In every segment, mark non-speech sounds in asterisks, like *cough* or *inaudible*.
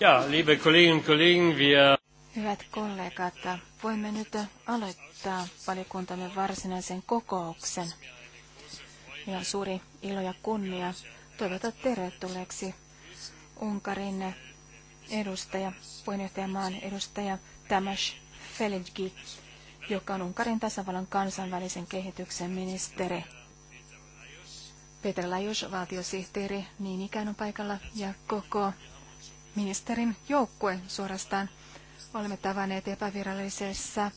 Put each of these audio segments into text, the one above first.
Ja, liebe Kolleginnen Kollegen, wir... Hyvät kollegat, voimme nyt aloittaa valiokuntamme varsinaisen kokouksen. Meillä on suuri ilo ja kunnia toivota tervetulleeksi Unkarin edustaja, puheenjohtajamaan edustaja Tamas Felinki, joka on Unkarin tasavallan kansainvälisen kehityksen ministeri. Peter Lajus, valtiosihteeri, niin ikään on paikalla ja koko ministerin joukkue suorastaan. Olemme tavanneet epävirallisessa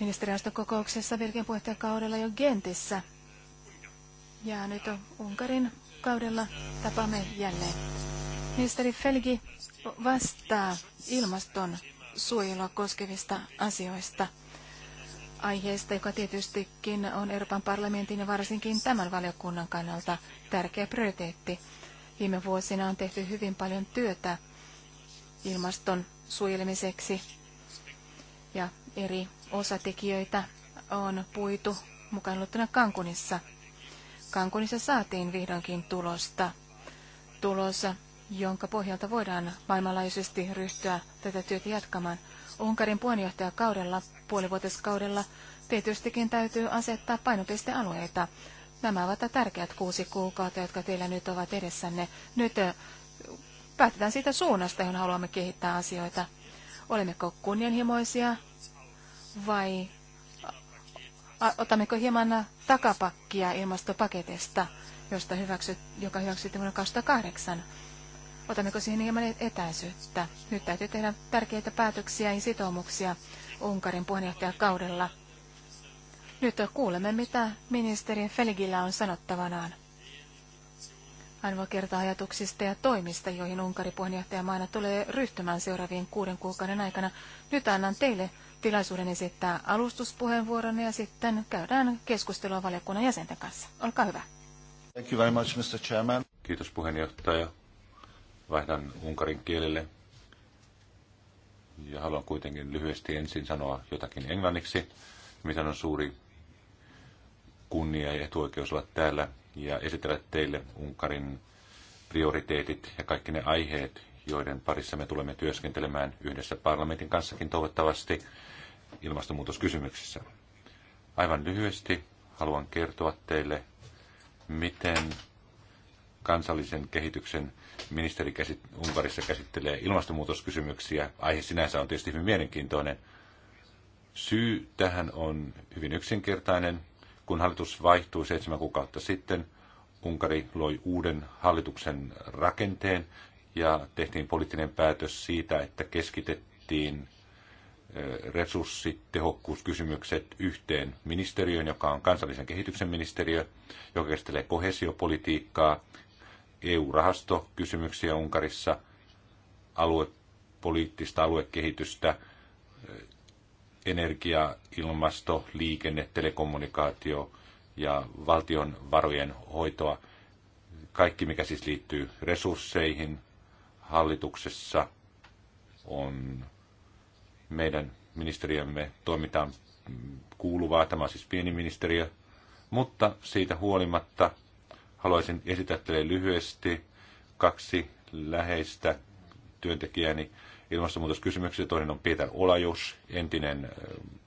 ministeriaston kokouksessa Belgian kaudella jo Gentissä. Ja nyt on Unkarin kaudella tapamme jälleen. Ministeri Felgi vastaa ilmaston suojelua koskevista asioista aiheesta, joka tietystikin on Euroopan parlamentin ja varsinkin tämän valiokunnan kannalta tärkeä prioriteetti. Viime vuosina on tehty hyvin paljon työtä ilmaston suojelemiseksi ja eri osatekijöitä on puitu mukaan luettuna Kankunissa. Kankunissa saatiin vihdoinkin tulosta. Tulos, jonka pohjalta voidaan maailmanlaajuisesti ryhtyä tätä työtä jatkamaan. Unkarin puheenjohtajakaudella, puolivuotiskaudella, tietystikin täytyy asettaa painopistealueita. Nämä ovat tärkeät kuusi kuukautta, jotka teillä nyt ovat edessänne. Nyt päätetään siitä suunnasta, johon haluamme kehittää asioita. Olemmeko kunnianhimoisia vai otammeko hieman takapakkia ilmastopaketista, josta hyväksyt, joka hyväksyttiin vuonna 2008? Otammeko siihen hieman etäisyyttä? Nyt täytyy tehdä tärkeitä päätöksiä ja sitoumuksia Unkarin puheenjohtajakaudella. kaudella nyt kuulemme, mitä ministeri Feligillä on sanottavanaan. Hän voi kertoa ajatuksista ja toimista, joihin Unkari puheenjohtajamaana tulee ryhtymään seuraavien kuuden kuukauden aikana. Nyt annan teille tilaisuuden esittää alustuspuheenvuoron ja sitten käydään keskustelua valiokunnan jäsenten kanssa. Olkaa hyvä. Thank you very much, Mr. Chairman. Kiitos puheenjohtaja. Vaihdan unkarin kielelle. Ja haluan kuitenkin lyhyesti ensin sanoa jotakin englanniksi, mitä on suuri kunnia ja etuoikeus olla täällä ja esitellä teille Unkarin prioriteetit ja kaikki ne aiheet, joiden parissa me tulemme työskentelemään yhdessä parlamentin kanssakin toivottavasti ilmastonmuutoskysymyksissä. Aivan lyhyesti haluan kertoa teille, miten kansallisen kehityksen ministeri Unkarissa käsittelee ilmastonmuutoskysymyksiä. Aihe sinänsä on tietysti hyvin mielenkiintoinen. Syy tähän on hyvin yksinkertainen. Kun hallitus vaihtui seitsemän kuukautta sitten, Unkari loi uuden hallituksen rakenteen ja tehtiin poliittinen päätös siitä, että keskitettiin resurssit, tehokkuuskysymykset yhteen ministeriöön, joka on kansallisen kehityksen ministeriö, joka käsittelee kohesiopolitiikkaa, EU-rahastokysymyksiä Unkarissa, aluepoliittista aluekehitystä – energia, ilmasto, liikenne, telekommunikaatio ja valtion varojen hoitoa. Kaikki, mikä siis liittyy resursseihin hallituksessa, on meidän ministeriömme toimintaan kuuluvaa. Tämä on siis pieni ministeriö, mutta siitä huolimatta haluaisin esitellä lyhyesti kaksi läheistä työntekijäni ilmastonmuutoskysymyksiä. Toinen on Peter Olajus, entinen äh,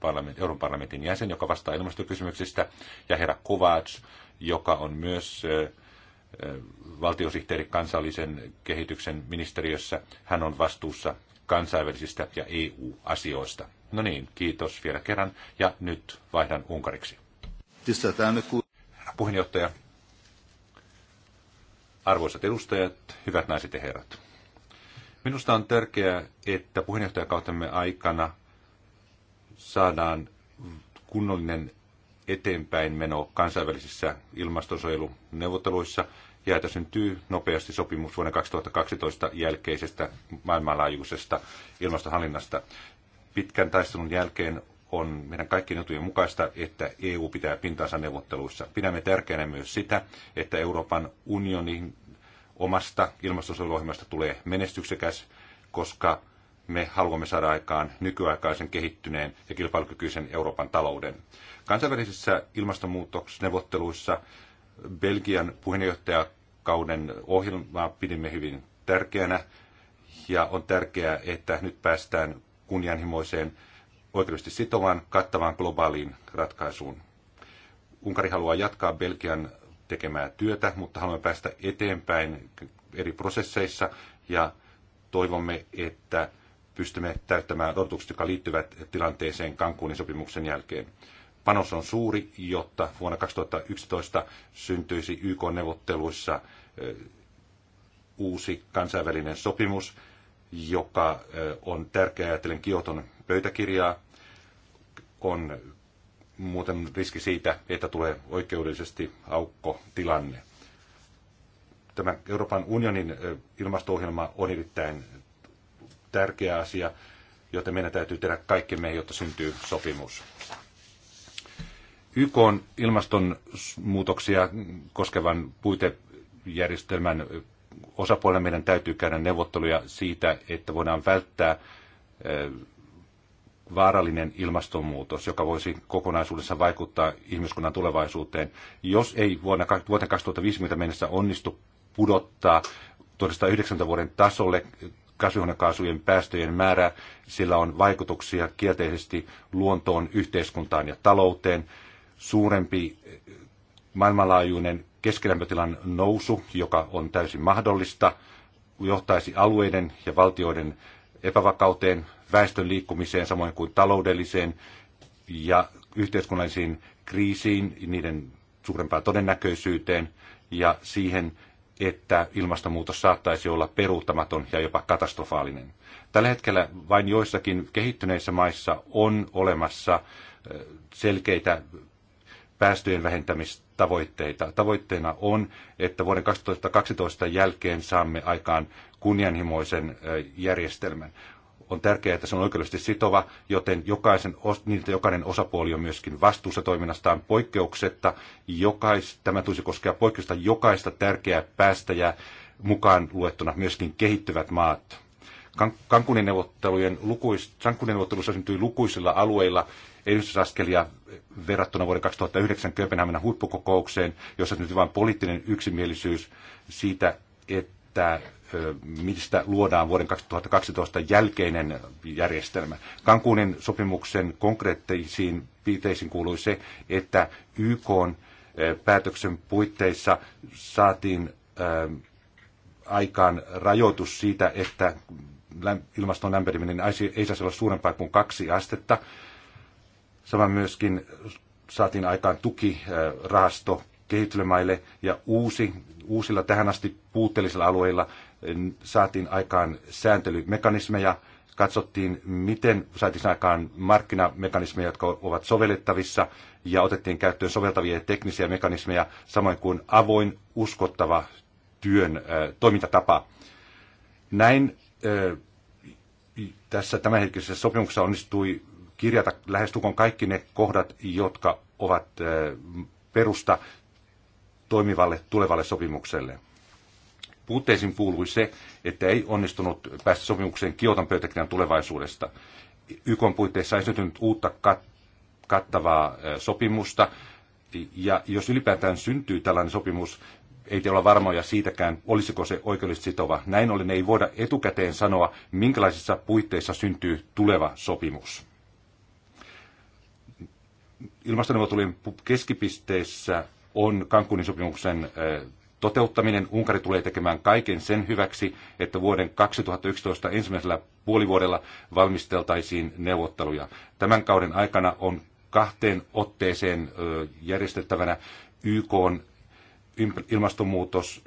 parlament, Euroopan parlamentin jäsen, joka vastaa ilmastokysymyksistä, ja herra Kovacs, joka on myös äh, äh, valtiosihteeri kansallisen kehityksen ministeriössä. Hän on vastuussa kansainvälisistä ja EU-asioista. No niin, kiitos vielä kerran ja nyt vaihdan unkariksi. Herra puheenjohtaja, arvoisat edustajat, hyvät naiset ja herrat. Minusta on tärkeää, että puheenjohtajakautemme aikana saadaan kunnollinen eteenpäin meno kansainvälisissä ilmastonsuojeluneuvotteluissa ja että syntyy nopeasti sopimus vuoden 2012 jälkeisestä maailmanlaajuisesta ilmastohallinnasta. Pitkän taistelun jälkeen on meidän kaikkien etujen mukaista, että EU pitää pintansa neuvotteluissa. Pidämme tärkeänä myös sitä, että Euroopan unionin omasta ilmastonsuojeluohjelmasta tulee menestyksekäs, koska me haluamme saada aikaan nykyaikaisen kehittyneen ja kilpailukykyisen Euroopan talouden. Kansainvälisissä ilmastonmuutosneuvotteluissa Belgian puheenjohtajakauden ohjelmaa pidimme hyvin tärkeänä ja on tärkeää, että nyt päästään kunnianhimoiseen oikeudellisesti sitovaan kattavaan globaaliin ratkaisuun. Unkari haluaa jatkaa Belgian tekemää työtä, mutta haluamme päästä eteenpäin eri prosesseissa ja toivomme, että pystymme täyttämään odotukset, jotka liittyvät tilanteeseen Cancunin sopimuksen jälkeen. Panos on suuri, jotta vuonna 2011 syntyisi YK-neuvotteluissa uusi kansainvälinen sopimus, joka on tärkeä ajatellen Kioton pöytäkirjaa, on muuten riski siitä, että tulee oikeudellisesti aukko tilanne. Tämä Euroopan unionin ilmasto-ohjelma on erittäin tärkeä asia, joten meidän täytyy tehdä kaikkemme, jotta syntyy sopimus. YK on ilmastonmuutoksia koskevan puitejärjestelmän osapuolella meidän täytyy käydä neuvotteluja siitä, että voidaan välttää vaarallinen ilmastonmuutos, joka voisi kokonaisuudessa vaikuttaa ihmiskunnan tulevaisuuteen, jos ei vuonna, vuoteen 2050 mennessä onnistu pudottaa 1990 vuoden tasolle kasvihuonekaasujen päästöjen määrä, sillä on vaikutuksia kielteisesti luontoon, yhteiskuntaan ja talouteen. Suurempi eh, maailmanlaajuinen keskilämpötilan nousu, joka on täysin mahdollista, johtaisi alueiden ja valtioiden epävakauteen, väestön liikkumiseen, samoin kuin taloudelliseen ja yhteiskunnallisiin kriisiin, niiden suurempaan todennäköisyyteen ja siihen, että ilmastonmuutos saattaisi olla peruuttamaton ja jopa katastrofaalinen. Tällä hetkellä vain joissakin kehittyneissä maissa on olemassa selkeitä päästöjen vähentämistä tavoitteita. Tavoitteena on, että vuoden 2012 jälkeen saamme aikaan kunnianhimoisen järjestelmän. On tärkeää, että se on oikeudellisesti sitova, joten jokaisen, niin, että jokainen osapuoli on myöskin vastuussa toiminnastaan poikkeuksetta. Jokais, tämä tulisi koskea poikkeusta jokaista tärkeää päästäjää mukaan luettuna myöskin kehittyvät maat. lukuis, Kankunin neuvottelussa syntyi lukuisilla alueilla edistysaskelia verrattuna vuoden 2009 Kööpenhaminan huippukokoukseen, jossa nyt vain poliittinen yksimielisyys siitä, että mistä luodaan vuoden 2012 jälkeinen järjestelmä. Kankuunin sopimuksen konkreettisiin piirteisiin kuului se, että YK päätöksen puitteissa saatiin aikaan rajoitus siitä, että ilmaston lämpeneminen ei saisi olla suurempaa kuin kaksi astetta. Sama myöskin saatiin aikaan tukirahasto äh, kehittelemaille ja uusi, uusilla tähän asti puutteellisilla alueilla äh, saatiin aikaan sääntelymekanismeja, katsottiin, miten saatiin aikaan markkinamekanismeja, jotka ovat sovellettavissa, ja otettiin käyttöön soveltavia ja teknisiä mekanismeja, samoin kuin avoin, uskottava työn äh, toimintatapa. Näin äh, tässä tämänhetkisessä sopimuksessa onnistui kirjata lähestukon kaikki ne kohdat, jotka ovat perusta toimivalle tulevalle sopimukselle. Puutteisiin kuului se, että ei onnistunut päästä sopimukseen Kioton pöytäkirjan tulevaisuudesta. YK puitteissa ei syntynyt uutta kat- kattavaa sopimusta, ja jos ylipäätään syntyy tällainen sopimus, ei te olla varmoja siitäkään, olisiko se oikeudellisesti sitova. Näin ollen ei voida etukäteen sanoa, minkälaisissa puitteissa syntyy tuleva sopimus ilmastoneuvottelujen keskipisteessä on Cancunin sopimuksen toteuttaminen. Unkari tulee tekemään kaiken sen hyväksi, että vuoden 2011 ensimmäisellä puolivuodella valmisteltaisiin neuvotteluja. Tämän kauden aikana on kahteen otteeseen järjestettävänä YK on ilmastonmuutos,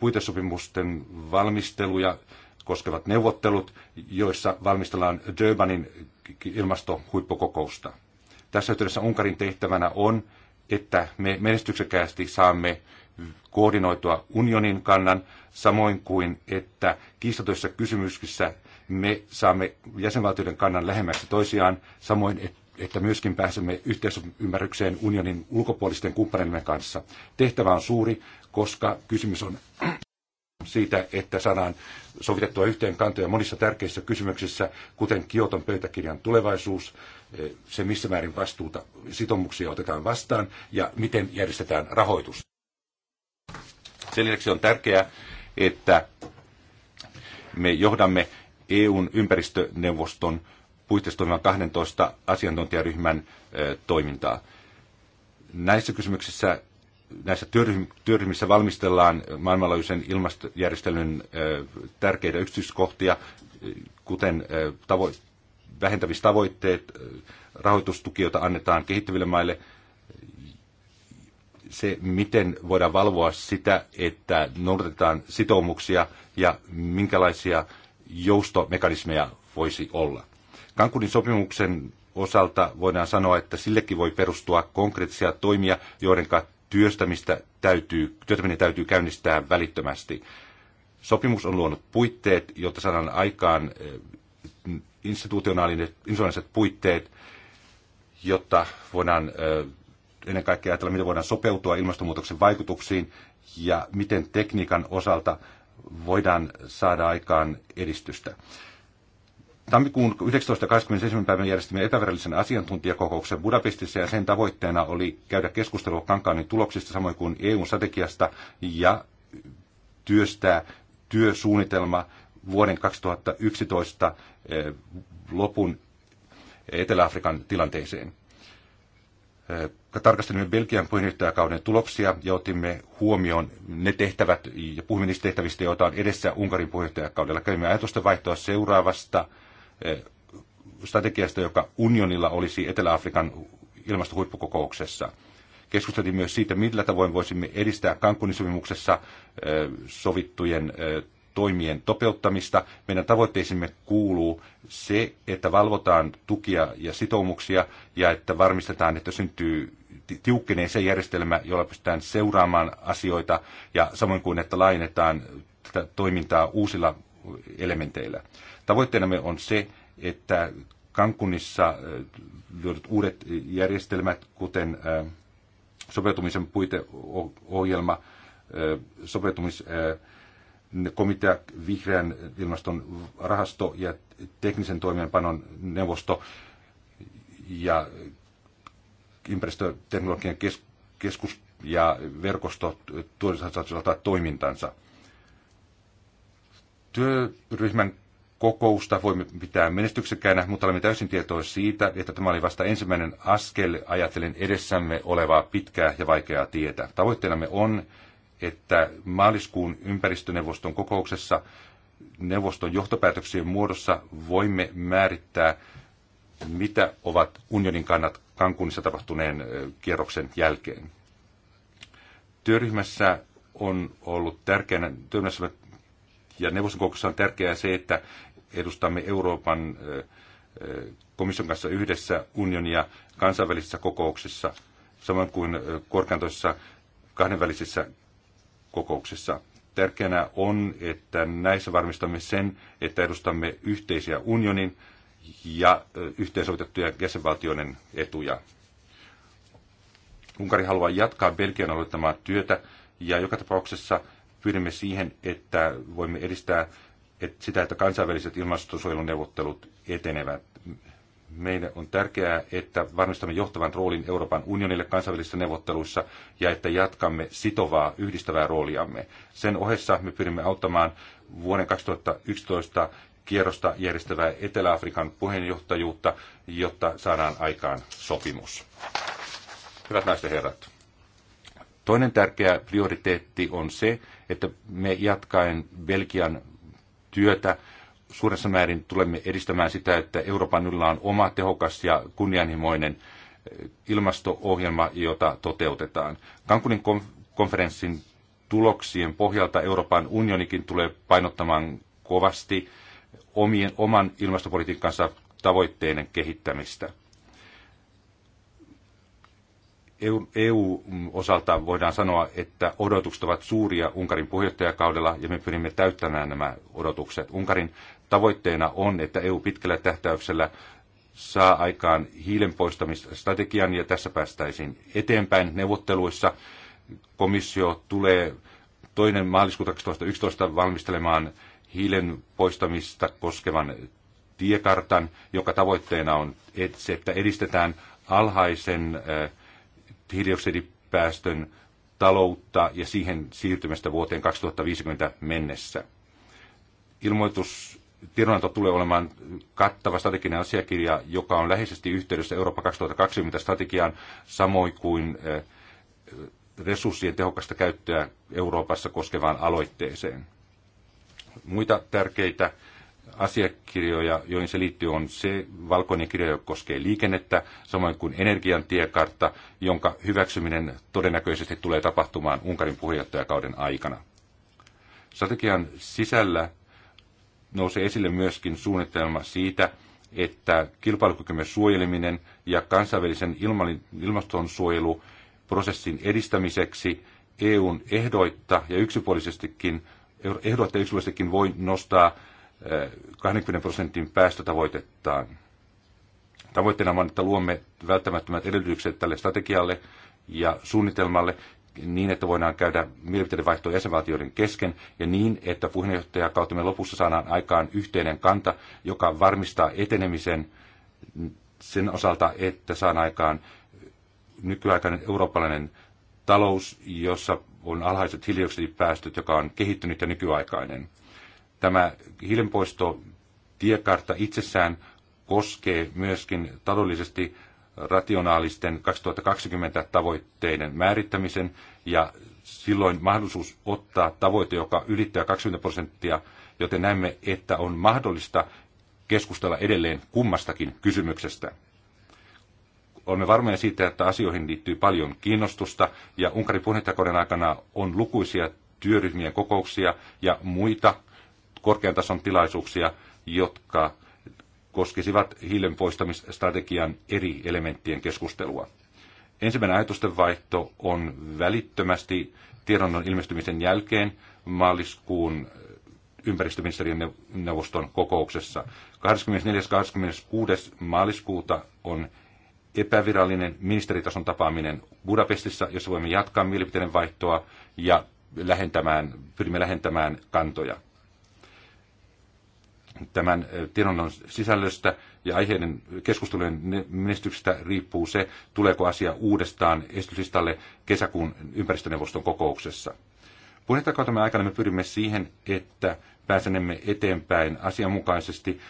puitesopimusten valmisteluja koskevat neuvottelut, joissa valmistellaan Durbanin ilmastohuippukokousta. Tässä yhteydessä Unkarin tehtävänä on, että me menestyksekkäästi saamme koordinoitua unionin kannan, samoin kuin että kiistatoissa kysymyksissä me saamme jäsenvaltioiden kannan lähemmäksi toisiaan, samoin että myöskin pääsemme yhteisymmärrykseen unionin ulkopuolisten kumppaneiden kanssa. Tehtävä on suuri, koska kysymys on siitä, että saadaan sovitettua yhteen kantoja monissa tärkeissä kysymyksissä, kuten Kioton pöytäkirjan tulevaisuus, eh, se missä määrin vastuuta sitoumuksia otetaan vastaan ja miten järjestetään rahoitus. Sen lisäksi on tärkeää, että me johdamme EUn ympäristöneuvoston puitteissa toimivan 12 asiantuntijaryhmän eh, toimintaa. Näissä kysymyksissä näissä työryhmissä valmistellaan maailmanlaajuisen ilmastojärjestelyn tärkeitä yksityiskohtia, kuten tavo- vähentämistavoitteet, rahoitustuki, jota annetaan kehittyville maille, se, miten voidaan valvoa sitä, että noudatetaan sitoumuksia ja minkälaisia joustomekanismeja voisi olla. Kankunin sopimuksen osalta voidaan sanoa, että sillekin voi perustua konkreettisia toimia, joiden työstämistä täytyy, työtäminen täytyy käynnistää välittömästi. Sopimus on luonut puitteet, jotta saadaan aikaan eh, institutionaaliset, institutionaaliset puitteet, jotta voidaan eh, ennen kaikkea ajatella, miten voidaan sopeutua ilmastonmuutoksen vaikutuksiin ja miten tekniikan osalta voidaan saada aikaan edistystä. Tammikuun 19.21. päivän järjestimme epävirallisen asiantuntijakokouksen Budapestissa ja sen tavoitteena oli käydä keskustelua Kankaanin tuloksista samoin kuin EU-strategiasta ja työstää työsuunnitelma vuoden 2011 eh, lopun Etelä-Afrikan tilanteeseen. Eh, tarkastelimme Belgian puheenjohtajakauden tuloksia ja otimme huomioon ne tehtävät ja puhuimme niistä tehtävistä, joita on edessä Unkarin puheenjohtajakaudella. Kävimme ajatusten vaihtoa seuraavasta Eh, strategiasta, joka unionilla olisi Etelä-Afrikan ilmastohuippukokouksessa. Keskusteltiin myös siitä, millä tavoin voisimme edistää Cancunin sopimuksessa eh, sovittujen eh, toimien toteuttamista. Meidän tavoitteisimme kuuluu se, että valvotaan tukia ja sitoumuksia ja että varmistetaan, että syntyy tiukkenee se järjestelmä, jolla pystytään seuraamaan asioita ja samoin kuin, että laajennetaan tätä toimintaa uusilla elementeillä. Tavoitteenamme on se, että Kankunissa äh, luodut uudet järjestelmät, kuten äh, sopeutumisen puiteohjelma, äh, sopeutumiskomitea, vihreän ilmaston rahasto ja teknisen toimeenpanon neuvosto ja ympäristöteknologian keskus ja verkosto tuottavat toimintansa. Työryhmän kokousta voimme pitää menestyksekkäänä, mutta olemme täysin tietoisia siitä, että tämä oli vasta ensimmäinen askel ajatellen edessämme olevaa pitkää ja vaikeaa tietä. Tavoitteenamme on, että maaliskuun ympäristöneuvoston kokouksessa neuvoston johtopäätöksien muodossa voimme määrittää, mitä ovat unionin kannat Kankunissa tapahtuneen kierroksen jälkeen. Työryhmässä on ollut tärkeänä, työryhmässä ja neuvoston kokouksessa on tärkeää se, että edustamme Euroopan komission kanssa yhdessä unionia kansainvälisissä kokouksissa, samoin kuin korkeantoissa kahdenvälisissä kokouksissa. Tärkeänä on, että näissä varmistamme sen, että edustamme yhteisiä unionin ja yhteensovitettuja jäsenvaltioiden etuja. Unkari haluaa jatkaa Belgian aloittamaa työtä ja joka tapauksessa pyrimme siihen, että voimme edistää että sitä, että kansainväliset ilmastonsuojeluneuvottelut etenevät. Meidän on tärkeää, että varmistamme johtavan roolin Euroopan unionille kansainvälisissä neuvotteluissa ja että jatkamme sitovaa, yhdistävää rooliamme. Sen ohessa me pyrimme auttamaan vuoden 2011 kierrosta järjestävää Etelä-Afrikan puheenjohtajuutta, jotta saadaan aikaan sopimus. Hyvät naiset ja herrat, toinen tärkeä prioriteetti on se, että me jatkaen Belgian työtä suuressa määrin tulemme edistämään sitä, että Euroopan yllä on oma tehokas ja kunnianhimoinen eh, ilmasto-ohjelma, jota toteutetaan. Kankunin konferenssin tuloksien pohjalta Euroopan unionikin tulee painottamaan kovasti omien, oman ilmastopolitiikkansa tavoitteiden kehittämistä. EU-osalta e mm, voidaan sanoa, että odotukset ovat suuria Unkarin puheenjohtajakaudella ja me pyrimme täyttämään nämä odotukset. Unkarin tavoitteena on, että EU pitkällä tähtäyksellä saa aikaan hiilen poistamisstrategian ja tässä päästäisiin eteenpäin neuvotteluissa. Komissio tulee toinen maaliskuuta 2011 valmistelemaan hiilen poistamista koskevan tiekartan, joka tavoitteena on se, että edistetään alhaisen äh, hiilidioksidipäästön taloutta ja siihen siirtymistä vuoteen 2050 mennessä. Ilmoitus tiedonanto tulee olemaan kattava strateginen asiakirja, joka on läheisesti yhteydessä Eurooppa 2020 strategiaan, samoin kuin eh, resurssien tehokasta käyttöä Euroopassa koskevaan aloitteeseen. Muita tärkeitä asiakirjoja, joihin se liittyy, on se valkoinen kirja, joka koskee liikennettä, samoin kuin energian tiekartta, jonka hyväksyminen todennäköisesti tulee tapahtumaan Unkarin puheenjohtajakauden aikana. Strategian sisällä nousee esille myöskin suunnitelma siitä, että kilpailukykymme suojeleminen ja kansainvälisen ilmastonsuojeluprosessin edistämiseksi EUn ehdoitta ja yksipuolisestikin, ehdoitta yksipuolisestikin voi nostaa 20 prosentin päästötavoitettaan. Tavoitteena on, että luomme välttämättömät edellytykset tälle strategialle ja suunnitelmalle niin, että voidaan käydä vaihtoa jäsenvaltioiden kesken ja niin, että puheenjohtajakautemme lopussa saadaan aikaan yhteinen kanta, joka varmistaa etenemisen sen osalta, että saan aikaan nykyaikainen eurooppalainen talous, jossa on alhaiset hiilidioksidipäästöt, joka on kehittynyt ja nykyaikainen. Tämä hiilenpoisto tiekartta itsessään koskee myöskin taloudellisesti rationaalisten 2020 tavoitteiden määrittämisen ja silloin mahdollisuus ottaa tavoite, joka ylittää 20 prosenttia, joten näemme, että on mahdollista keskustella edelleen kummastakin kysymyksestä. Olemme varmoja siitä, että asioihin liittyy paljon kiinnostusta ja Unkarin puheenjohtajakauden aikana on lukuisia työryhmien kokouksia ja muita korkean tason tilaisuuksia, jotka koskisivat hiilen poistamisstrategian eri elementtien keskustelua. Ensimmäinen ajatusten vaihto on välittömästi tiedonnon ilmestymisen jälkeen maaliskuun ympäristöministeriön neuvoston kokouksessa. 24.–26. maaliskuuta on epävirallinen ministeritason tapaaminen Budapestissa, jossa voimme jatkaa mielipiteiden vaihtoa ja lähentämään, pyrimme lähentämään kantoja tämän tiedonannon sisällöstä ja aiheiden keskustelujen menestyksestä riippuu se, tuleeko asia uudestaan esityslistalle kesäkuun ympäristöneuvoston kokouksessa. Puheenjohtajakautemme aikana me pyrimme siihen, että pääsenemme eteenpäin asianmukaisesti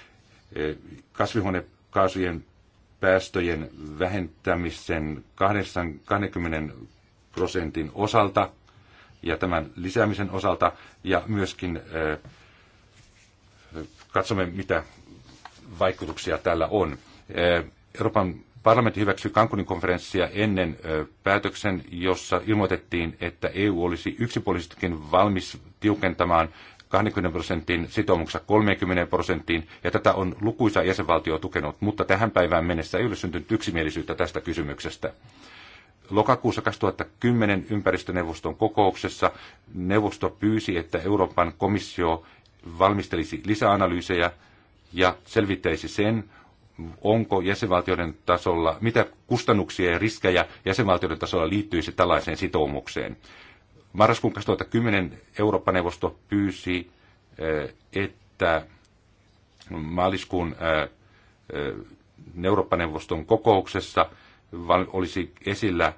kasvihuonekaasujen päästöjen vähentämisen 20 prosentin osalta ja tämän lisäämisen osalta ja myöskin äh, katsomme, mitä vaikutuksia tällä on. Euroopan parlamentti hyväksyi Cancunin konferenssia ennen päätöksen, jossa ilmoitettiin, että EU olisi yksipuolisestikin valmis tiukentamaan 20 prosentin sitoumuksessa 30 prosenttiin, ja tätä on lukuisa jäsenvaltio tukenut, mutta tähän päivään mennessä ei ole syntynyt yksimielisyyttä tästä kysymyksestä. Lokakuussa 2010 ympäristöneuvoston kokouksessa neuvosto pyysi, että Euroopan komissio valmistelisi lisäanalyysejä ja selvittäisi sen, onko jäsenvaltioiden tasolla, mitä kustannuksia ja riskejä jäsenvaltioiden tasolla liittyisi tällaiseen sitoumukseen. Marraskuun 2010 Eurooppa-neuvosto pyysi, eh, että maaliskuun eh, eh, Eurooppa-neuvoston kokouksessa olisi esillä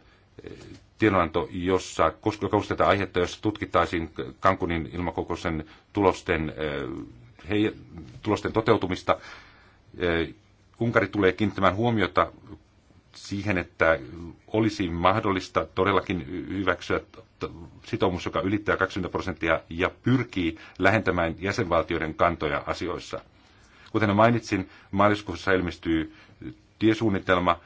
tiedonanto, jossa koskee tätä aihetta, jossa tutkittaisiin Kankunin ilmakokouksen tulosten, eh, hei, tulosten toteutumista. Eh, Unkari tulee kiinnittämään huomiota siihen, että olisi mahdollista todellakin hyväksyä sitoumus, joka ylittää 20 prosenttia ja pyrkii lähentämään jäsenvaltioiden kantoja asioissa. Kuten mainitsin, maaliskuussa ilmestyy tiesuunnitelma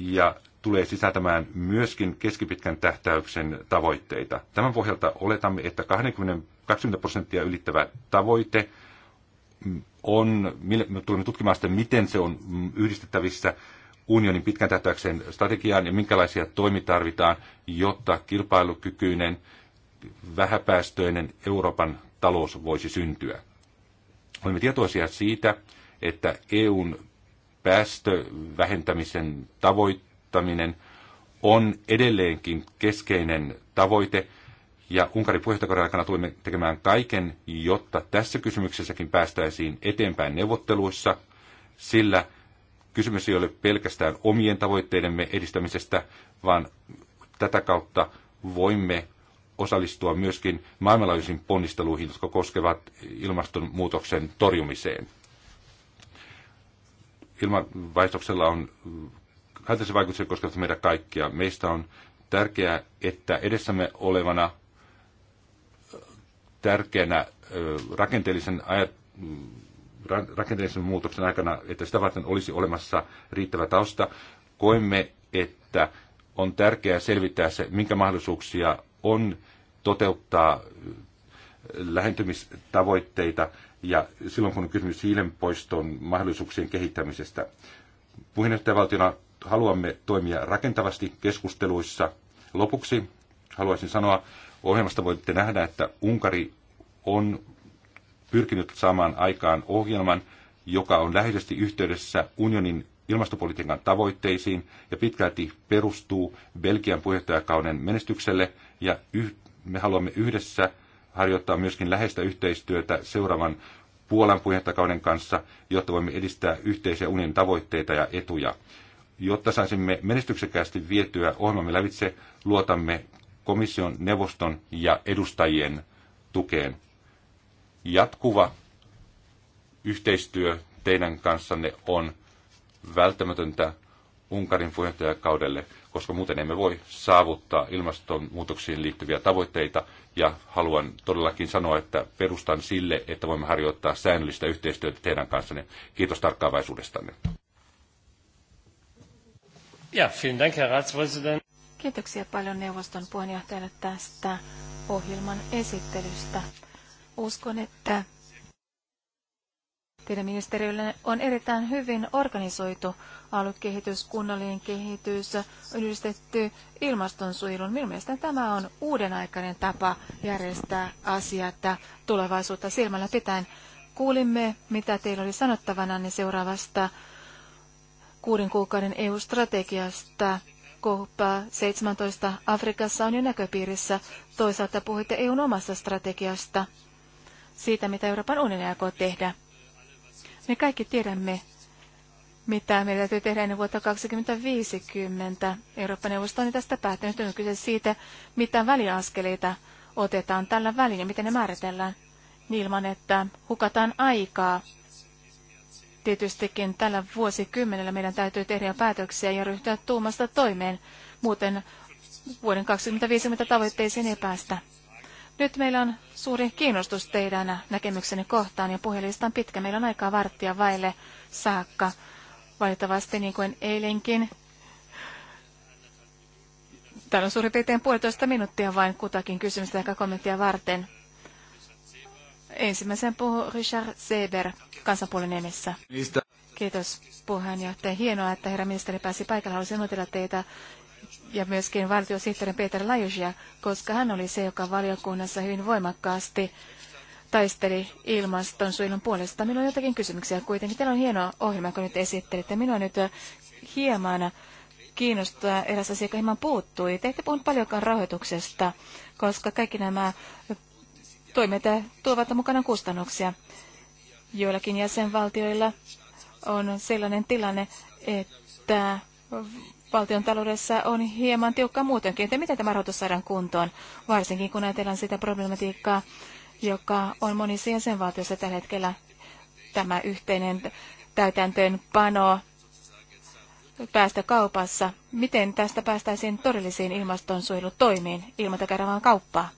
ja tulee sisältämään myöskin keskipitkän tähtäyksen tavoitteita. Tämän pohjalta oletamme, että 20, 20 prosenttia ylittävä tavoite on, me tulemme tutkimaan sitä, miten se on yhdistettävissä unionin pitkän tähtäyksen strategiaan ja minkälaisia toimia tarvitaan, jotta kilpailukykyinen, vähäpäästöinen Euroopan talous voisi syntyä. Olemme tietoisia siitä, että EUn päästövähentämisen tavoitteet vakauttaminen on edelleenkin keskeinen tavoite, ja Unkarin puheenjohtajakauden aikana tulemme tekemään kaiken, jotta tässä kysymyksessäkin päästäisiin eteenpäin neuvotteluissa, sillä kysymys ei ole pelkästään omien tavoitteidemme edistämisestä, vaan tätä kautta voimme osallistua myöskin maailmanlaajuisiin ponnisteluihin, jotka koskevat ilmastonmuutoksen torjumiseen. Ilmanvaihtoksella on Haitallisia vaikutuksia koskevat meitä kaikkia. Meistä on tärkeää, että edessämme olevana tärkeänä rakenteellisen, ajat, rakenteellisen muutoksen aikana, että sitä varten olisi olemassa riittävä tausta, Koemme, että on tärkeää selvittää se, minkä mahdollisuuksia on toteuttaa lähentymistavoitteita ja silloin kun on kysymys hiilenpoiston mahdollisuuksien kehittämisestä. Puheenjohtajavaltiona haluamme toimia rakentavasti keskusteluissa. Lopuksi haluaisin sanoa, ohjelmasta voitte nähdä, että Unkari on pyrkinyt saamaan aikaan ohjelman, joka on läheisesti yhteydessä unionin ilmastopolitiikan tavoitteisiin ja pitkälti perustuu Belgian puheenjohtajakauden menestykselle ja yh- me haluamme yhdessä harjoittaa myöskin läheistä yhteistyötä seuraavan Puolan puheenjohtajakauden kanssa, jotta voimme edistää yhteisiä unionin tavoitteita ja etuja. Jotta saisimme menestyksekkäästi vietyä ohjelmamme lävitse, luotamme komission, neuvoston ja edustajien tukeen. Jatkuva yhteistyö teidän kanssanne on välttämätöntä Unkarin puheenjohtajakaudelle, koska muuten emme voi saavuttaa ilmastonmuutoksiin liittyviä tavoitteita. Ja haluan todellakin sanoa, että perustan sille, että voimme harjoittaa säännöllistä yhteistyötä teidän kanssanne. Kiitos tarkkaavaisuudestanne. Ja, vielen Dank, Herr Kiitoksia paljon neuvoston puheenjohtajalle tästä ohjelman esittelystä. Uskon, että teidän ministeriölle on erittäin hyvin organisoitu aluekehitys, kunnallinen kehitys, yhdistetty ilmastonsuojelun. Minun mielestäni tämä on uuden aikainen tapa järjestää asiat tulevaisuutta silmällä pitäen. Kuulimme, mitä teillä oli sanottavana niin seuraavasta kuuden kuukauden EU-strategiasta. cop 17 Afrikassa on jo näköpiirissä. Toisaalta puhuitte EUn omasta strategiasta, siitä mitä Euroopan unioni aikoo tehdä. Me kaikki tiedämme, mitä meidän täytyy tehdä ennen vuotta 2050. Euroopan neuvosto on tästä päättänyt. On kyse siitä, mitä väliaskeleita otetaan tällä välin ja miten ne määritellään niin ilman, että hukataan aikaa Tietystikin tällä vuosikymmenellä meidän täytyy tehdä päätöksiä ja ryhtyä tuumasta toimeen. Muuten vuoden 2050 tavoitteisiin ei päästä. Nyt meillä on suuri kiinnostus teidän näkemykseni kohtaan ja puhelista on pitkä. Meillä on aikaa varttia vaille saakka. Valitettavasti niin kuin eilenkin. Täällä on suurin piirtein puolitoista minuuttia vain kutakin kysymystä ja kommenttia varten. Ensimmäisen puhuu Richard Seber kansanpuolen nimessä. Kiitos puheenjohtaja. Hienoa, että herra ministeri pääsi paikalle. Haluaisin onnitella teitä ja myöskin valtiosihteerin Peter Lajusia, koska hän oli se, joka valiokunnassa hyvin voimakkaasti taisteli ilmastonsuojelun puolesta. Minulla on jotakin kysymyksiä kuitenkin. Teillä on hieno ohjelma, kun nyt esittelitte. Minua nyt hieman kiinnostaa eräs asia, joka hieman puuttui. Te ette puhunut paljonkaan rahoituksesta, koska kaikki nämä toimet tuovat mukana kustannuksia. Joillakin jäsenvaltioilla on sellainen tilanne, että valtion taloudessa on hieman tiukka muutenkin. Että miten tämä rahoitus saadaan kuntoon, varsinkin kun ajatellaan sitä problematiikkaa, joka on monissa jäsenvaltioissa tällä hetkellä tämä yhteinen täytäntöönpano päästökaupassa. Miten tästä päästäisiin todellisiin ilmastonsuojelutoimiin ilman käydä kauppaa?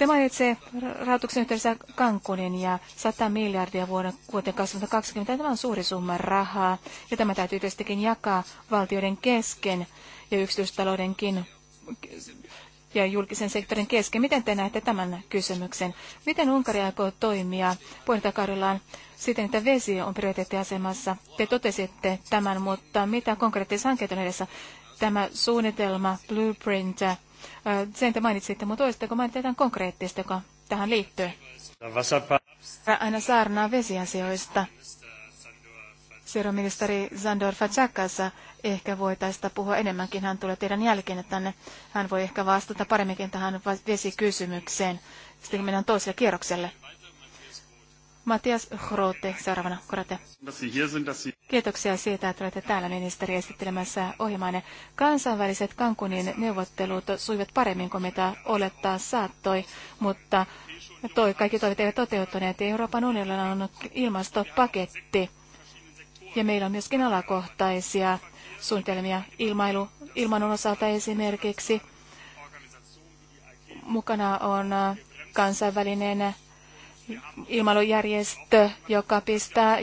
Te mainitsee rahoituksen yhteydessä Kankunin ja 100 miljardia vuoden vuoteen 2020. Tämä on suuri summa rahaa ja tämä täytyy tietystikin jakaa valtioiden kesken ja yksityistaloudenkin ja julkisen sektorin kesken. Miten te näette tämän kysymyksen? Miten Unkari aikoo toimia puheenjohtajakaudellaan siten, että vesi on prioriteettiasemassa? Te totesitte tämän, mutta mitä konkreettisia hankkeita on edessä? Tämä suunnitelma, blueprint, sen te mainitsitte, mutta olisitteko mainittaa jotain konkreettista, joka tähän liittyy? Aina saarnaa vesiasioista. ministeri Zandor Fatsakassa ehkä voitaisiin puhua enemmänkin. Hän tulee teidän jälkeen tänne. Hän voi ehkä vastata paremminkin tähän vesikysymykseen. Sitten mennään toiselle kierrokselle. Matias Grote, seuraavana Grote. Kiitoksia siitä, että olette täällä ministeri esittelemässä ohjelmaanne. Kansainväliset Kankunin neuvottelut suivat paremmin kuin mitä olettaa saattoi, mutta toi, kaikki toivot eivät toteutuneet. Euroopan unionilla on ilmastopaketti ja meillä on myöskin alakohtaisia suunnitelmia ilmailu, ilmailun osalta esimerkiksi. Mukana on kansainvälinen ilmailujärjestö, joka pistää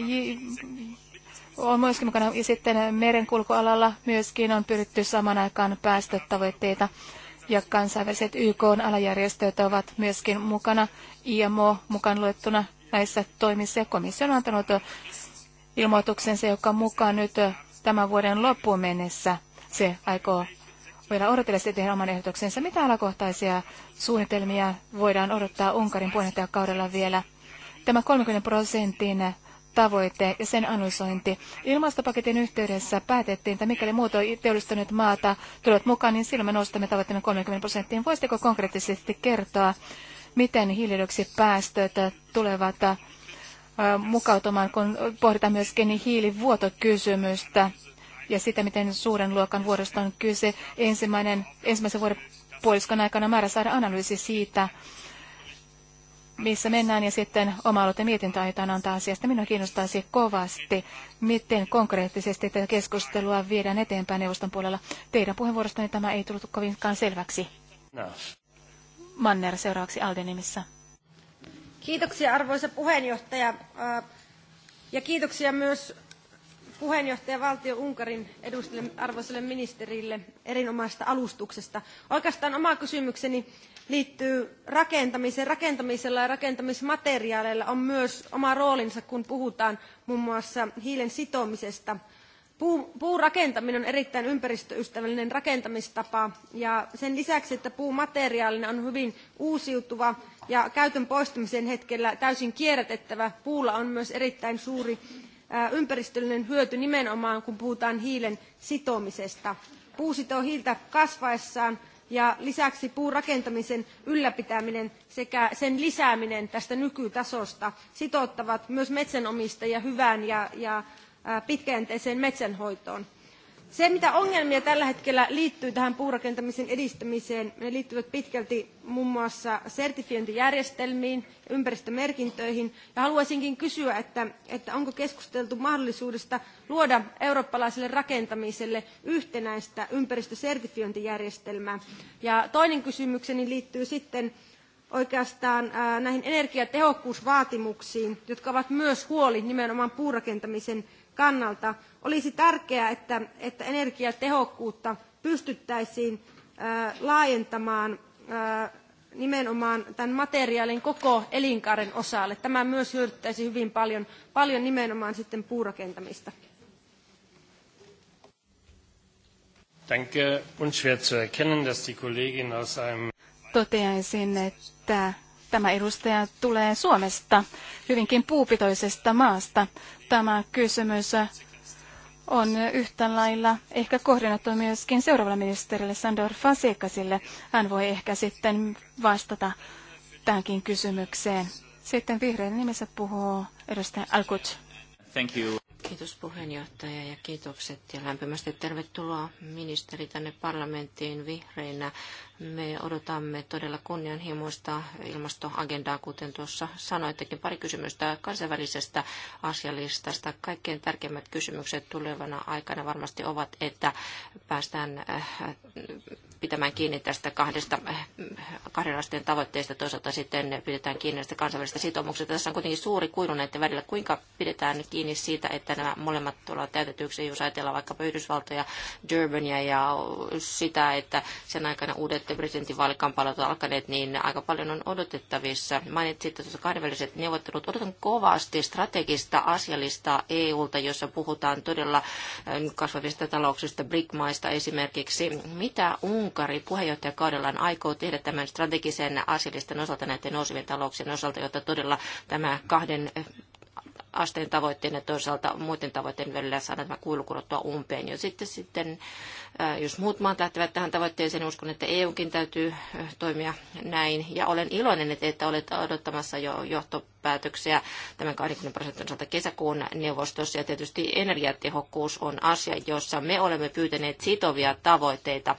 on myöskin mukana. Ja sitten merenkulkualalla myöskin on pyritty saman aikaan päästötavoitteita. Ja kansainväliset YK-alajärjestöt ovat myöskin mukana, IMO mukaan luettuna näissä toimissa. Ja komissio on antanut ilmoituksensa, joka mukaan nyt tämän vuoden loppuun mennessä se aikoo vielä odotella sitten tehdä oman ehdotuksensa. Mitä alakohtaisia suunnitelmia voidaan odottaa Unkarin puheenjohtajakaudella vielä? Tämä 30 prosentin tavoite ja sen analysointi. Ilmastopaketin yhteydessä päätettiin, että mikäli muut teollistuneet maata tulevat mukaan, niin silloin me nostamme tavoitteen 30 prosenttiin. Voisitteko konkreettisesti kertoa, miten hiilidioksipäästöt tulevat äh, mukautumaan, kun pohditaan myöskin hiilivuotokysymystä ja sitä, miten suuren luokan vuodosta on kyse. Ensimmäinen, ensimmäisen vuoden puoliskon aikana määrä saada analyysi siitä, missä mennään ja sitten oma mietintö aiotaan antaa asiasta. Minua kiinnostaisi kovasti, miten konkreettisesti tätä keskustelua viedään eteenpäin neuvoston puolella. Teidän niin tämä ei tullut kovinkaan selväksi. No. Manner seuraavaksi Alden nimissä. Kiitoksia arvoisa puheenjohtaja ja kiitoksia myös puheenjohtajavaltio Unkarin edustajalle, arvoiselle ministerille erinomaisesta alustuksesta. Oikeastaan oma kysymykseni liittyy rakentamiseen. Rakentamisella ja rakentamismateriaaleilla on myös oma roolinsa, kun puhutaan muun muassa hiilen sitomisesta. Puu, puurakentaminen on erittäin ympäristöystävällinen rakentamistapa ja sen lisäksi, että materiaalina on hyvin uusiutuva ja käytön poistumisen hetkellä täysin kierrätettävä, puulla on myös erittäin suuri ympäristöllinen hyöty nimenomaan, kun puhutaan hiilen sitomisesta. Puu sitoo hiiltä kasvaessaan ja lisäksi puurakentamisen ylläpitäminen sekä sen lisääminen tästä nykytasosta sitouttavat myös metsänomistajia hyvään ja, ja pitkäjänteiseen metsänhoitoon. Se, mitä ongelmia tällä hetkellä liittyy tähän puurakentamisen edistämiseen, ne liittyvät pitkälti muun muassa sertifiointijärjestelmiin ja ympäristömerkintöihin. Ja haluaisinkin kysyä, että, että onko keskusteltu mahdollisuudesta luoda eurooppalaiselle rakentamiselle yhtenäistä ympäristösertifiointijärjestelmää. Ja toinen kysymykseni liittyy sitten oikeastaan näihin energiatehokkuusvaatimuksiin, jotka ovat myös huoli nimenomaan puurakentamisen kannalta. Olisi tärkeää, että, että energiatehokkuutta pystyttäisiin laajentamaan nimenomaan tämän materiaalin koko elinkaaren osalle. Tämä myös hyödyttäisi hyvin paljon, paljon nimenomaan sitten puurakentamista. Danke. sen, zu erkennen, dass die Kollegin aus einem Toteaisin, että tämä edustaja tulee Suomesta, hyvinkin puupitoisesta maasta. Tämä kysymys on yhtä lailla ehkä kohdennettu myöskin seuraavalle ministerille Sandor Fasekasille. Hän voi ehkä sitten vastata tähänkin kysymykseen. Sitten vihreän nimessä puhuu edustaja Alkut. Thank you. Kiitos puheenjohtaja ja kiitokset ja lämpimästi tervetuloa ministeri tänne parlamenttiin vihreinä. Me odotamme todella kunnianhimoista ilmastoagendaa, kuten tuossa sanoittekin. Pari kysymystä kansainvälisestä asialistasta. Kaikkein tärkeimmät kysymykset tulevana aikana varmasti ovat, että päästään äh, pitämään kiinni tästä kahdesta, eh, kahden asteen tavoitteesta, toisaalta sitten pidetään kiinni näistä kansainvälisistä sitoumuksista. Tässä on kuitenkin suuri kuilu näiden välillä, kuinka pidetään kiinni siitä, että nämä molemmat tulevat täytetyksi, jos ajatellaan vaikkapa Yhdysvaltoja, Durbania ja sitä, että sen aikana uudet presidentinvaalikamppailut ovat alkaneet, niin aika paljon on odotettavissa. Mainitsit tuossa kahdenväliset neuvottelut. Odotan kovasti strategista asialista EUlta, jossa puhutaan todella eh, kasvavista talouksista, BRIC-maista esimerkiksi. Mitä un Unkari puheenjohtajakaudellaan aikoo tehdä tämän strategisen asialistan osalta näiden nousevien talouksien osalta, jotta todella tämä kahden eh, asteen tavoitteen ja toisaalta muiden tavoitteen välillä saada tämä kuilukurottua umpeen. Ja sitten, sitten eh, jos muut maat lähtevät tähän tavoitteeseen, niin uskon, että EUkin täytyy eh, toimia näin. Ja olen iloinen, että olet odottamassa jo johto päätöksiä tämän 20 prosentin osalta kesäkuun neuvostossa. Ja tietysti energiatehokkuus on asia, jossa me olemme pyytäneet sitovia tavoitteita,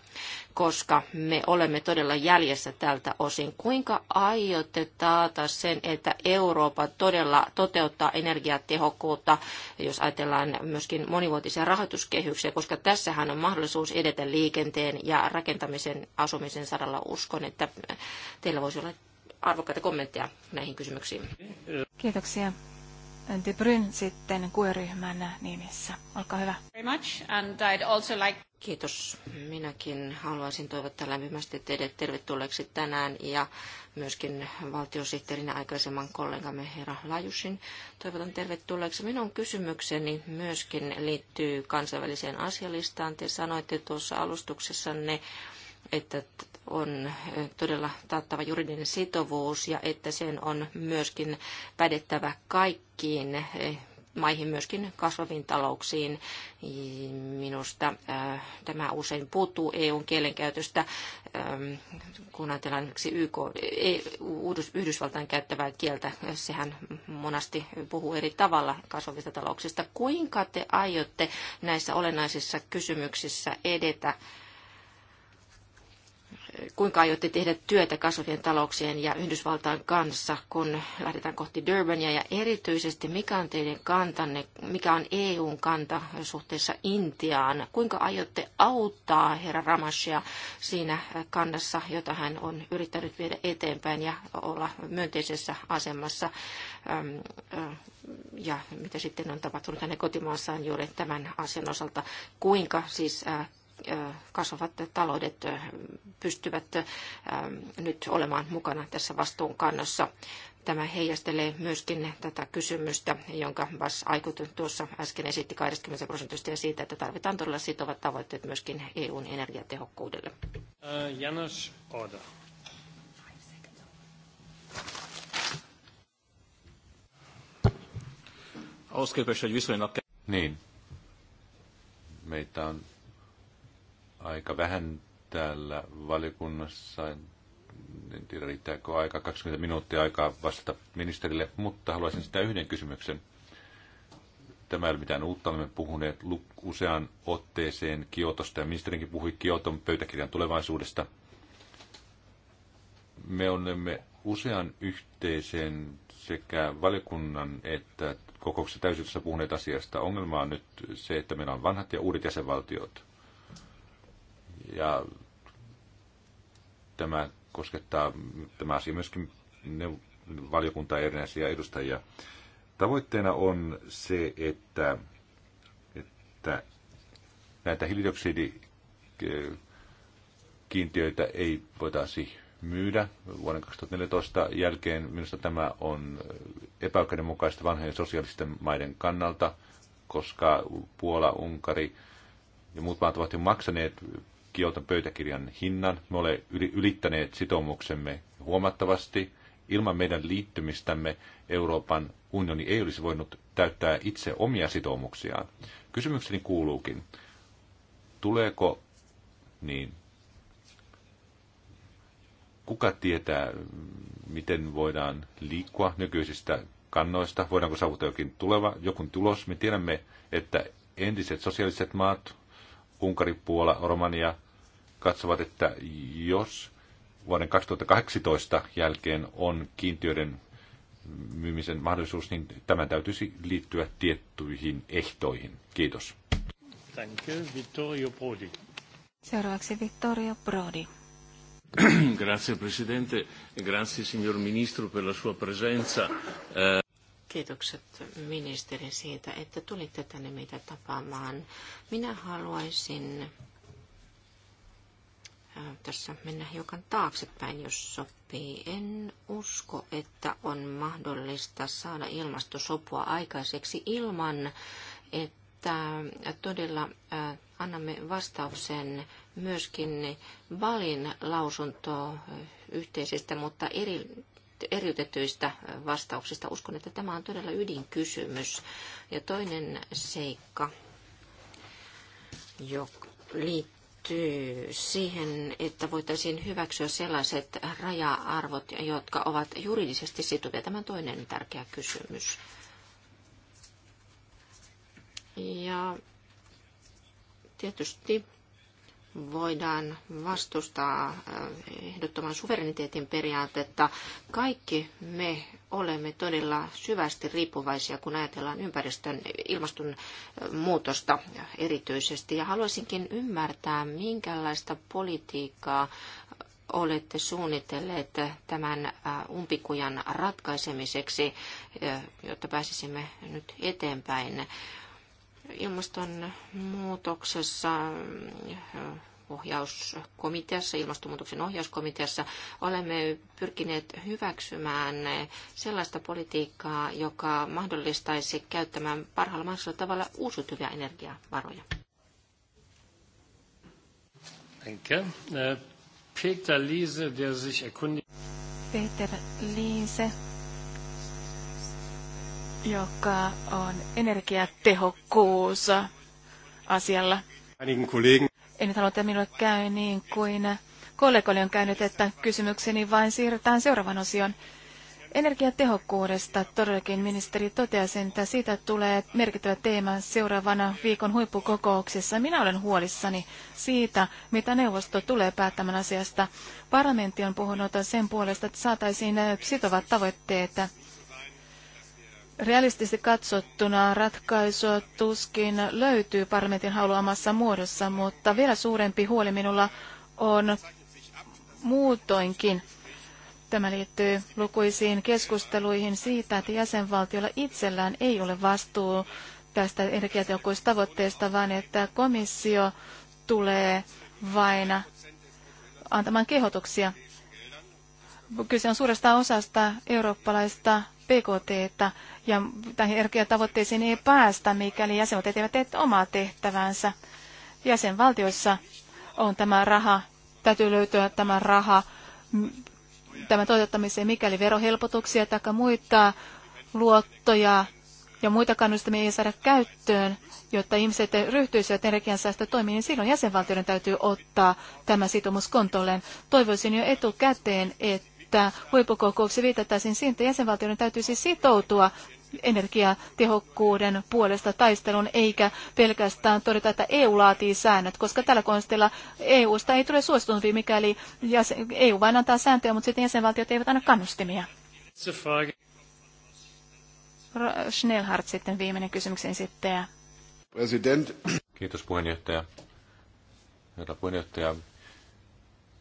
koska me olemme todella jäljessä tältä osin. Kuinka aiotte taata sen, että Eurooppa todella toteuttaa energiatehokkuutta, jos ajatellaan myöskin monivuotisia rahoituskehyksiä, koska tässähän on mahdollisuus edetä liikenteen ja rakentamisen asumisen saralla. Uskon, että teillä voisi olla arvokkaita kommentteja näihin kysymyksiin. Kiitoksia. De Bruyne sitten kueryhmän nimissä. Olkaa hyvä. Very much, and I'd also like... Kiitos. Minäkin haluaisin toivottaa lämpimästi teidät tervetulleeksi tänään ja myöskin valtiosihteerin aikaisemman kollegamme herra Lajusin toivotan tervetulleeksi. Minun kysymykseni myöskin liittyy kansainväliseen asialistaan. Te sanoitte tuossa alustuksessanne, että on todella taattava juridinen sitovuus ja että sen on myöskin pädettävä kaikkiin maihin, myöskin kasvaviin talouksiin. Minusta tämä usein puuttuu EUn kielenkäytöstä, kun ajatellaan esimerkiksi YK, EU, Yhdysvaltain käyttävää kieltä. Sehän monasti puhuu eri tavalla kasvavista talouksista. Kuinka te aiotte näissä olennaisissa kysymyksissä edetä? kuinka aiotte tehdä työtä kasvavien talouksien ja Yhdysvaltain kanssa, kun lähdetään kohti Durbania, ja erityisesti mikä on teidän kantanne, mikä on EUn kanta suhteessa Intiaan, kuinka aiotte auttaa herra Ramashia siinä kannassa, jota hän on yrittänyt viedä eteenpäin ja olla myönteisessä asemassa, ja mitä sitten on tapahtunut hänen kotimaassaan juuri tämän asian osalta, kuinka siis äh, kasvavat taloudet pystyvät nyt olemaan mukana tässä vastuunkannossa. Tämä heijastelee myöskin tätä kysymystä, jonka Bas Aikut tuossa äsken esitti 20 prosentista ja siitä, että tarvitaan todella sitovat tavoitteet myöskin EUn energiatehokkuudelle. Uh, Janos Oda. Niin. Meitä on aika vähän täällä valiokunnassa. En tiedä, riittääkö aika, 20 minuuttia aikaa vastata ministerille, mutta haluaisin sitä yhden kysymyksen. Tämä ei ole mitään uutta, olemme puhuneet usean otteeseen Kiotosta ja ministerinkin puhui Kioton pöytäkirjan tulevaisuudesta. Me olemme usean yhteiseen sekä valiokunnan että kokouksessa täysyydessä puhuneet asiasta. Ongelma on nyt se, että meillä on vanhat ja uudet jäsenvaltiot – ja tämä koskettaa tämä asia myöskin ne, valiokuntaa erinäisiä edustajia. Tavoitteena on se, että, että näitä hiilidioksidikiintiöitä eh, ei voitaisi myydä vuoden 2014 jälkeen. Minusta tämä on epäoikeudenmukaista vanhojen sosiaalisten maiden kannalta, koska Puola, Unkari ja muut maat ovat jo maksaneet Kioton pöytäkirjan hinnan. Me olemme ylittäneet sitoumuksemme huomattavasti. Ilman meidän liittymistämme Euroopan unioni ei olisi voinut täyttää itse omia sitoumuksiaan. Kysymykseni kuuluukin, tuleeko niin kuka tietää, miten voidaan liikkua nykyisistä kannoista, voidaanko saavuttaa jokin tuleva, jokin tulos. Me tiedämme, että entiset sosiaaliset maat, Unkari, Puola, Romania, katsovat, että jos vuoden 2018 jälkeen on kiintiöiden myymisen mahdollisuus, niin tämä täytyisi liittyä tiettyihin ehtoihin. Kiitos. Thank you, Vittorio Prodi. Seuraavaksi Vittorio Prodi. *clears throat* Grazie Presidente, e grazie signor Ministro per la sua presenza. Eh, Kiitokset ministeri siitä, että tulitte tänne meitä tapaamaan. Minä haluaisin Äh, tässä mennä hiukan taaksepäin, jos sopii. En usko, että on mahdollista saada ilmastosopua aikaiseksi ilman, että todella äh, annamme vastauksen myöskin Balin lausunto äh, yhteisistä, mutta eri eriytetyistä vastauksista. Uskon, että tämä on todella ydinkysymys. Ja toinen seikka, joka liittyy liittyy siihen, että voitaisiin hyväksyä sellaiset raja-arvot, jotka ovat juridisesti sitovia. Tämä toinen tärkeä kysymys. Ja tietysti voidaan vastustaa äh, ehdottoman suvereniteetin periaatetta. Kaikki me olemme todella syvästi riippuvaisia, kun ajatellaan ympäristön ilmastonmuutosta äh, erityisesti. Ja haluaisinkin ymmärtää, minkälaista politiikkaa olette suunnitelleet tämän äh, umpikujan ratkaisemiseksi, jotta pääsisimme nyt eteenpäin ilmastonmuutoksessa ohjauskomiteassa, ilmastonmuutoksen ohjauskomiteassa olemme pyrkineet hyväksymään sellaista politiikkaa, joka mahdollistaisi käyttämään parhaalla mahdollisella tavalla uusiutuvia energiavaroja. Danke. Uh, Peter Liese, der sich erkundigt. Peter Liese, joka on energiatehokkuus asialla. En nyt halua, että minulle käy niin kuin kollegoille on käynyt, että kysymykseni vain siirretään seuraavan osion. Energiatehokkuudesta todellakin ministeri totesi, että siitä tulee merkittävä teema seuraavana viikon huippukokouksessa. Minä olen huolissani siitä, mitä neuvosto tulee päättämään asiasta. Parlamentti on puhunut sen puolesta, että saataisiin sitovat tavoitteet Realistisesti katsottuna ratkaisua tuskin löytyy parlamentin haluamassa muodossa, mutta vielä suurempi huoli minulla on muutoinkin. Tämä liittyy lukuisiin keskusteluihin siitä, että jäsenvaltiolla itsellään ei ole vastuu tästä energiatehokkuustavoitteesta, vaan että komissio tulee vain antamaan kehotuksia. Kyse on suuresta osasta eurooppalaista PKT, ja tähän energiatavoitteisiin ei päästä, mikäli jäsenvaltiot eivät tee omaa tehtävänsä. Jäsenvaltioissa on tämä raha, täytyy löytyä tämä raha tämän toteuttamiseen, mikäli verohelpotuksia tai muita luottoja ja muita kannustamia ei saada käyttöön, jotta ihmiset ryhtyisivät toimiin, niin silloin jäsenvaltioiden täytyy ottaa tämä sitoumus kontolleen. Toivoisin jo etukäteen, että että huippukokouksessa viitattaisiin siihen, että jäsenvaltioiden täytyisi siis sitoutua energiatehokkuuden puolesta taistelun, eikä pelkästään todeta, että EU laatii säännöt, koska tällä konstilla EUsta ei tule suositumpi, mikäli EU e vain antaa sääntöjä, mutta sitten jäsenvaltiot eivät anna kannustimia. Schnellhardt sitten viimeinen kysymyksen esittäjä. President. Kiitos puheenjohtaja. Herra puheenjohtaja,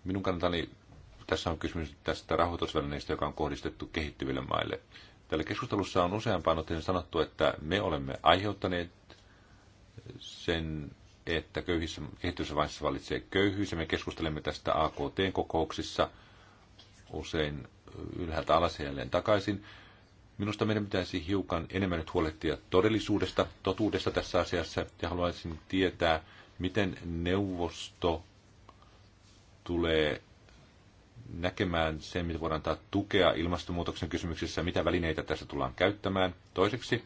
minun kannaltani tässä on kysymys tästä rahoitusvälineestä, joka on kohdistettu kehittyville maille. Tällä keskustelussa on useampaan otteeseen sanottu, että me olemme aiheuttaneet sen, että köyhissä, kehittyvissä maissa valitsee köyhyys, ja me keskustelemme tästä AKT-kokouksissa usein ylhäältä alas ja jälleen takaisin. Minusta meidän pitäisi hiukan enemmän nyt huolehtia todellisuudesta, totuudesta tässä asiassa, ja haluaisin tietää, miten neuvosto tulee näkemään sen, mitä voidaan antaa tukea ilmastonmuutoksen kysymyksissä, mitä välineitä tässä tullaan käyttämään. Toiseksi,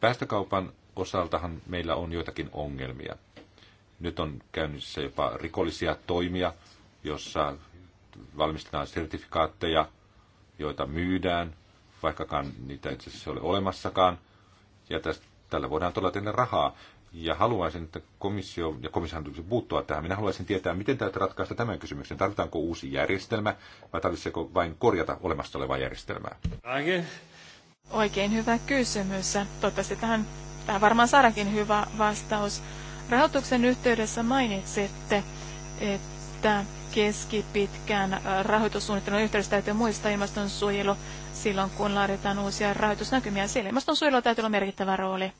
päästökaupan osaltahan meillä on joitakin ongelmia. Nyt on käynnissä jopa rikollisia toimia, jossa valmistetaan sertifikaatteja, joita myydään, vaikkakaan niitä itse asiassa ei ole olemassakaan. Ja tästä, tällä voidaan todella tehdä rahaa ja haluaisin, että komissio ja komission tulisi puuttua tähän. Minä haluaisin tietää, miten täytyy ratkaista tämän kysymyksen. Tarvitaanko uusi järjestelmä vai tarvitseeko vain korjata olemassa olevaa järjestelmää? Oikein hyvä kysymys. Toivottavasti tähän, tähän varmaan saadaankin hyvä vastaus. Rahoituksen yhteydessä mainitsitte, että keskipitkään äh, rahoitussuunnittelun yhteydessä täytyy muistaa ilmastonsuojelu silloin, kun laaditaan uusia rahoitusnäkymiä. Siellä ilmastonsuojelulla täytyy olla merkittävä rooli.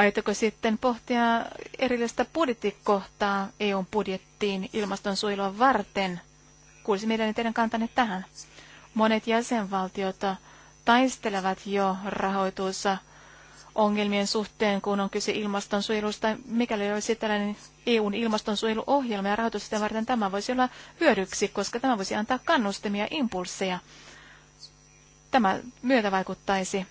Aiotteko sitten pohtia erillistä budjettikohtaa EUn budjettiin ilmastonsuojelua varten? Kuulisi meidän teidän kantanne tähän. Monet jäsenvaltiot taistelevat jo rahoitussa ongelmien suhteen, kun on kyse ilmastonsuojelusta. Mikäli olisi tällainen EUn ilmastonsuojeluohjelma ja rahoitus sitä varten, tämä voisi olla hyödyksi, koska tämä voisi antaa kannustimia ja impulsseja. Tämä myötä vaikuttaisi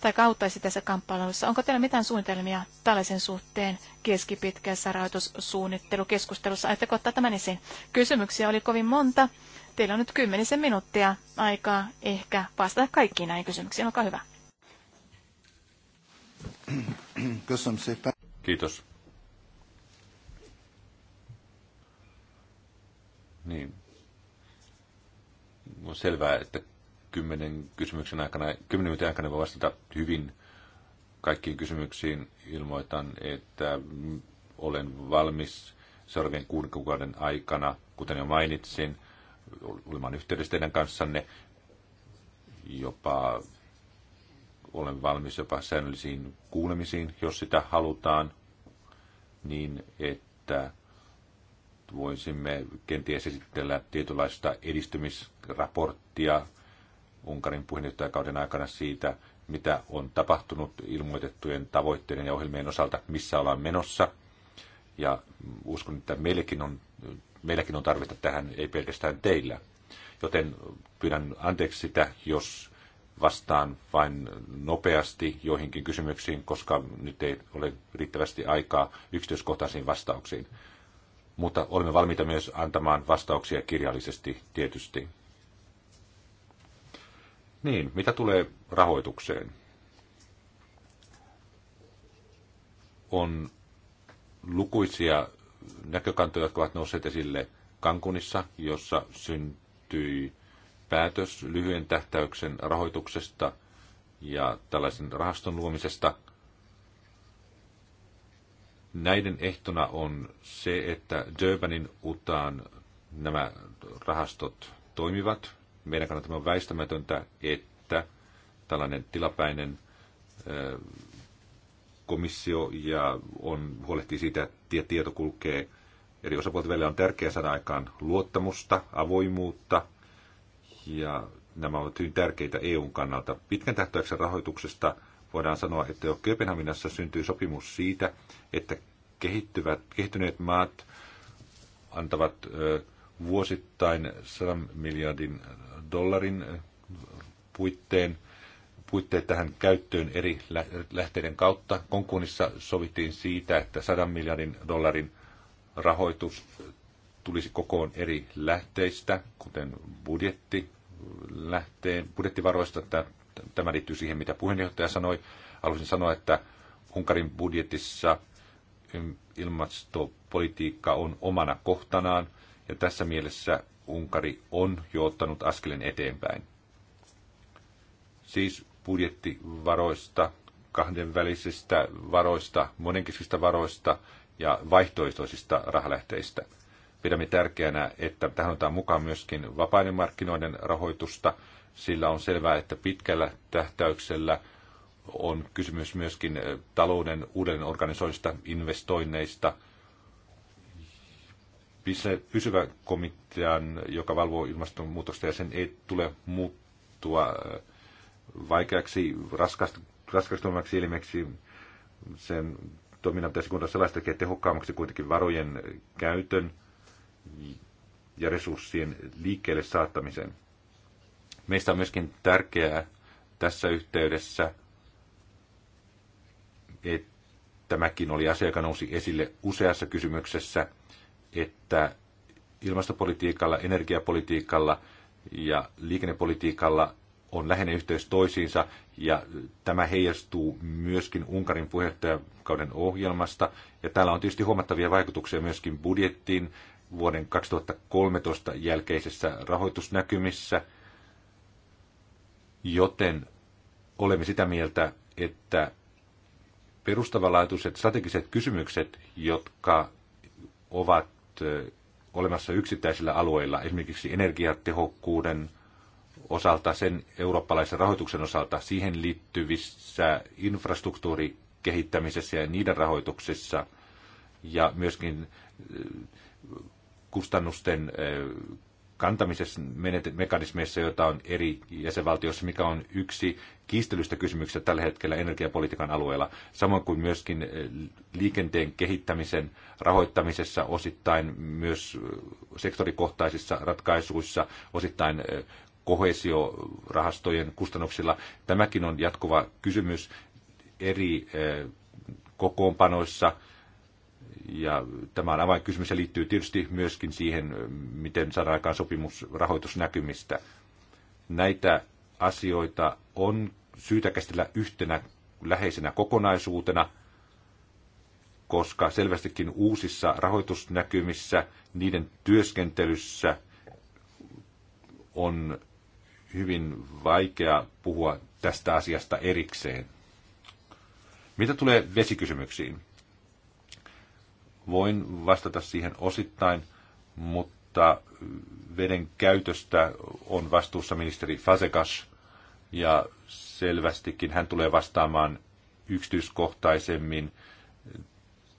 tai auttaisi tässä kamppailussa. Onko teillä mitään suunnitelmia tällaisen suhteen keskipitkässä rahoitussuunnittelukeskustelussa? Ajatteko ottaa tämän esiin? Kysymyksiä oli kovin monta. Teillä on nyt kymmenisen minuuttia aikaa ehkä vastata kaikkiin näihin kysymyksiin. Olkaa hyvä. Kiitos. Niin. On selvää, että kymmenen kysymyksen aikana, kymmenen minuutin aikana voi vastata hyvin kaikkiin kysymyksiin. Ilmoitan, että olen valmis seuraavien kuuden kuukauden aikana, kuten jo mainitsin, olemaan yhteydessä teidän kanssanne. Jopa olen valmis jopa säännöllisiin kuulemisiin, jos sitä halutaan, niin että voisimme kenties esitellä tietynlaista edistymisraporttia Unkarin puheenjohtajakauden aikana siitä, mitä on tapahtunut ilmoitettujen tavoitteiden ja ohjelmien osalta, missä ollaan menossa. Ja uskon, että meilläkin on, meilläkin on tarvetta tähän, ei pelkästään teillä. Joten pyydän anteeksi sitä, jos vastaan vain nopeasti joihinkin kysymyksiin, koska nyt ei ole riittävästi aikaa yksityiskohtaisiin vastauksiin. Mutta olemme valmiita myös antamaan vastauksia kirjallisesti tietysti. Niin, mitä tulee rahoitukseen? On lukuisia näkökantoja, jotka ovat nousseet esille Kankunissa, jossa syntyi päätös lyhyen tähtäyksen rahoituksesta ja tällaisen rahaston luomisesta. Näiden ehtona on se, että Durbanin utaan nämä rahastot toimivat meidän kannalta on väistämätöntä, että tällainen tilapäinen komissio ja on, huolehtii siitä, että tieto kulkee eri osapuolten välillä. On tärkeää saada aikaan luottamusta, avoimuutta ja nämä ovat hyvin tärkeitä EUn kannalta. Pitkän tähtäyksen rahoituksesta voidaan sanoa, että jo Kööpenhaminassa syntyy sopimus siitä, että kehittyvät, kehittyneet maat antavat ö, vuosittain 100 miljardin dollarin puitteen, puitteet tähän käyttöön eri lähteiden kautta. Konkuunissa sovittiin siitä, että 100 miljardin dollarin rahoitus tulisi kokoon eri lähteistä, kuten budjetti, lähteen, budjettivaroista. Tämä liittyy siihen, mitä puheenjohtaja sanoi. Haluaisin sanoa, että Unkarin budjetissa ilmastopolitiikka on omana kohtanaan ja tässä mielessä Unkari on jo ottanut askelen eteenpäin. Siis budjettivaroista, kahdenvälisistä varoista, monenkeskisistä varoista ja vaihtoehtoisista rahalähteistä. Pidämme tärkeänä, että tähän otetaan mukaan myöskin vapaiden markkinoiden rahoitusta, sillä on selvää, että pitkällä tähtäyksellä on kysymys myöskin talouden uuden investoinneista – pysyvä komitean, joka valvoo ilmastonmuutosta ja sen ei tule muuttua äh, vaikeaksi, toimivaksi elimeksi. Sen toiminnan pitäisi kuntaa sellaista tekee tehokkaammaksi kuitenkin varojen käytön ja resurssien liikkeelle saattamisen. Meistä on myöskin tärkeää tässä yhteydessä, että tämäkin oli asia, joka nousi esille useassa kysymyksessä – että ilmastopolitiikalla, energiapolitiikalla ja liikennepolitiikalla on läheinen yhteys toisiinsa ja tämä heijastuu myöskin Unkarin puheenjohtajakauden ohjelmasta. Ja täällä on tietysti huomattavia vaikutuksia myöskin budjettiin vuoden 2013 jälkeisessä rahoitusnäkymissä, joten olemme sitä mieltä, että perustavanlaatuiset strategiset kysymykset, jotka ovat olemassa yksittäisillä alueilla, esimerkiksi energiatehokkuuden osalta, sen eurooppalaisen rahoituksen osalta, siihen liittyvissä infrastruktuurikehittämisessä ja niiden rahoituksessa ja myöskin kustannusten kantamisessa mekanismeissa, joita on eri jäsenvaltioissa, mikä on yksi kiistelystä kysymyksestä tällä hetkellä energiapolitiikan alueella, samoin kuin myöskin eh, liikenteen kehittämisen rahoittamisessa, osittain myös eh, sektorikohtaisissa ratkaisuissa, osittain eh, kohesiorahastojen kustannuksilla. Tämäkin on jatkuva kysymys eri kokoonpanoissa – ja tämä on avainkysymys ja liittyy tietysti myöskin siihen, miten saadaan aikaan sopimusrahoitusnäkymistä. Näitä asioita on syytä käsitellä yhtenä läheisenä kokonaisuutena, koska selvästikin uusissa rahoitusnäkymissä, niiden työskentelyssä on hyvin vaikea puhua tästä asiasta erikseen. Mitä tulee vesikysymyksiin? Voin vastata siihen osittain, mutta veden käytöstä on vastuussa ministeri Fasekas ja selvästikin hän tulee vastaamaan yksityiskohtaisemmin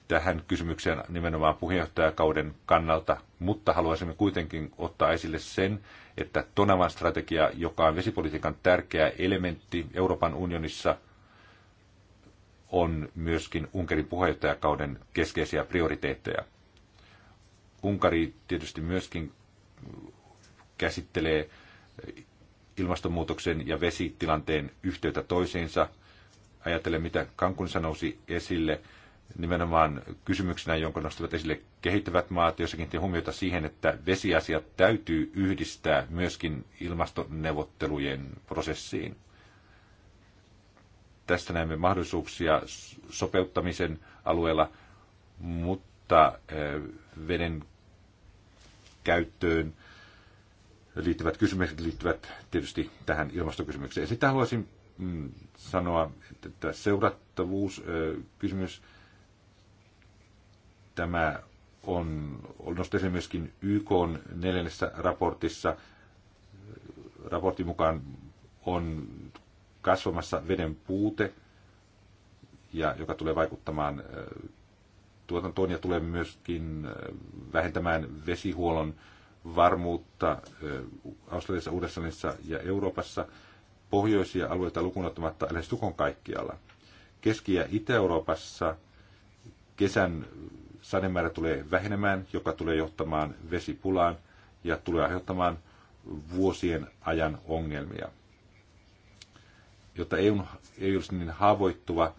tähän kysymykseen nimenomaan puheenjohtajakauden kannalta, mutta haluaisimme kuitenkin ottaa esille sen, että Tonavan strategia, joka on vesipolitiikan tärkeä elementti Euroopan unionissa – on myöskin Unkarin puheenjohtajakauden keskeisiä prioriteetteja. Unkari tietysti myöskin käsittelee ilmastonmuutoksen ja vesitilanteen yhteyttä toisiinsa. Ajattelen, mitä Kankun sanoisi esille nimenomaan kysymyksenä, jonka nostivat esille kehittävät maat, jossakin huomiota siihen, että vesiasiat täytyy yhdistää myöskin ilmastoneuvottelujen prosessiin. Tästä näemme mahdollisuuksia sopeuttamisen alueella, mutta eh, veden käyttöön liittyvät kysymykset liittyvät tietysti tähän ilmastokysymykseen. Sitten haluaisin mm, sanoa, että seurattavuus, eh, kysymys, tämä on, on nostettu myöskin YK neljännessä raportissa. Raportin mukaan on kasvamassa veden puute, ja joka tulee vaikuttamaan tuotantoon ja tulee myöskin vähentämään vesihuollon varmuutta Australiassa, uudessa ja Euroopassa pohjoisia alueita lukunottamatta lähes tukon kaikkialla. Keski- ja Itä-Euroopassa kesän sademäärä tulee vähenemään, joka tulee johtamaan vesipulaan ja tulee aiheuttamaan vuosien ajan ongelmia jotta EU ei olisi niin haavoittuva,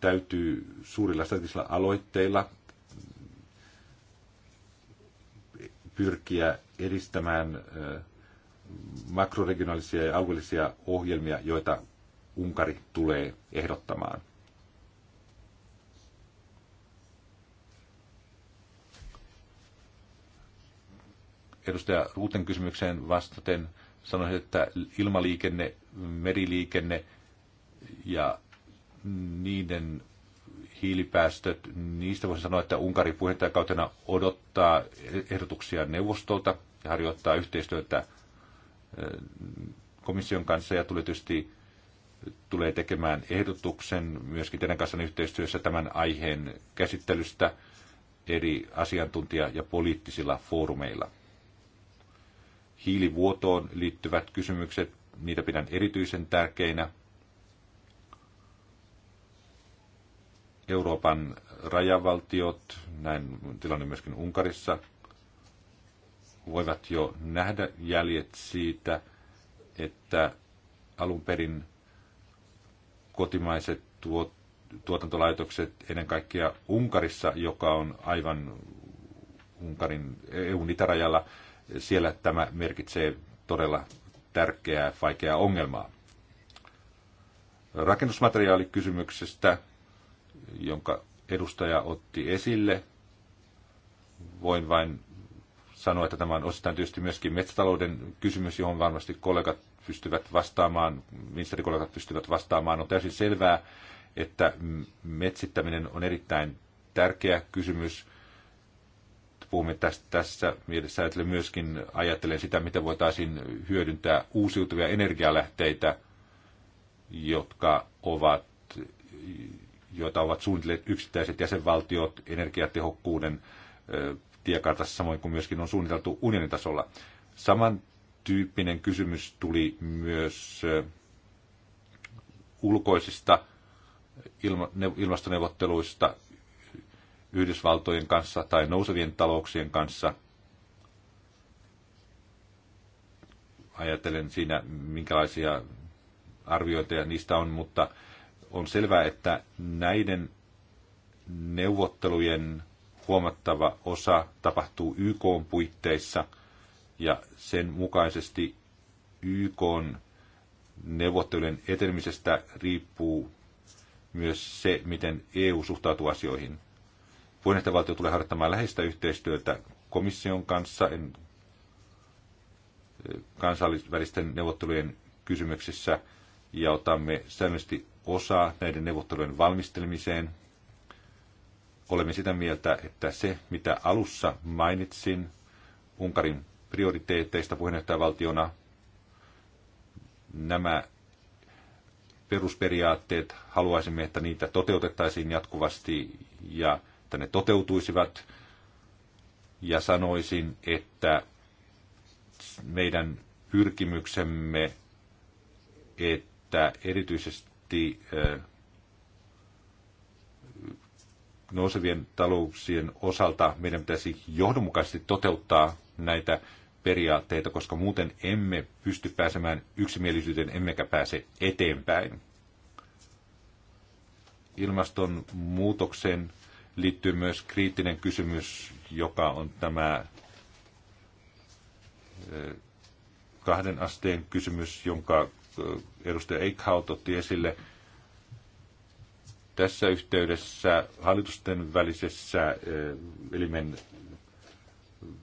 täytyy suurilla strategisilla aloitteilla pyrkiä edistämään makroregionaalisia ja alueellisia ohjelmia, joita Unkari tulee ehdottamaan. Edustaja Ruuten kysymykseen vastaten sanoisin, että ilmaliikenne, meriliikenne ja niiden hiilipäästöt, niistä voisi sanoa, että Unkarin puheenjohtajakautena odottaa ehdotuksia neuvostolta ja harjoittaa yhteistyötä komission kanssa ja tulee tietysti tulee tekemään ehdotuksen myöskin teidän kanssa yhteistyössä tämän aiheen käsittelystä eri asiantuntija- ja poliittisilla foorumeilla. Hiilivuotoon liittyvät kysymykset, niitä pidän erityisen tärkeinä – Euroopan rajavaltiot, näin tilanne myöskin Unkarissa, voivat jo nähdä jäljet siitä, että alun perin kotimaiset tuot, tuotantolaitokset, ennen kaikkea Unkarissa, joka on aivan Unkarin EUn itärajalla, siellä tämä merkitsee todella tärkeää, vaikeaa ongelmaa. Rakennusmateriaalikysymyksestä jonka edustaja otti esille. Voin vain sanoa, että tämä on osittain tietysti myöskin metsätalouden kysymys, johon varmasti kollegat pystyvät vastaamaan, ministerikollegat pystyvät vastaamaan. On täysin selvää, että metsittäminen on erittäin tärkeä kysymys. Puhumme tästä, tässä mielessä ajattelen myöskin ajattelen sitä, miten voitaisiin hyödyntää uusiutuvia energialähteitä, jotka ovat joita ovat suunnitelleet yksittäiset jäsenvaltiot energiatehokkuuden tiekartassa, samoin kuin myöskin on suunniteltu unionin tasolla. Samantyyppinen kysymys tuli myös ulkoisista ilmastoneuvotteluista Yhdysvaltojen kanssa tai nousevien talouksien kanssa. Ajattelen siinä, minkälaisia arviointeja niistä on, mutta on selvää, että näiden neuvottelujen huomattava osa tapahtuu YK puitteissa ja sen mukaisesti YK neuvottelujen etenemisestä riippuu myös se, miten EU suhtautuu asioihin. Puheenjohtajavaltio tulee harjoittamaan läheistä yhteistyötä komission kanssa en, kansainvälisten neuvottelujen kysymyksissä ja otamme säännöllisesti osa näiden neuvottelujen valmistelemiseen. Olemme sitä mieltä, että se, mitä alussa mainitsin Unkarin prioriteetteista puheenjohtajavaltiona, nämä perusperiaatteet, haluaisimme, että niitä toteutettaisiin jatkuvasti ja että ne toteutuisivat. Ja sanoisin, että meidän pyrkimyksemme, että erityisesti kohti eh, nousevien talouksien osalta meidän pitäisi johdonmukaisesti toteuttaa näitä periaatteita, koska muuten emme pysty pääsemään yksimielisyyteen emmekä pääse eteenpäin. Ilmastonmuutokseen liittyy myös kriittinen kysymys, joka on tämä eh, kahden asteen kysymys, jonka edustaja Eichhout otti esille. Tässä yhteydessä hallitusten välisessä eh, elimen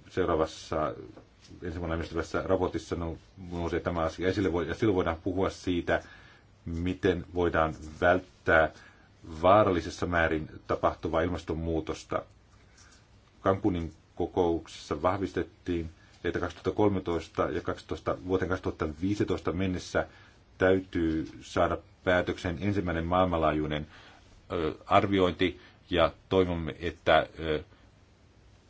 seuraavassa ensimmäinen ilmestyvässä raportissa no, nousee tämä asia esille, ja silloin voidaan puhua siitä, miten voidaan välttää vaarallisessa määrin tapahtuvaa ilmastonmuutosta. Kankunin kokouksessa vahvistettiin, että 2013 ja 12, vuoteen 2015 mennessä täytyy saada päätöksen ensimmäinen maailmanlaajuinen arviointi ja toivomme, että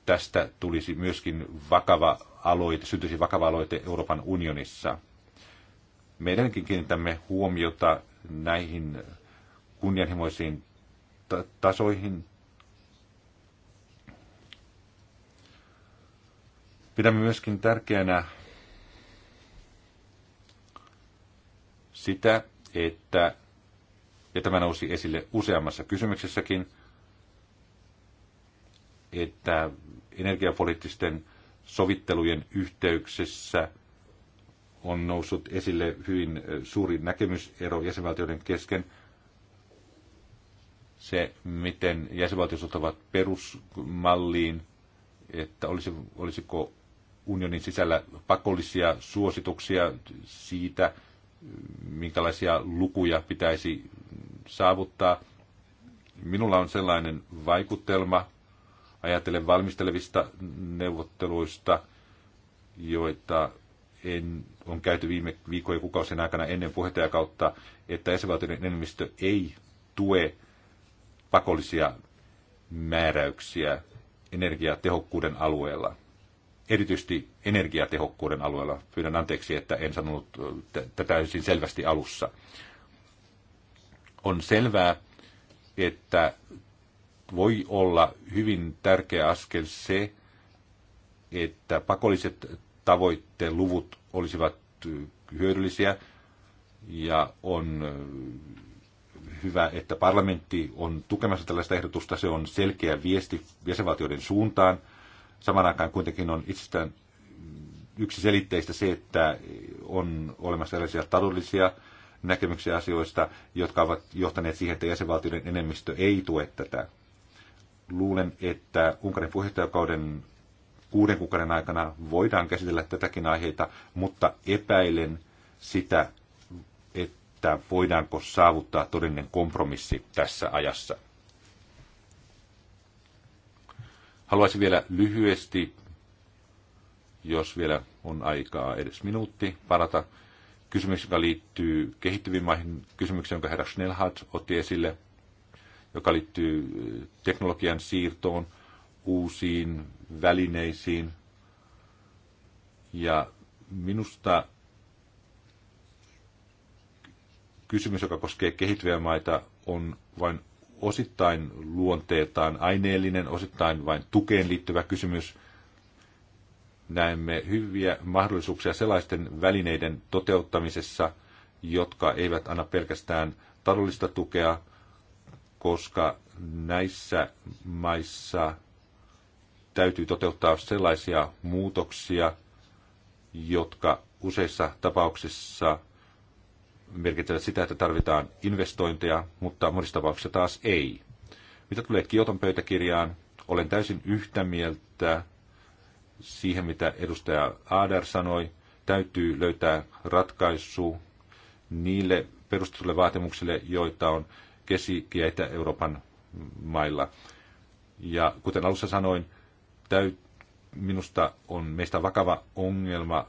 tästä tulisi myöskin vakava aloite, syntyisi vakava aloite Euroopan unionissa. Meidänkin kiinnitämme huomiota näihin kunnianhimoisiin tasoihin Pidämme myöskin tärkeänä sitä, että, ja tämä nousi esille useammassa kysymyksessäkin, että energiapoliittisten sovittelujen yhteyksessä on noussut esille hyvin suuri näkemysero jäsenvaltioiden kesken. Se, miten jäsenvaltiot ottavat perusmalliin, että olisi, olisiko unionin sisällä pakollisia suosituksia siitä, minkälaisia lukuja pitäisi saavuttaa. Minulla on sellainen vaikutelma, ajatellen valmistelevista neuvotteluista, joita en, on käyty viime viikkojen ja kuukausien aikana ennen puheenjohtajakautta, että esivaltioiden enemmistö ei tue pakollisia määräyksiä energiatehokkuuden alueella erityisesti energiatehokkuuden alueella. Pyydän anteeksi, että en sanonut tätä täysin selvästi alussa. On selvää, että voi olla hyvin tärkeä askel se, että pakolliset tavoitteen luvut olisivat hyödyllisiä ja on hyvä, että parlamentti on tukemassa tällaista ehdotusta. Se on selkeä viesti jäsenvaltioiden suuntaan – Samaan aikaan kuitenkin on itsestään yksi selitteistä se, että on olemassa erilaisia taloudellisia näkemyksiä asioista, jotka ovat johtaneet siihen, että jäsenvaltioiden enemmistö ei tue tätä. Luulen, että Unkarin puheenjohtajakauden kuuden kuukauden aikana voidaan käsitellä tätäkin aiheita, mutta epäilen sitä, että voidaanko saavuttaa todellinen kompromissi tässä ajassa. Haluaisin vielä lyhyesti, jos vielä on aikaa edes minuutti, parata kysymys, joka liittyy kehittyviin maihin, kysymykseen, jonka herra Schnellhardt otti esille, joka liittyy eh, teknologian siirtoon, uusiin välineisiin. Ja minusta kysymys, joka koskee kehittyviä maita, on vain osittain luonteeltaan aineellinen, osittain vain tukeen liittyvä kysymys. Näemme hyviä mahdollisuuksia sellaisten välineiden toteuttamisessa, jotka eivät anna pelkästään taloudellista tukea, koska näissä maissa täytyy toteuttaa sellaisia muutoksia, jotka useissa tapauksissa merkitsevät sitä, että tarvitaan investointeja, mutta monissa tapauksissa taas ei. Mitä tulee Kioton pöytäkirjaan, olen täysin yhtä mieltä siihen, mitä edustaja Aadar sanoi. Täytyy löytää ratkaisu niille perustetuille vaatimuksille, joita on Keski- ja itä euroopan mailla. Ja kuten alussa sanoin, täy, minusta on meistä vakava ongelma,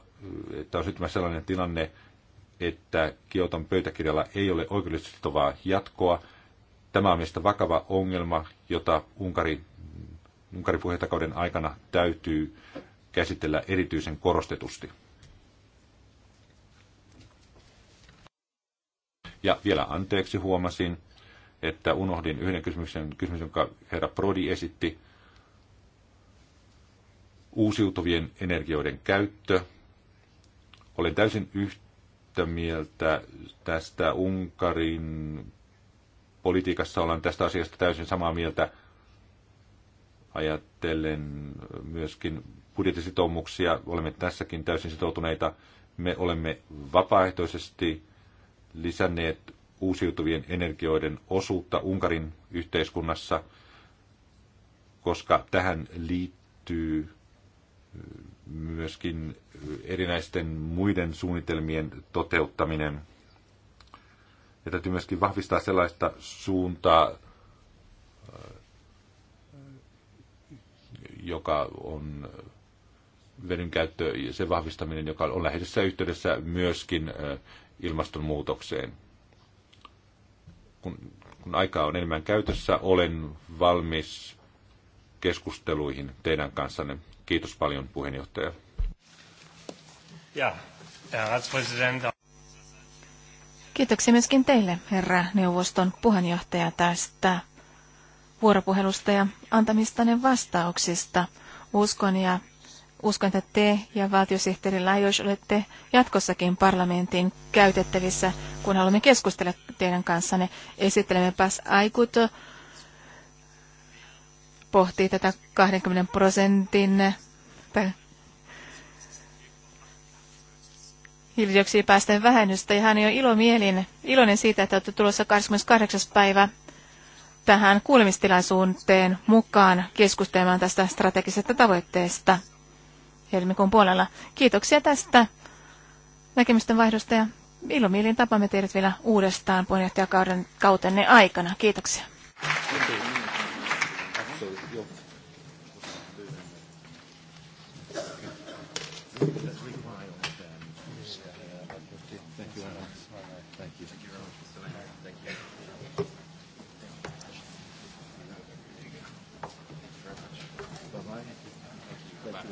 että on syntymässä sellainen tilanne, että Kioton pöytäkirjalla ei ole oikeudellisesti sitovaa jatkoa. Tämä on mielestäni vakava ongelma, jota Unkari, Unkarin puheenjohtajakauden aikana täytyy käsitellä erityisen korostetusti. Ja vielä anteeksi huomasin, että unohdin yhden kysymyksen, kysymyksen, jonka herra Prodi esitti. Uusiutuvien energioiden käyttö. Olen täysin yhtä yhtä mieltä tästä Unkarin politiikassa ollaan tästä asiasta täysin samaa mieltä. Ajattelen myöskin budjettisitoumuksia. Olemme tässäkin täysin sitoutuneita. Me olemme vapaaehtoisesti lisänneet uusiutuvien energioiden osuutta Unkarin yhteiskunnassa, koska tähän liittyy myöskin erinäisten muiden suunnitelmien toteuttaminen. Ja täytyy myöskin vahvistaa sellaista suuntaa, joka on vedyn käyttö ja sen vahvistaminen, joka on läheisessä yhteydessä myöskin ilmastonmuutokseen. Kun, kun aikaa on enemmän käytössä, olen valmis keskusteluihin teidän kanssanne Kiitos paljon puheenjohtaja. Kiitoksia myöskin teille, herra neuvoston puheenjohtaja, tästä vuoropuhelusta ja antamistanne vastauksista. Uskon ja uskon, että te ja valtiosihteeri Lajos olette jatkossakin parlamentin käytettävissä, kun haluamme keskustella teidän kanssanne. Esittelemme pääs aikuto pohtii tätä 20 prosentin hiilidioksidipäästöjen vähennystä ja hän on ilomielin, iloinen siitä, että olette tulossa 28. päivä tähän kuulemistilaisuuteen mukaan keskustelemaan tästä strategisesta tavoitteesta helmikuun puolella. Kiitoksia tästä näkemysten vaihdosta ja ilomielin tapaamme teidät vielä uudestaan puheenjohtajakauden kautenne aikana. Kiitoksia. Kiitos. Thank Thank Thank Thank Thank Thank you, you. you, you. you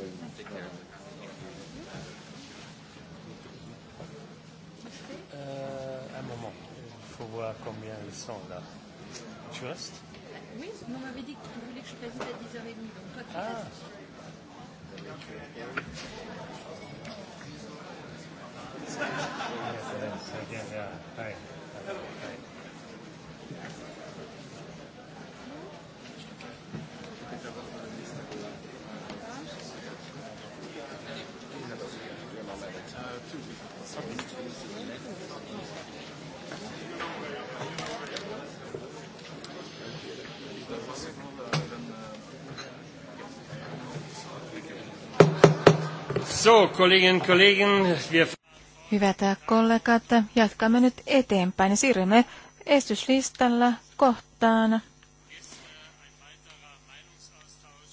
you very much. sont là. Tu restes Oui, on m'avait dit que tu voulais que je passe à 10h30, donc toi tu ah. restes. Yeah, yeah, yeah. Hi. Hi. So, wir... Hyvät kollegat, jatkamme nyt eteenpäin siirrymme esityslistalla kohtaan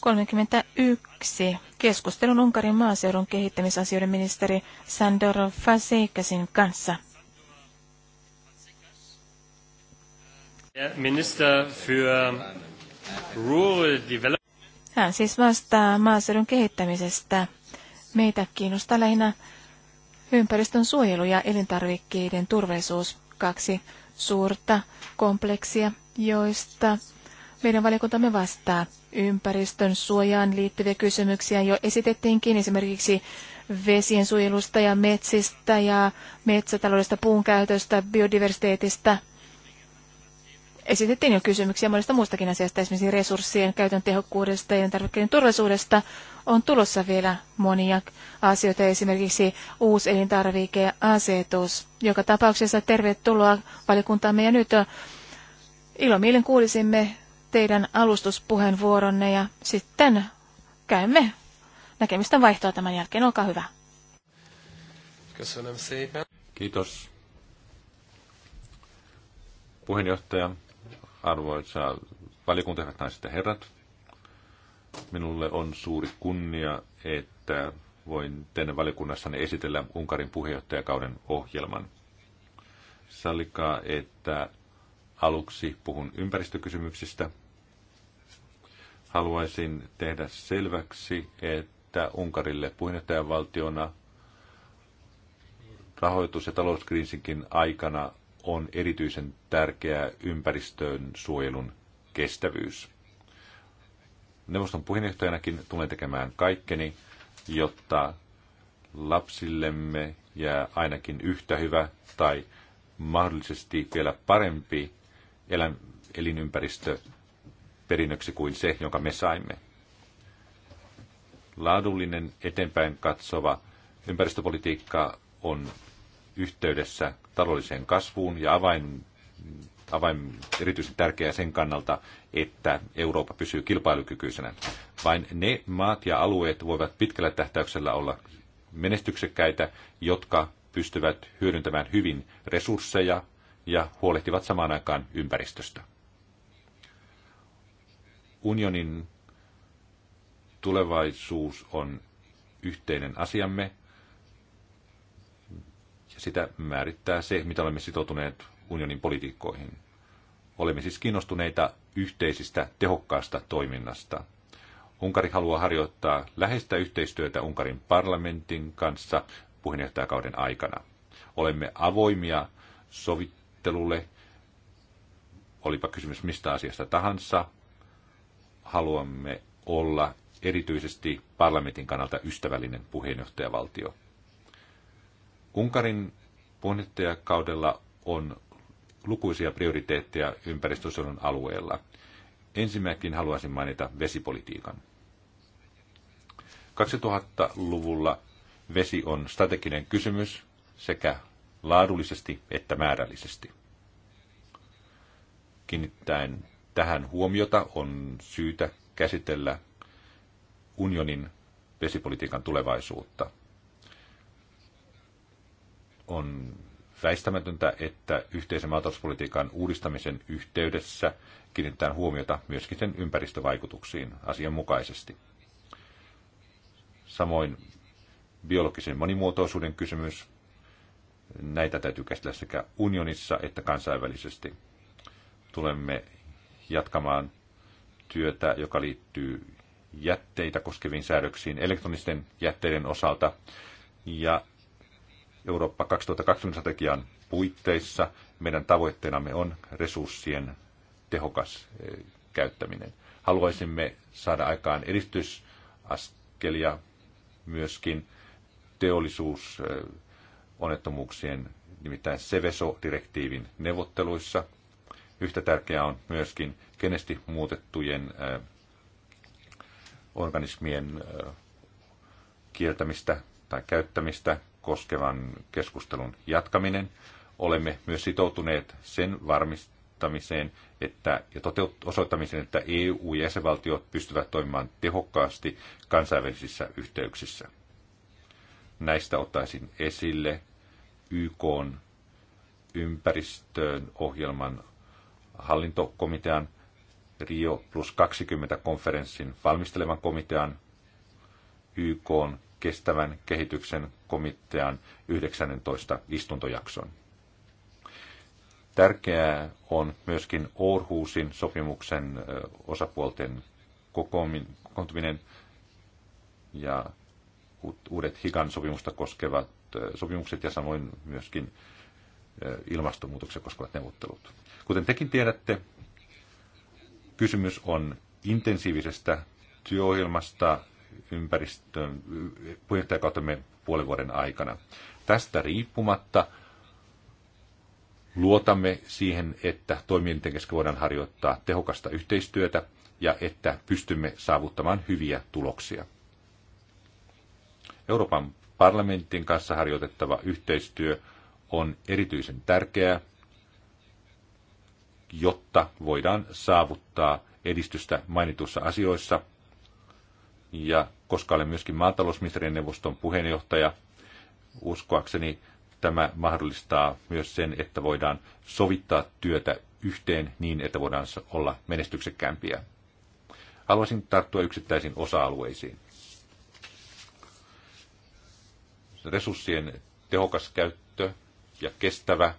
31. Keskustelun Unkarin maaseudun kehittämisasioiden ministeri Sandor Fasekasin kanssa. Minister für Rural Development. Hän siis vastaa maaseudun kehittämisestä Meitä kiinnostaa lähinnä ympäristön suojelu ja elintarvikkeiden turvallisuus, kaksi suurta kompleksia, joista meidän valiokuntamme vastaa. Ympäristön suojaan liittyviä kysymyksiä jo esitettiinkin esimerkiksi vesien suojelusta ja metsistä ja metsätaloudesta, puun käytöstä, biodiversiteetistä – esitettiin jo kysymyksiä monesta muustakin asiasta, esimerkiksi resurssien käytön tehokkuudesta ja tarvikkeiden turvallisuudesta on tulossa vielä monia asioita, esimerkiksi uusi elintarvikeasetus. Joka tapauksessa tervetuloa valiokuntaamme ja nyt ilomielin kuulisimme teidän alustuspuheenvuoronne ja sitten käymme näkemistä vaihtoa tämän jälkeen. Olkaa hyvä. Kiitos. Puheenjohtaja, Arvoisa valiokunta, hyvät naiset ja herrat, minulle on suuri kunnia, että voin teidän valiokunnassanne esitellä Unkarin puheenjohtajakauden ohjelman. Sallikaa, että aluksi puhun ympäristökysymyksistä. Haluaisin tehdä selväksi, että Unkarille puheenjohtajavaltiona rahoitus- ja talouskriisinkin aikana on erityisen tärkeää ympäristön suojelun kestävyys. Neuvoston puheenjohtajanakin tulen tekemään kaikkeni, jotta lapsillemme jää ainakin yhtä hyvä tai mahdollisesti vielä parempi elinympäristö perinnöksi kuin se, jonka me saimme. Laadullinen eteenpäin katsova ympäristöpolitiikka on yhteydessä taloudelliseen kasvuun ja avain, avain erityisen tärkeää sen kannalta, että Eurooppa pysyy kilpailukykyisenä. Vain ne maat ja alueet voivat pitkällä tähtäyksellä olla menestyksekkäitä, jotka pystyvät hyödyntämään hyvin resursseja ja huolehtivat samaan aikaan ympäristöstä. Unionin tulevaisuus on yhteinen asiamme sitä määrittää se, mitä olemme sitoutuneet unionin politiikkoihin. Olemme siis kiinnostuneita yhteisistä tehokkaasta toiminnasta. Unkari haluaa harjoittaa läheistä yhteistyötä Unkarin parlamentin kanssa puheenjohtajakauden aikana. Olemme avoimia sovittelulle, olipa kysymys mistä asiasta tahansa. Haluamme olla erityisesti parlamentin kannalta ystävällinen puheenjohtajavaltio. Unkarin puheenjohtajakaudella on lukuisia prioriteetteja ympäristösuojelun alueella. Ensimmäkin haluaisin mainita vesipolitiikan. 2000-luvulla vesi on strateginen kysymys sekä laadullisesti että määrällisesti. Kiinnittäen tähän huomiota on syytä käsitellä unionin vesipolitiikan tulevaisuutta on väistämätöntä, että yhteisen maatalouspolitiikan uudistamisen yhteydessä kiinnitetään huomiota myöskin sen ympäristövaikutuksiin asianmukaisesti. Samoin biologisen monimuotoisuuden kysymys. Näitä täytyy käsitellä sekä unionissa että kansainvälisesti. Tulemme jatkamaan työtä, joka liittyy jätteitä koskeviin säädöksiin elektronisten jätteiden osalta. Ja Eurooppa 2020 strategian puitteissa meidän tavoitteenamme on resurssien tehokas eh, käyttäminen. Haluaisimme saada aikaan edistysaskelia myöskin teollisuusonnettomuuksien, eh, nimittäin Seveso-direktiivin neuvotteluissa. Yhtä tärkeää on myöskin kenesti muutettujen eh, organismien kieltämistä tai käyttämistä koskevan keskustelun jatkaminen. Olemme myös sitoutuneet sen varmistamiseen että, ja toteut- osoittamiseen, että EU- ja jäsenvaltiot pystyvät toimimaan tehokkaasti kansainvälisissä yhteyksissä. Näistä ottaisin esille YK ympäristöön ohjelman hallintokomitean, Rio plus 20 konferenssin valmistelevan komitean, YK kestävän kehityksen komitean 19. istuntojakson. Tärkeää on myöskin orhuusin sopimuksen osapuolten kokoontuminen ja uudet Higan sopimusta koskevat sopimukset ja samoin myöskin ilmastonmuutoksen koskevat neuvottelut. Kuten tekin tiedätte, kysymys on intensiivisestä työohjelmasta ympäristön puheenjohtajakautemme puolen vuoden aikana. Tästä riippumatta luotamme siihen, että toimielinten kesken voidaan harjoittaa tehokasta yhteistyötä ja että pystymme saavuttamaan hyviä tuloksia. Euroopan parlamentin kanssa harjoitettava yhteistyö on erityisen tärkeää, jotta voidaan saavuttaa edistystä mainitussa asioissa – ja koska olen myöskin maatalousministerien neuvoston puheenjohtaja, uskoakseni tämä mahdollistaa myös sen, että voidaan sovittaa työtä yhteen niin, että voidaan olla menestyksekkäämpiä. Haluaisin tarttua yksittäisiin osa-alueisiin. Resurssien tehokas käyttö ja kestävä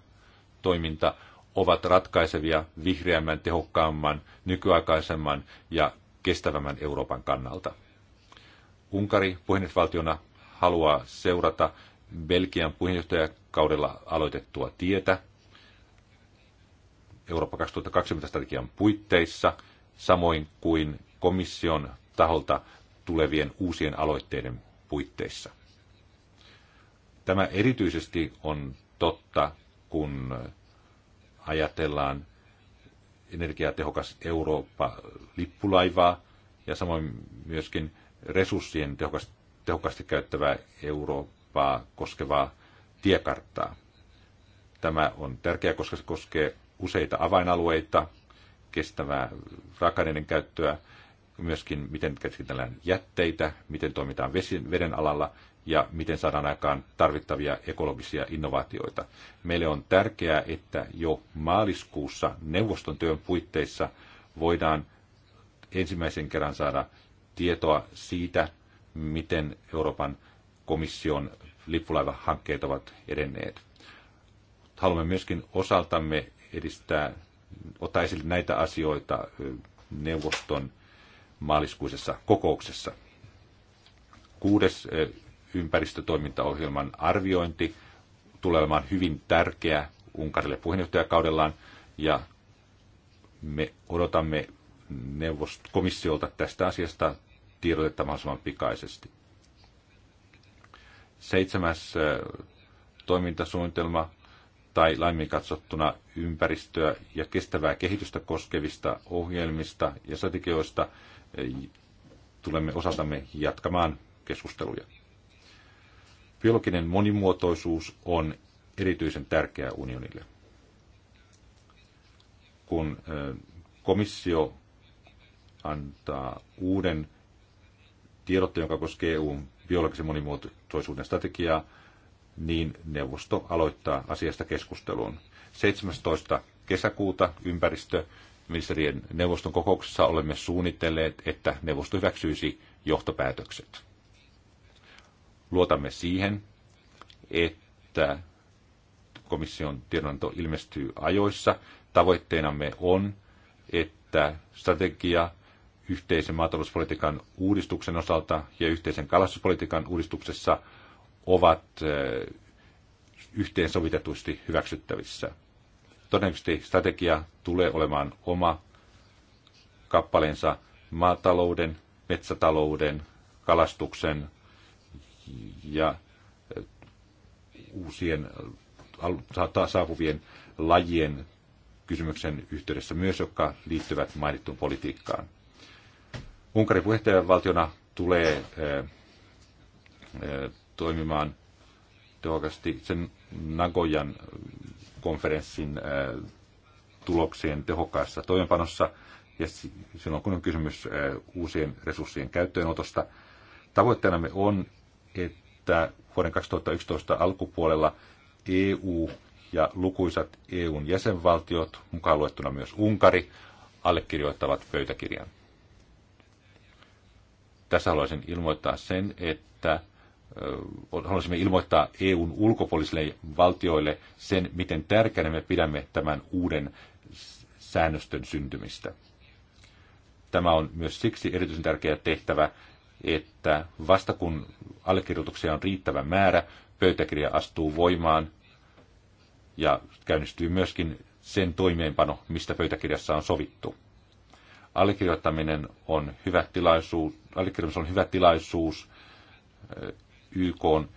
toiminta ovat ratkaisevia vihreämmän, tehokkaamman, nykyaikaisemman ja kestävämmän Euroopan kannalta. Unkari puheenjohtajavaltiona haluaa seurata Belgian puheenjohtajakaudella aloitettua tietä Eurooppa 2020 strategian puitteissa, samoin kuin komission taholta tulevien uusien aloitteiden puitteissa. Tämä erityisesti on totta, kun ajatellaan energiatehokas Eurooppa-lippulaivaa ja samoin myöskin resurssien tehokkaasti käyttävää Eurooppaa koskevaa tiekarttaa. Tämä on tärkeää, koska se koskee useita avainalueita, kestävää raaka-aineiden käyttöä, myöskin miten käsitellään jätteitä, miten toimitaan veden alalla ja miten saadaan aikaan tarvittavia ekologisia innovaatioita. Meille on tärkeää, että jo maaliskuussa neuvoston työn puitteissa voidaan ensimmäisen kerran saada tietoa siitä, miten Euroopan komission lippulaivahankkeet ovat edenneet. Haluamme myöskin osaltamme edistää, ottaa esille näitä asioita neuvoston maaliskuisessa kokouksessa. Kuudes ympäristötoimintaohjelman arviointi tulee olemaan hyvin tärkeä Unkarille puheenjohtajakaudellaan ja me odotamme neuvost- komissiolta tästä asiasta tiedotetta mahdollisimman pikaisesti. Seitsemäs toimintasuunnitelma tai laimin katsottuna ympäristöä ja kestävää kehitystä koskevista ohjelmista ja strategioista tulemme osaltamme jatkamaan keskusteluja. Biologinen monimuotoisuus on erityisen tärkeää unionille. Kun komissio antaa uuden tiedotte, joka koskee EUn biologisen monimuotoisuuden strategiaa, niin neuvosto aloittaa asiasta keskustelun. 17. kesäkuuta ympäristöministerien neuvoston kokouksessa olemme suunnitelleet, että neuvosto hyväksyisi johtopäätökset. Luotamme siihen, että komission tiedonanto ilmestyy ajoissa. Tavoitteenamme on, että strategia – yhteisen maatalouspolitiikan uudistuksen osalta ja yhteisen kalastuspolitiikan uudistuksessa ovat yhteensovitetusti hyväksyttävissä. Todennäköisesti strategia tulee olemaan oma kappaleensa maatalouden, metsätalouden, kalastuksen ja uusien saapuvien lajien kysymyksen yhteydessä myös, jotka liittyvät mainittuun politiikkaan. Unkarin puheenjohtajavaltiona tulee toimimaan tehokkaasti sen Nagojan konferenssin tuloksien tehokkaassa toimenpanossa. ja silloin kun on kysymys uusien resurssien käyttöönotosta. Tavoitteenamme on, että vuoden 2011 alkupuolella EU ja lukuisat EUn jäsenvaltiot, mukaan luettuna myös Unkari, allekirjoittavat pöytäkirjan. Tässä haluaisin ilmoittaa sen, että haluaisimme ilmoittaa EUn ulkopuolisille valtioille sen, miten tärkeänä me pidämme tämän uuden säännöstön syntymistä. Tämä on myös siksi erityisen tärkeä tehtävä, että vasta kun allekirjoituksia on riittävä määrä, pöytäkirja astuu voimaan ja käynnistyy myöskin sen toimeenpano, mistä pöytäkirjassa on sovittu. Allekirjoittaminen on hyvä tilaisuus, allekirjoittaminen on hyvä tilaisuus eh, YK on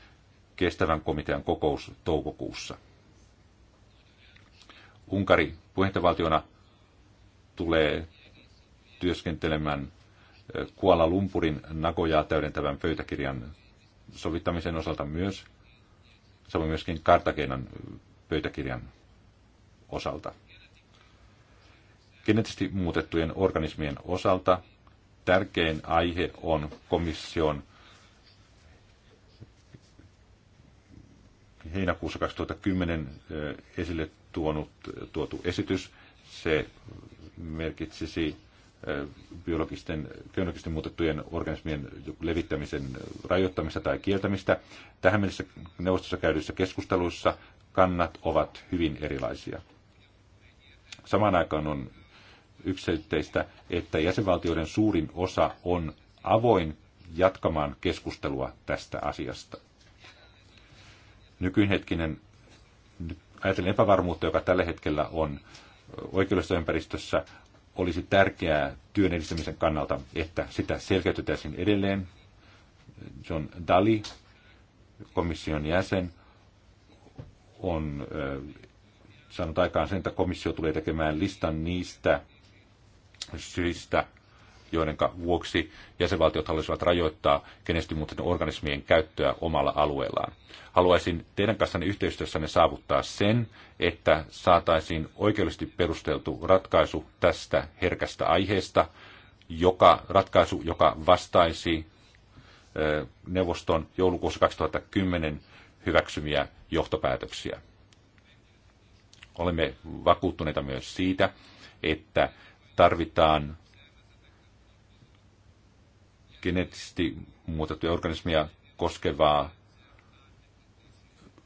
kestävän komitean kokous toukokuussa. Unkari puheenjohtajavaltiona tulee työskentelemään eh, Kuala Lumpurin Nagojaa täydentävän pöytäkirjan sovittamisen osalta myös, samoin myöskin Kartagenan eh, pöytäkirjan osalta. Geneettisesti muutettujen organismien osalta tärkein aihe on komission heinäkuussa 2010 esille tuonut, tuotu esitys. Se merkitsisi biologisten, geologisten muutettujen organismien levittämisen rajoittamista tai kieltämistä. Tähän mennessä neuvostossa käydyissä keskusteluissa kannat ovat hyvin erilaisia. Samaan aikaan on yksiselitteistä, että jäsenvaltioiden suurin osa on avoin jatkamaan keskustelua tästä asiasta. Nykyhetkinen, ajatellen epävarmuutta, joka tällä hetkellä on oikeudellisessa ympäristössä, olisi tärkeää työn edistämisen kannalta, että sitä selkeytetäisiin edelleen. John Dali, komission jäsen, on saanut aikaan sen, että komissio tulee tekemään listan niistä syistä, joiden vuoksi jäsenvaltiot haluaisivat rajoittaa kenesti muuten organismien käyttöä omalla alueellaan. Haluaisin teidän kanssanne yhteistyössänne saavuttaa sen, että saataisiin oikeudellisesti perusteltu ratkaisu tästä herkästä aiheesta, joka, ratkaisu, joka vastaisi neuvoston joulukuussa 2010 hyväksymiä johtopäätöksiä. Olemme vakuuttuneita myös siitä, että tarvitaan geneettisesti muutettuja organismeja koskevaa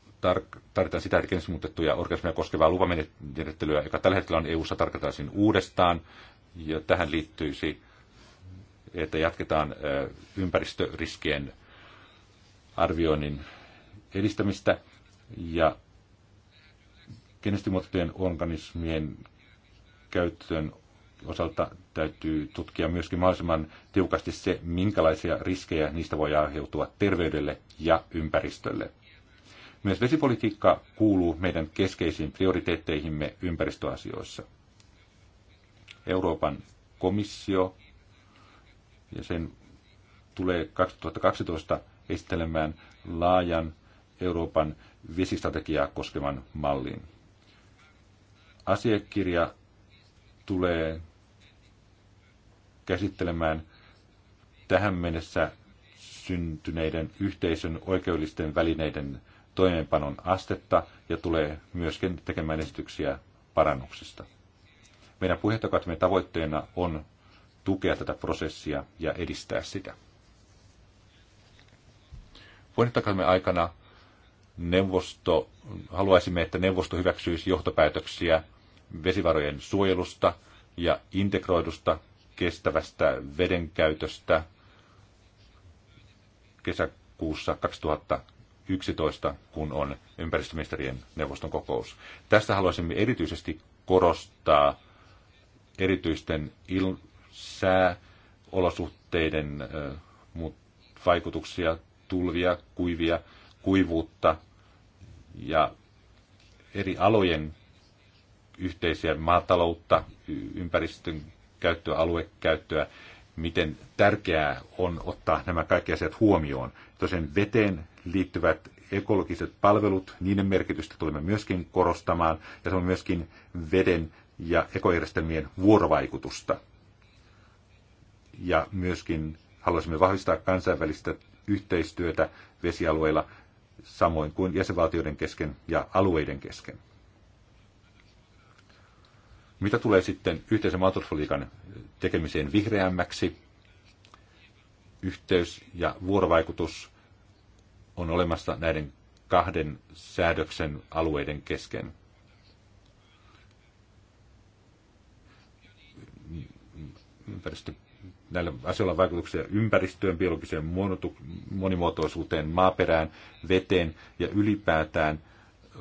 tar- tarvitaan sitä, että geneettisesti muutettuja organismeja koskevaa lupamenettelyä, joka tällä hetkellä on EU-ssa, tarkataan uudestaan. Ja tähän liittyisi, että jatketaan ympäristöriskien arvioinnin edistämistä ja geneettisesti muutettujen organismien käyttöön osalta täytyy tutkia myöskin mahdollisimman tiukasti se, minkälaisia riskejä niistä voi aiheutua terveydelle ja ympäristölle. Myös vesipolitiikka kuuluu meidän keskeisiin prioriteetteihimme ympäristöasioissa. Euroopan komissio ja sen tulee 2012 esittelemään laajan Euroopan vesistrategiaa koskevan mallin. Asiakirja tulee käsittelemään tähän mennessä syntyneiden yhteisön oikeudellisten välineiden toimeenpanon astetta ja tulee myöskin tekemään esityksiä parannuksista. Meidän puheenjohtajakautemme tavoitteena on tukea tätä prosessia ja edistää sitä. Puheenjohtajakautemme aikana neuvosto, haluaisimme, että neuvosto hyväksyisi johtopäätöksiä vesivarojen suojelusta ja integroidusta kestävästä vedenkäytöstä kesäkuussa 2011, kun on ympäristöministerien neuvoston kokous. Tästä haluaisimme erityisesti korostaa erityisten il- sääolosuhteiden vaikutuksia, tulvia, kuivia, kuivuutta ja eri alojen yhteisiä maataloutta, ympäristön käyttöä, aluekäyttöä, miten tärkeää on ottaa nämä kaikki asiat huomioon. Tosin veteen liittyvät ekologiset palvelut, niiden merkitystä tulemme myöskin korostamaan, ja se on myöskin veden ja ekojärjestelmien vuorovaikutusta. Ja myöskin haluaisimme vahvistaa kansainvälistä yhteistyötä vesialueilla, samoin kuin jäsenvaltioiden kesken ja alueiden kesken. Mitä tulee sitten yhteisen maatalouspolitiikan tekemiseen vihreämmäksi, yhteys ja vuorovaikutus on olemassa näiden kahden säädöksen alueiden kesken. Ympäristö, näillä asioilla on vaikutuksia ympäristöön, biologiseen monimuotoisuuteen, maaperään, veteen ja ylipäätään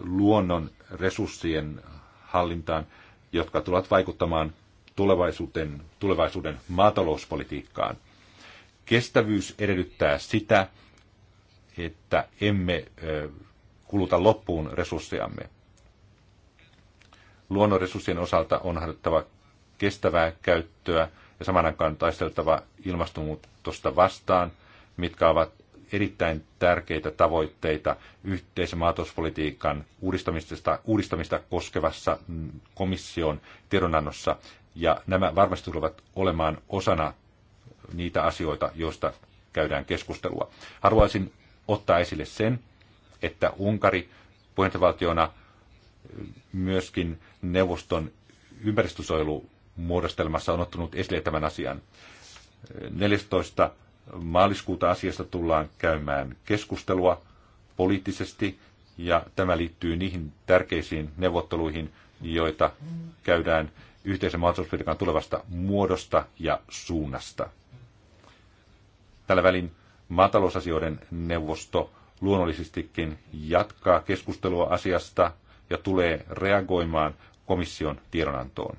luonnon resurssien hallintaan – jotka tulevat vaikuttamaan tulevaisuuden, tulevaisuuden maatalouspolitiikkaan. Kestävyys edellyttää sitä, että emme kuluta loppuun resurssejamme. Luonnonresurssien osalta on harjoittava kestävää käyttöä ja saman aikaan taisteltava ilmastonmuutosta vastaan, mitkä ovat erittäin tärkeitä tavoitteita yhteisen maatalouspolitiikan uudistamista, uudistamista koskevassa komission tiedonannossa. Ja nämä varmasti tulevat olemaan osana niitä asioita, joista käydään keskustelua. Haluaisin ottaa esille sen, että Unkari puheenjohtajavaltiona myöskin neuvoston ympäristösuojelumuodostelmassa on ottanut esille tämän asian. 14. Maaliskuuta asiasta tullaan käymään keskustelua poliittisesti ja tämä liittyy niihin tärkeisiin neuvotteluihin, joita käydään yhteisen maatalouspolitiikan tulevasta muodosta ja suunnasta. Tällä välin maatalousasioiden neuvosto luonnollisestikin jatkaa keskustelua asiasta ja tulee reagoimaan komission tiedonantoon.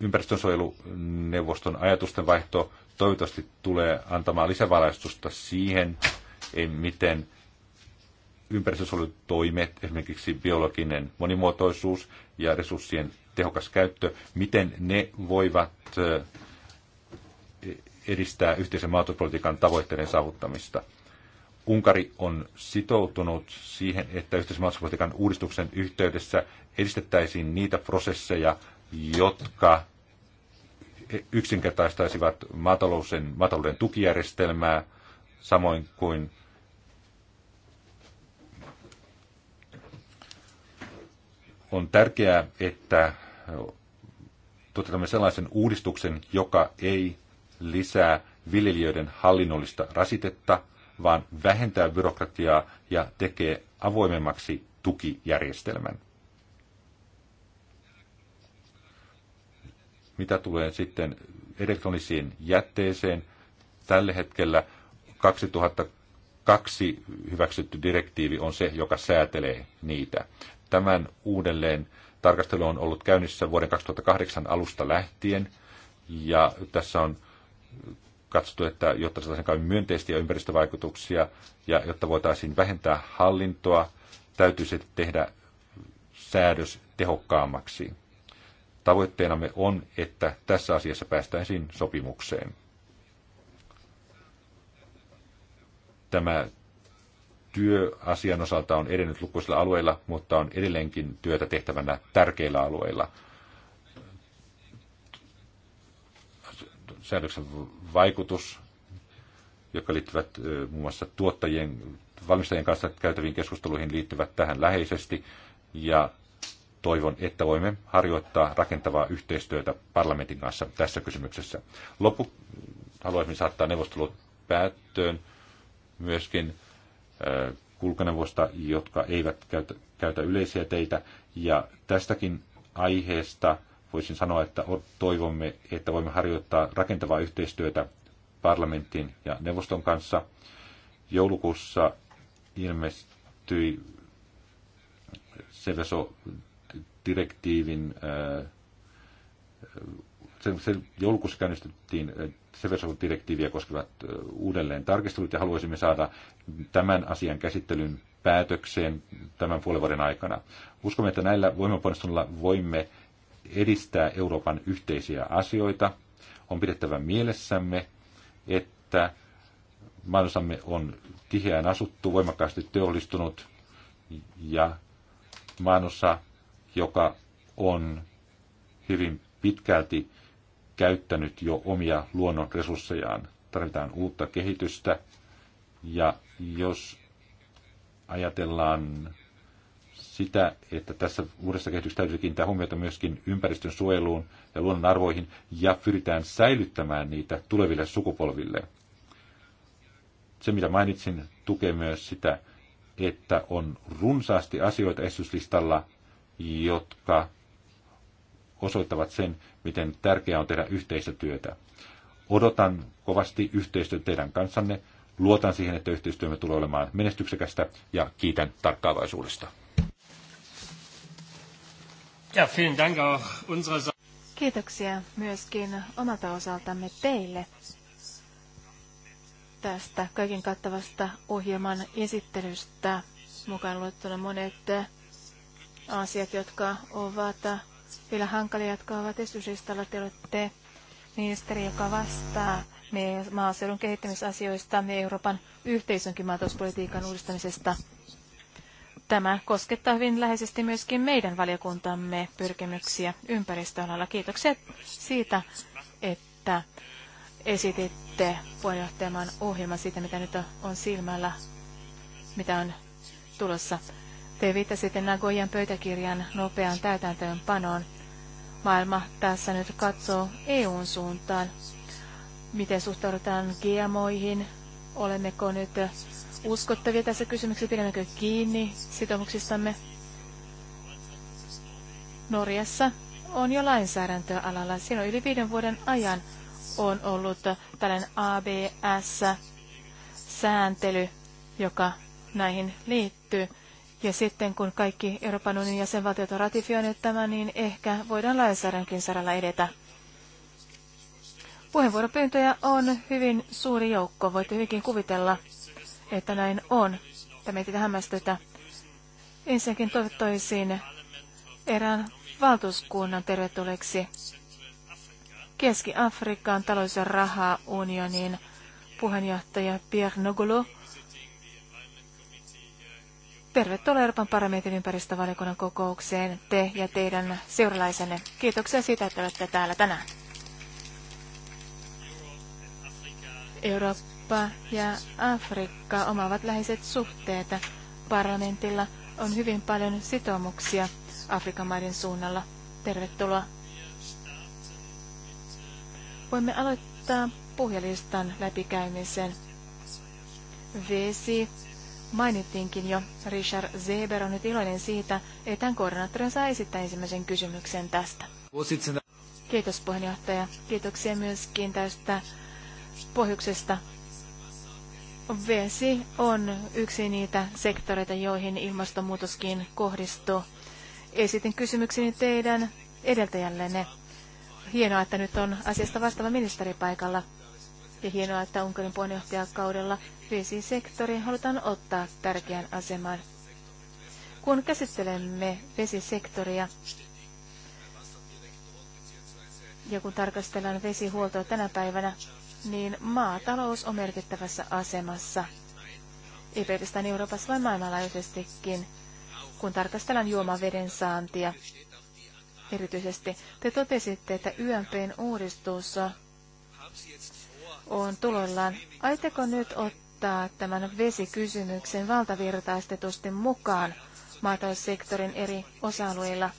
ympäristönsuojeluneuvoston ajatusten vaihto toivottavasti tulee antamaan lisävalaistusta siihen, eh, miten ympäristönsuojelutoimet, esimerkiksi biologinen monimuotoisuus ja resurssien tehokas käyttö, miten ne voivat eh, edistää yhteisen maatalouspolitiikan tavoitteiden saavuttamista. Unkari on sitoutunut siihen, että yhteisen maatalouspolitiikan uudistuksen yhteydessä edistettäisiin niitä prosesseja, jotka yksinkertaistaisivat maatalouden, maatalouden tukijärjestelmää, samoin kuin on tärkeää, että toteutamme sellaisen uudistuksen, joka ei lisää viljelijöiden hallinnollista rasitetta, vaan vähentää byrokratiaa ja tekee avoimemmaksi tukijärjestelmän. Mitä tulee sitten elektronisiin jätteeseen, tällä hetkellä 2002 hyväksytty direktiivi on se, joka säätelee niitä. Tämän uudelleen tarkastelu on ollut käynnissä vuoden 2008 alusta lähtien, ja tässä on katsottu, että jotta saataisiin myönteisiä ympäristövaikutuksia ja jotta voitaisiin vähentää hallintoa, täytyisi tehdä säädös tehokkaammaksi. Tavoitteenamme on, että tässä asiassa päästäisiin sopimukseen. Tämä työ asian osalta on edennyt lukuisilla alueilla, mutta on edelleenkin työtä tehtävänä tärkeillä alueilla. Säädöksen vaikutus, joka liittyvät muun muassa tuottajien, valmistajien kanssa käytäviin keskusteluihin, liittyvät tähän läheisesti. Ja toivon, että voimme harjoittaa rakentavaa yhteistyötä parlamentin kanssa tässä kysymyksessä. Lopu haluaisin saattaa neuvostelut päättöön myöskin äh, kulkuneuvosta, jotka eivät käytä, käytä yleisiä teitä. Ja tästäkin aiheesta voisin sanoa, että toivomme, että voimme harjoittaa rakentavaa yhteistyötä parlamentin ja neuvoston kanssa. Joulukuussa ilmestyi Seveso direktiivin, äh, sen, sen joulukuussa käynnistettiin äh, direktiiviä koskevat äh, uudelleen tarkistelut ja haluaisimme saada tämän asian käsittelyn päätökseen tämän puolen vuoden aikana. Uskomme, että näillä voimaponnisteluilla voimme edistää Euroopan yhteisiä asioita. On pidettävä mielessämme, että maanosamme on tiheään asuttu, voimakkaasti teollistunut ja maanossa joka on hyvin pitkälti käyttänyt jo omia luonnonresurssejaan. Tarvitaan uutta kehitystä ja jos ajatellaan sitä, että tässä uudessa kehityksessä täytyy kiinnittää huomiota myöskin ympäristön suojeluun ja luonnon arvoihin ja pyritään säilyttämään niitä tuleville sukupolville. Se, mitä mainitsin, tukee myös sitä, että on runsaasti asioita esityslistalla, jotka osoittavat sen, miten tärkeää on tehdä yhteistä työtä. Odotan kovasti yhteistyötä teidän kanssanne. Luotan siihen, että yhteistyömme tulee olemaan menestyksekästä ja kiitän tarkkaavaisuudesta. Kiitoksia myöskin omalta osaltamme teille tästä kaiken kattavasta ohjelman esittelystä. Mukaan luettuna monet asiat, jotka ovat vielä hankalia, jotka ovat esityslistalla. Te olette ministeri, joka vastaa maaseudun kehittämisasioista ja Euroopan yhteisönkin maatalouspolitiikan uudistamisesta. Tämä koskettaa hyvin läheisesti myöskin meidän valiokuntamme pyrkimyksiä ympäristöalalla. Kiitokset siitä, että esititte puheenjohtajamaan ohjelman siitä, mitä nyt on silmällä, mitä on tulossa. Te viittasitte Nagoyan pöytäkirjan nopean täytäntöönpanoon. Maailma tässä nyt katsoo EUn suuntaan. Miten suhtaudutaan GMOihin? Olemmeko nyt uskottavia tässä kysymyksessä? Pidämmekö kiinni sitoumuksistamme? Norjassa on jo lainsäädäntöä alalla. Siinä on yli viiden vuoden ajan on ollut tällainen ABS-sääntely, joka näihin liittyy. Ja sitten kun kaikki Euroopan unionin jäsenvaltiot ovat ratifioineet tämän, niin ehkä voidaan lainsäädännönkin saralla edetä. Puheenvuoropyyntöjä on hyvin suuri joukko. Voitte hyvinkin kuvitella, että näin on. Tämä ei hämmästytä. Ensinnäkin toivottaisin erään valtuuskunnan tervetulleeksi Keski-Afrikkaan talous- ja rahaunionin puheenjohtaja Pierre Nogolo – Tervetuloa Euroopan parlamentin ympäristövaliokunnan kokoukseen te ja teidän seuralaisenne. Kiitoksia siitä, että olette täällä tänään. Eurooppa ja Afrikka omaavat läheiset suhteet. Parlamentilla on hyvin paljon sitoumuksia Afrikan maiden suunnalla. Tervetuloa. Voimme aloittaa puhelistan läpikäymisen. Vesi, mainittiinkin jo, Richard Zeber on nyt iloinen siitä, että hän koordinaattorin saa esittää ensimmäisen kysymyksen tästä. Kiitos puheenjohtaja. Kiitoksia myöskin tästä pohjuksesta. Vesi on yksi niitä sektoreita, joihin ilmastonmuutoskin kohdistuu. Esitin kysymykseni teidän edeltäjällenne. Hienoa, että nyt on asiasta vastaava ministeri paikalla. Ja hienoa, että Unkarin puheenjohtajakaudella vesisektori halutaan ottaa tärkeän aseman. Kun käsittelemme vesisektoria ja kun tarkastellaan vesihuoltoa tänä päivänä, niin maatalous on merkittävässä asemassa. Ei pelkästään Euroopassa, vaan maailmanlaajuisestikin, kun tarkastellaan juomaveden saantia. Erityisesti te totesitte, että YMPn uudistus on tulollaan. Aiteko nyt ottaa ottaa tämän vesikysymyksen valtavirtaistetusti mukaan maataloussektorin eri osa-alueilla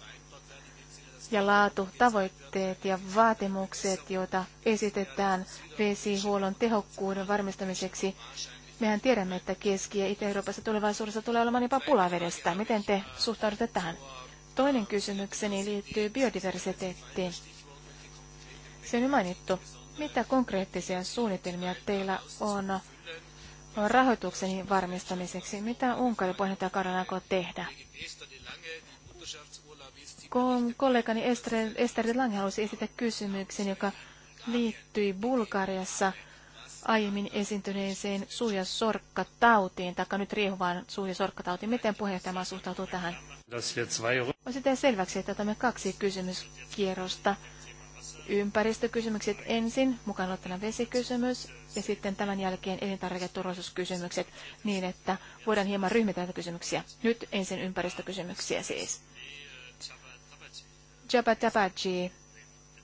ja laatu, tavoitteet ja vaatimukset, joita esitetään vesihuollon tehokkuuden varmistamiseksi. Mehän tiedämme, että Keski- ja Itä-Euroopassa tulevaisuudessa tulee olemaan jopa pulavedestä. Miten te suhtaudutte tähän? Toinen kysymykseni liittyy biodiversiteettiin. Se on jo mainittu. Mitä konkreettisia suunnitelmia teillä on rahoituksen varmistamiseksi. Mitä Unkari puheenjohtajakaudella aikoo tehdä? Kun kollegani Ester de Lange halusi esittää kysymyksen, joka liittyi Bulgariassa aiemmin esiintyneeseen suojasorkkatautiin, sorkkatautiin, taikka nyt riehuvaan suojasorkkatautiin. sorkkatautiin. Miten puheenjohtaja suhtautuu tähän? On sitten selväksi, että otamme kaksi kysymyskierrosta. Ympäristökysymykset ensin, mukaan ottana vesikysymys ja sitten tämän jälkeen elintarviketurvallisuuskysymykset niin, että voidaan hieman ryhmitä näitä kysymyksiä. Nyt ensin ympäristökysymyksiä siis. Jabba Tabaji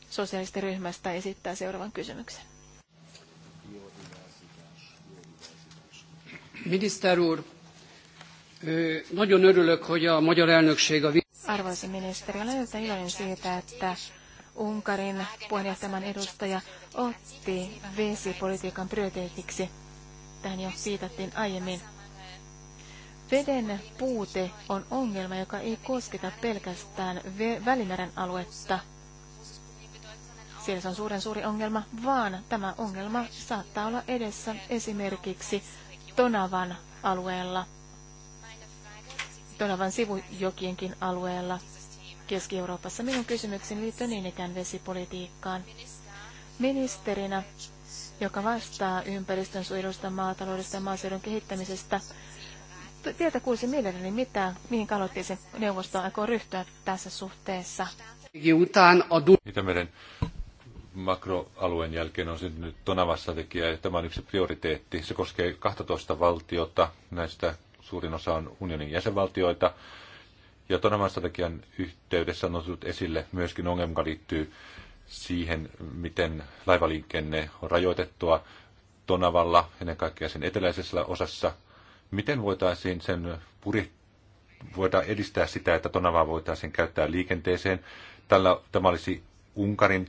sosiaalistiryhmästä esittää seuraavan kysymyksen. Minister úr, nagyon örülök, hogy a magyar elnökség a... Arvoisa ministeri, olen iloinen siitä, että Unkarin puheenjohtajan edustaja otti vesipolitiikan prioriteetiksi. Tähän jo viitattiin aiemmin. Veden puute on ongelma, joka ei kosketa pelkästään Välimeren aluetta. Siellä se on suuren suuri ongelma, vaan tämä ongelma saattaa olla edessä esimerkiksi Tonavan alueella, Tonavan sivujokienkin alueella Keski-Euroopassa. Minun kysymykseni liittyy niin ikään vesipolitiikkaan. Ministerinä, joka vastaa ympäristönsuojelusta, maataloudesta ja maaseudun kehittämisestä, teiltä kuulisin mielelläni, mitä, mihin kalottiisen neuvosto aikoo ryhtyä tässä suhteessa. Itämeren makroalueen jälkeen on syntynyt Tonavassa tekijä, ja tämä on yksi prioriteetti. Se koskee 12 valtiota, näistä suurin osa on unionin jäsenvaltioita. Ja Tonavan strategian yhteydessä on otettu esille myöskin ongelma, joka liittyy siihen, miten laivaliikenne on rajoitettua Tonavalla, ennen kaikkea sen eteläisessä osassa. Miten voitaisiin sen puri, voidaan edistää sitä, että Tonavaa voitaisiin käyttää liikenteeseen? Tällä, tämä olisi Unkarin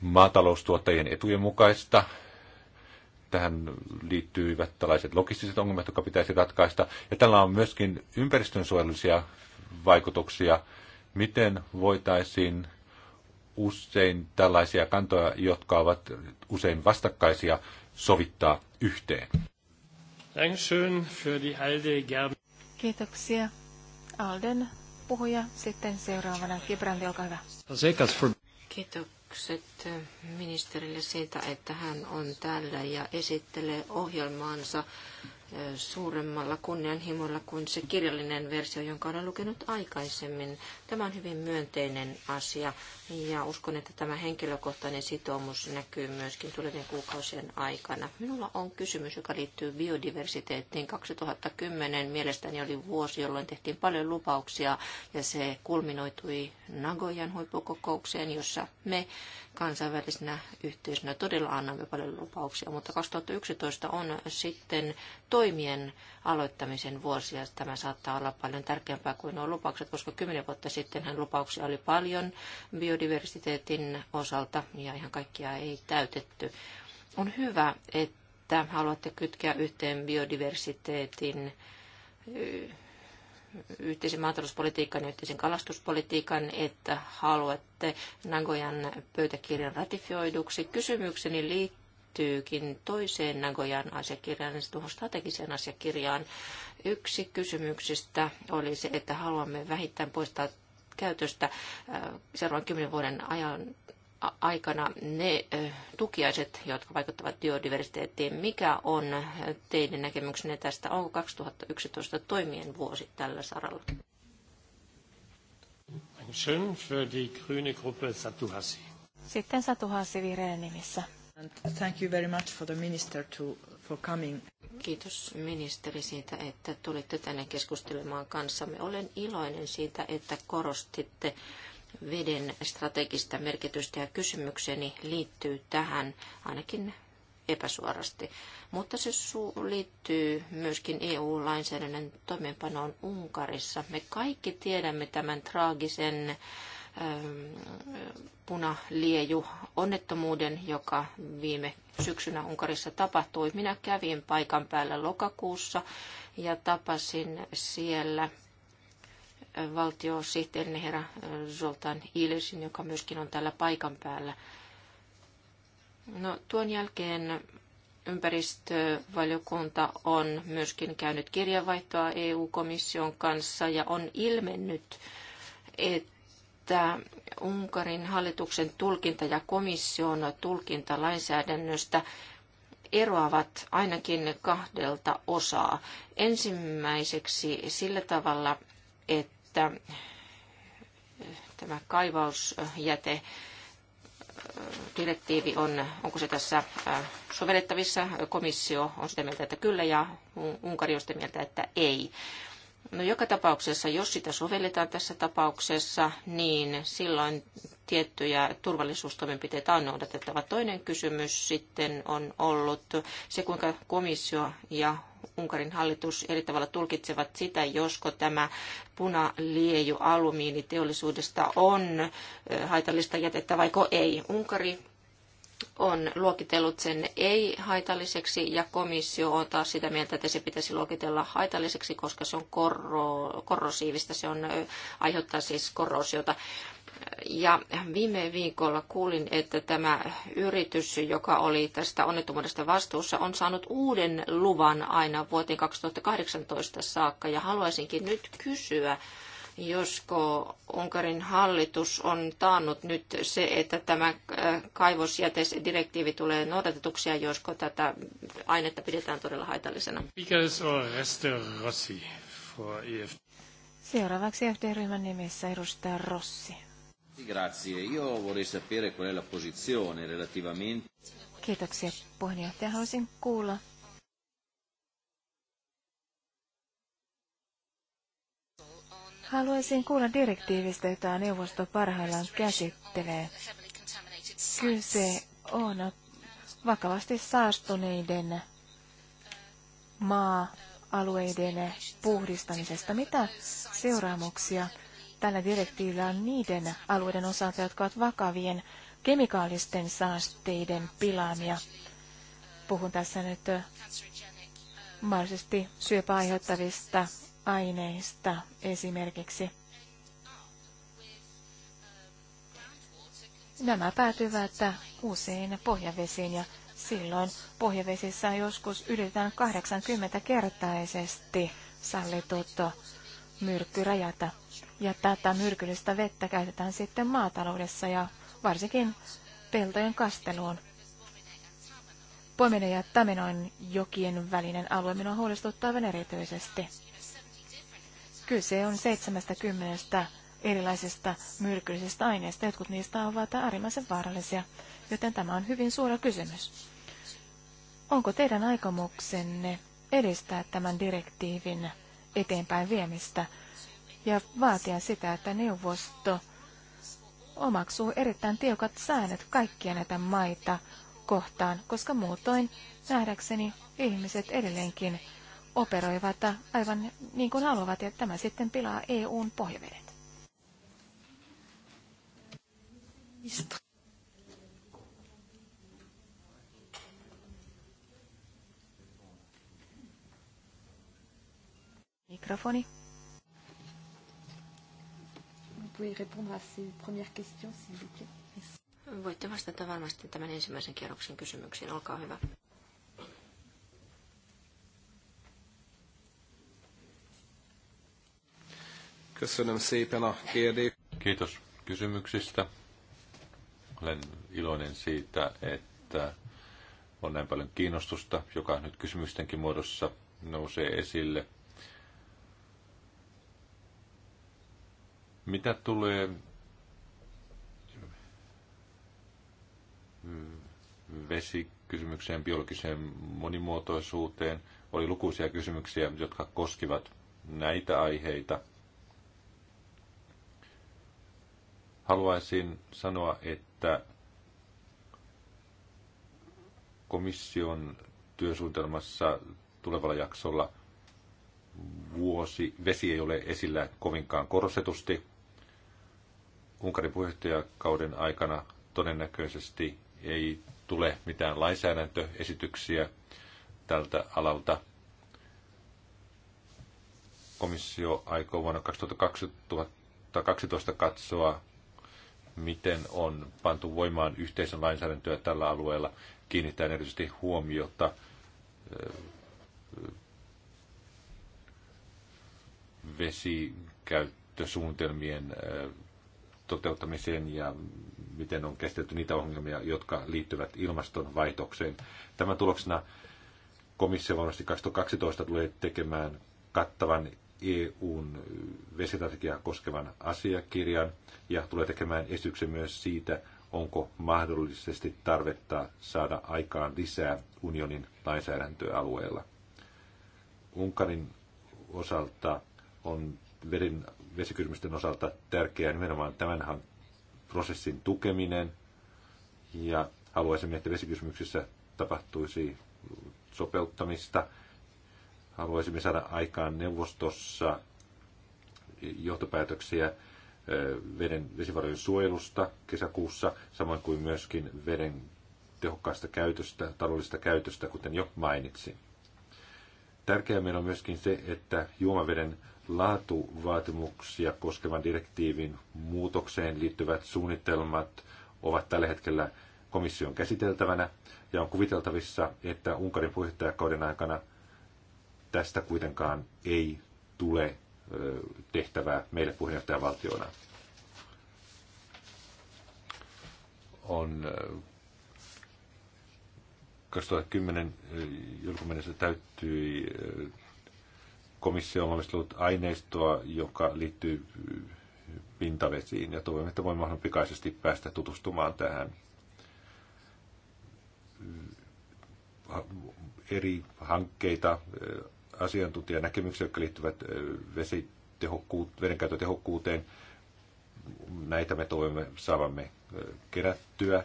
maataloustuottajien etujen mukaista. Tähän liittyvät tällaiset logistiset ongelmat, jotka pitäisi ratkaista. Ja tällä on myöskin ympäristönsuojelullisia vaikutuksia. Miten voitaisiin usein tällaisia kantoja, jotka ovat usein vastakkaisia, sovittaa yhteen? Kiitoksia. Alden puhuja sitten seuraavana. Gibrandi, olkaa hyvä. Kiitokset ministerille siitä, että hän on täällä ja esittelee ohjelmaansa suuremmalla kunnianhimolla kuin se kirjallinen versio, jonka olen lukenut aikaisemmin. Tämä on hyvin myönteinen asia ja uskon, että tämä henkilökohtainen sitoumus näkyy myöskin tulevien kuukausien aikana. Minulla on kysymys, joka liittyy biodiversiteettiin. 2010 mielestäni oli vuosi, jolloin tehtiin paljon lupauksia ja se kulminoitui Nagojan huippukokoukseen, jossa me kansainvälisenä yhteisönä todella annamme paljon lupauksia, mutta 2011 on sitten toimien aloittamisen ja Tämä saattaa olla paljon tärkeämpää kuin nuo lupaukset, koska kymmenen vuotta sittenhän lupauksia oli paljon biodiversiteetin osalta ja ihan kaikkia ei täytetty. On hyvä, että haluatte kytkeä yhteen biodiversiteetin yhteisen maatalouspolitiikan ja yhteisen kalastuspolitiikan, että haluatte Nagojan pöytäkirjan ratifioiduksi. Kysymykseni liittyy liittyykin toiseen Nagojan asiakirjaan, eli siis tuohon strategiseen asiakirjaan. Yksi kysymyksistä oli se, että haluamme vähittäin poistaa käytöstä äh, seuraavan kymmenen vuoden ajan aikana ne äh, tukiaiset, jotka vaikuttavat biodiversiteettiin. Mikä on teidän näkemyksenne tästä? Onko 2011 toimien vuosi tällä saralla? Sitten Satu Hassi Sitten Satuhasi vihreän nimissä thank you very much for the minister to, for coming. Kiitos ministeri siitä, että tulitte tänne keskustelemaan kanssamme. Olen iloinen siitä, että korostitte veden strategista merkitystä ja kysymykseni liittyy tähän ainakin epäsuorasti. Mutta se liittyy myöskin EU-lainsäädännön toimeenpanoon Unkarissa. Me kaikki tiedämme tämän traagisen punalieju onnettomuuden, joka viime syksynä Unkarissa tapahtui. Minä kävin paikan päällä lokakuussa ja tapasin siellä valtiosihteerin herra Zoltan Ilesin, joka myöskin on täällä paikan päällä. No, tuon jälkeen ympäristövaliokunta on myöskin käynyt kirjavaihtoa EU-komission kanssa ja on ilmennyt, että että Unkarin hallituksen tulkinta ja komission tulkinta lainsäädännöstä eroavat ainakin kahdelta osaa. Ensimmäiseksi sillä tavalla, että tämä kaivausjäte direktiivi on, onko se tässä sovellettavissa, komissio on sitä mieltä, että kyllä, ja Unkari on sitä mieltä, että ei. No joka tapauksessa, jos sitä sovelletaan tässä tapauksessa, niin silloin tiettyjä turvallisuustoimenpiteitä on noudatettava. Toinen kysymys sitten on ollut se, kuinka komissio ja Unkarin hallitus eri tavalla tulkitsevat sitä, josko tämä punalieju alumiiniteollisuudesta on haitallista jätettä vaiko ei. Unkari on luokitellut sen ei-haitalliseksi ja komissio on taas sitä mieltä, että se pitäisi luokitella haitalliseksi, koska se on korro, korrosiivista, se on, aiheuttaa siis korrosiota. Ja viime viikolla kuulin, että tämä yritys, joka oli tästä onnettomuudesta vastuussa, on saanut uuden luvan aina vuoteen 2018 saakka. Ja haluaisinkin nyt kysyä, josko Unkarin hallitus on taannut nyt se, että tämä äh, kaivosjätesdirektiivi tulee noudatetuksi ja josko tätä ainetta pidetään todella haitallisena. E Seuraavaksi e FD-ryhmän nimessä edustaja Rossi. Grazie. Io vorrei sapere qual è la posizione relativamente... Kiitoksia puheenjohtaja. Haluaisin kuulla Haluaisin kuulla direktiivistä, jota neuvosto parhaillaan käsittelee. Kyse on vakavasti saastuneiden maa-alueiden puhdistamisesta. Mitä seuraamuksia tällä direktiivillä on niiden alueiden osalta, jotka ovat vakavien kemikaalisten saasteiden pilaamia? Puhun tässä nyt mahdollisesti syöpäaiheuttavista aineista esimerkiksi. Nämä päätyvät usein pohjavesiin ja silloin pohjavesissä joskus ylitetään 80-kertaisesti sallitut myrkkyrajat. Ja tätä myrkyllistä vettä käytetään sitten maataloudessa ja varsinkin peltojen kasteluun. Poimene ja Tamenoin jokien välinen alue minua huolestuttaa aivan erityisesti. Kyse on 70 erilaisista myrkyllisistä aineista. Jotkut niistä ovat äärimmäisen vaarallisia, joten tämä on hyvin suora kysymys. Onko teidän aikomuksenne edistää tämän direktiivin eteenpäin viemistä ja vaatia sitä, että neuvosto omaksuu erittäin tiukat säännöt kaikkia näitä maita kohtaan, koska muutoin nähdäkseni ihmiset edelleenkin operoivat aivan niin kuin haluavat, ja tämä sitten pilaa EUn pohjavedet. Mikrofoni. Voitte vastata varmasti tämän ensimmäisen kierroksen kysymyksiin. Olkaa hyvä. Köszönöm szépen a kérdést. Kiitos kysymyksistä. Olen iloinen siitä, että on näin paljon kiinnostusta, joka nyt kysymystenkin muodossa nousee esille. Mitä tulee mm, vesikysymykseen, biologiseen monimuotoisuuteen, oli lukuisia kysymyksiä, jotka koskivat näitä aiheita – Haluaisin sanoa, että komission työsuunnitelmassa tulevalla jaksolla vuosi vesi ei ole esillä kovinkaan korostetusti. Unkarin puheenjohtajakauden aikana todennäköisesti ei tule mitään lainsäädäntöesityksiä tältä alalta. Komissio aikoo vuonna 2012 katsoa miten on pantu voimaan yhteisön lainsäädäntöä tällä alueella, kiinnittää erityisesti huomiota vesikäyttösuunnitelmien toteuttamiseen ja miten on kestetty niitä ongelmia, jotka liittyvät ilmastonvaihtokseen. Tämän tuloksena komissio varmasti 2012 tulee tekemään kattavan EUn vesistrategiaa koskevan asiakirjan ja tulee tekemään esityksen myös siitä, onko mahdollisesti tarvetta saada aikaan lisää unionin lainsäädäntöalueella. Unkarin osalta on veden, vesikysymysten osalta tärkeää nimenomaan tämän prosessin tukeminen ja haluaisimme, että vesikysymyksissä tapahtuisi sopeuttamista haluaisimme saada aikaan neuvostossa johtopäätöksiä veden vesivarojen suojelusta kesäkuussa, samoin kuin myöskin veden tehokkaasta käytöstä, taloudellisesta käytöstä, kuten jo mainitsin. Tärkeää meillä on myöskin se, että juomaveden laatuvaatimuksia koskevan direktiivin muutokseen liittyvät suunnitelmat ovat tällä hetkellä komission käsiteltävänä ja on kuviteltavissa, että Unkarin puheenjohtajakauden aikana – Tästä kuitenkaan ei tule tehtävää meille puheenjohtajavaltiona. On 2010 julkumenessä täyttyi komission valmistelut aineistoa, joka liittyy pintavesiin, ja toivon, että voimme mahdollisimman pikaisesti päästä tutustumaan tähän eri hankkeita asiantuntijanäkemyksiä, jotka liittyvät vedenkäytötehokkuuteen. Näitä me toivomme saavamme kerättyä.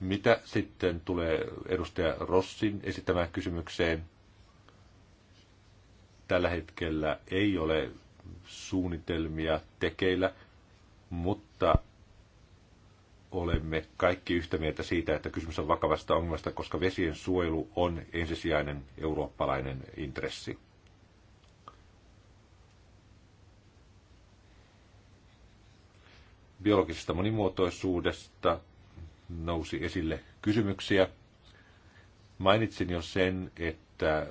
Mitä sitten tulee edustaja Rossin esittämään kysymykseen? Tällä hetkellä ei ole suunnitelmia tekeillä, mutta olemme kaikki yhtä mieltä siitä, että kysymys on vakavasta ongelmasta, koska vesien suojelu on ensisijainen eurooppalainen intressi. Biologisesta monimuotoisuudesta nousi esille kysymyksiä. Mainitsin jo sen, että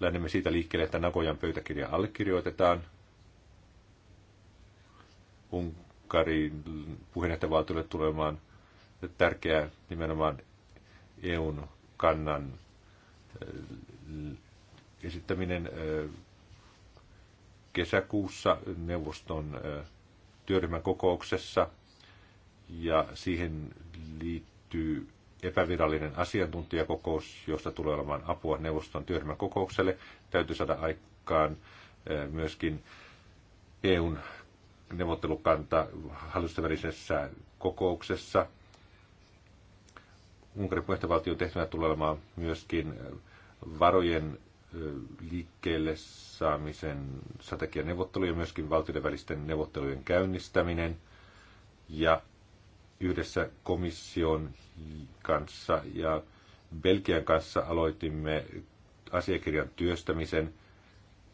lähdemme siitä liikkeelle, että Nagojan pöytäkirja allekirjoitetaan. Unkarin puheenjohtajavaltiolle tulemaan tärkeää nimenomaan EUn kannan eh, esittäminen eh, kesäkuussa neuvoston eh, työryhmän kokouksessa ja siihen liittyy epävirallinen asiantuntijakokous, josta tulee olemaan apua neuvoston työryhmän kokoukselle. Täytyy saada aikaan myöskin EUn neuvottelukanta hallitustenvälisessä välisessä kokouksessa. Unkarin puheenjohtajavaltion tehtävänä tulee olemaan myöskin varojen liikkeelle saamisen strategian neuvotteluja ja myöskin valtioiden välisten neuvottelujen käynnistäminen. Ja yhdessä komission kanssa ja Belgian kanssa aloitimme asiakirjan työstämisen,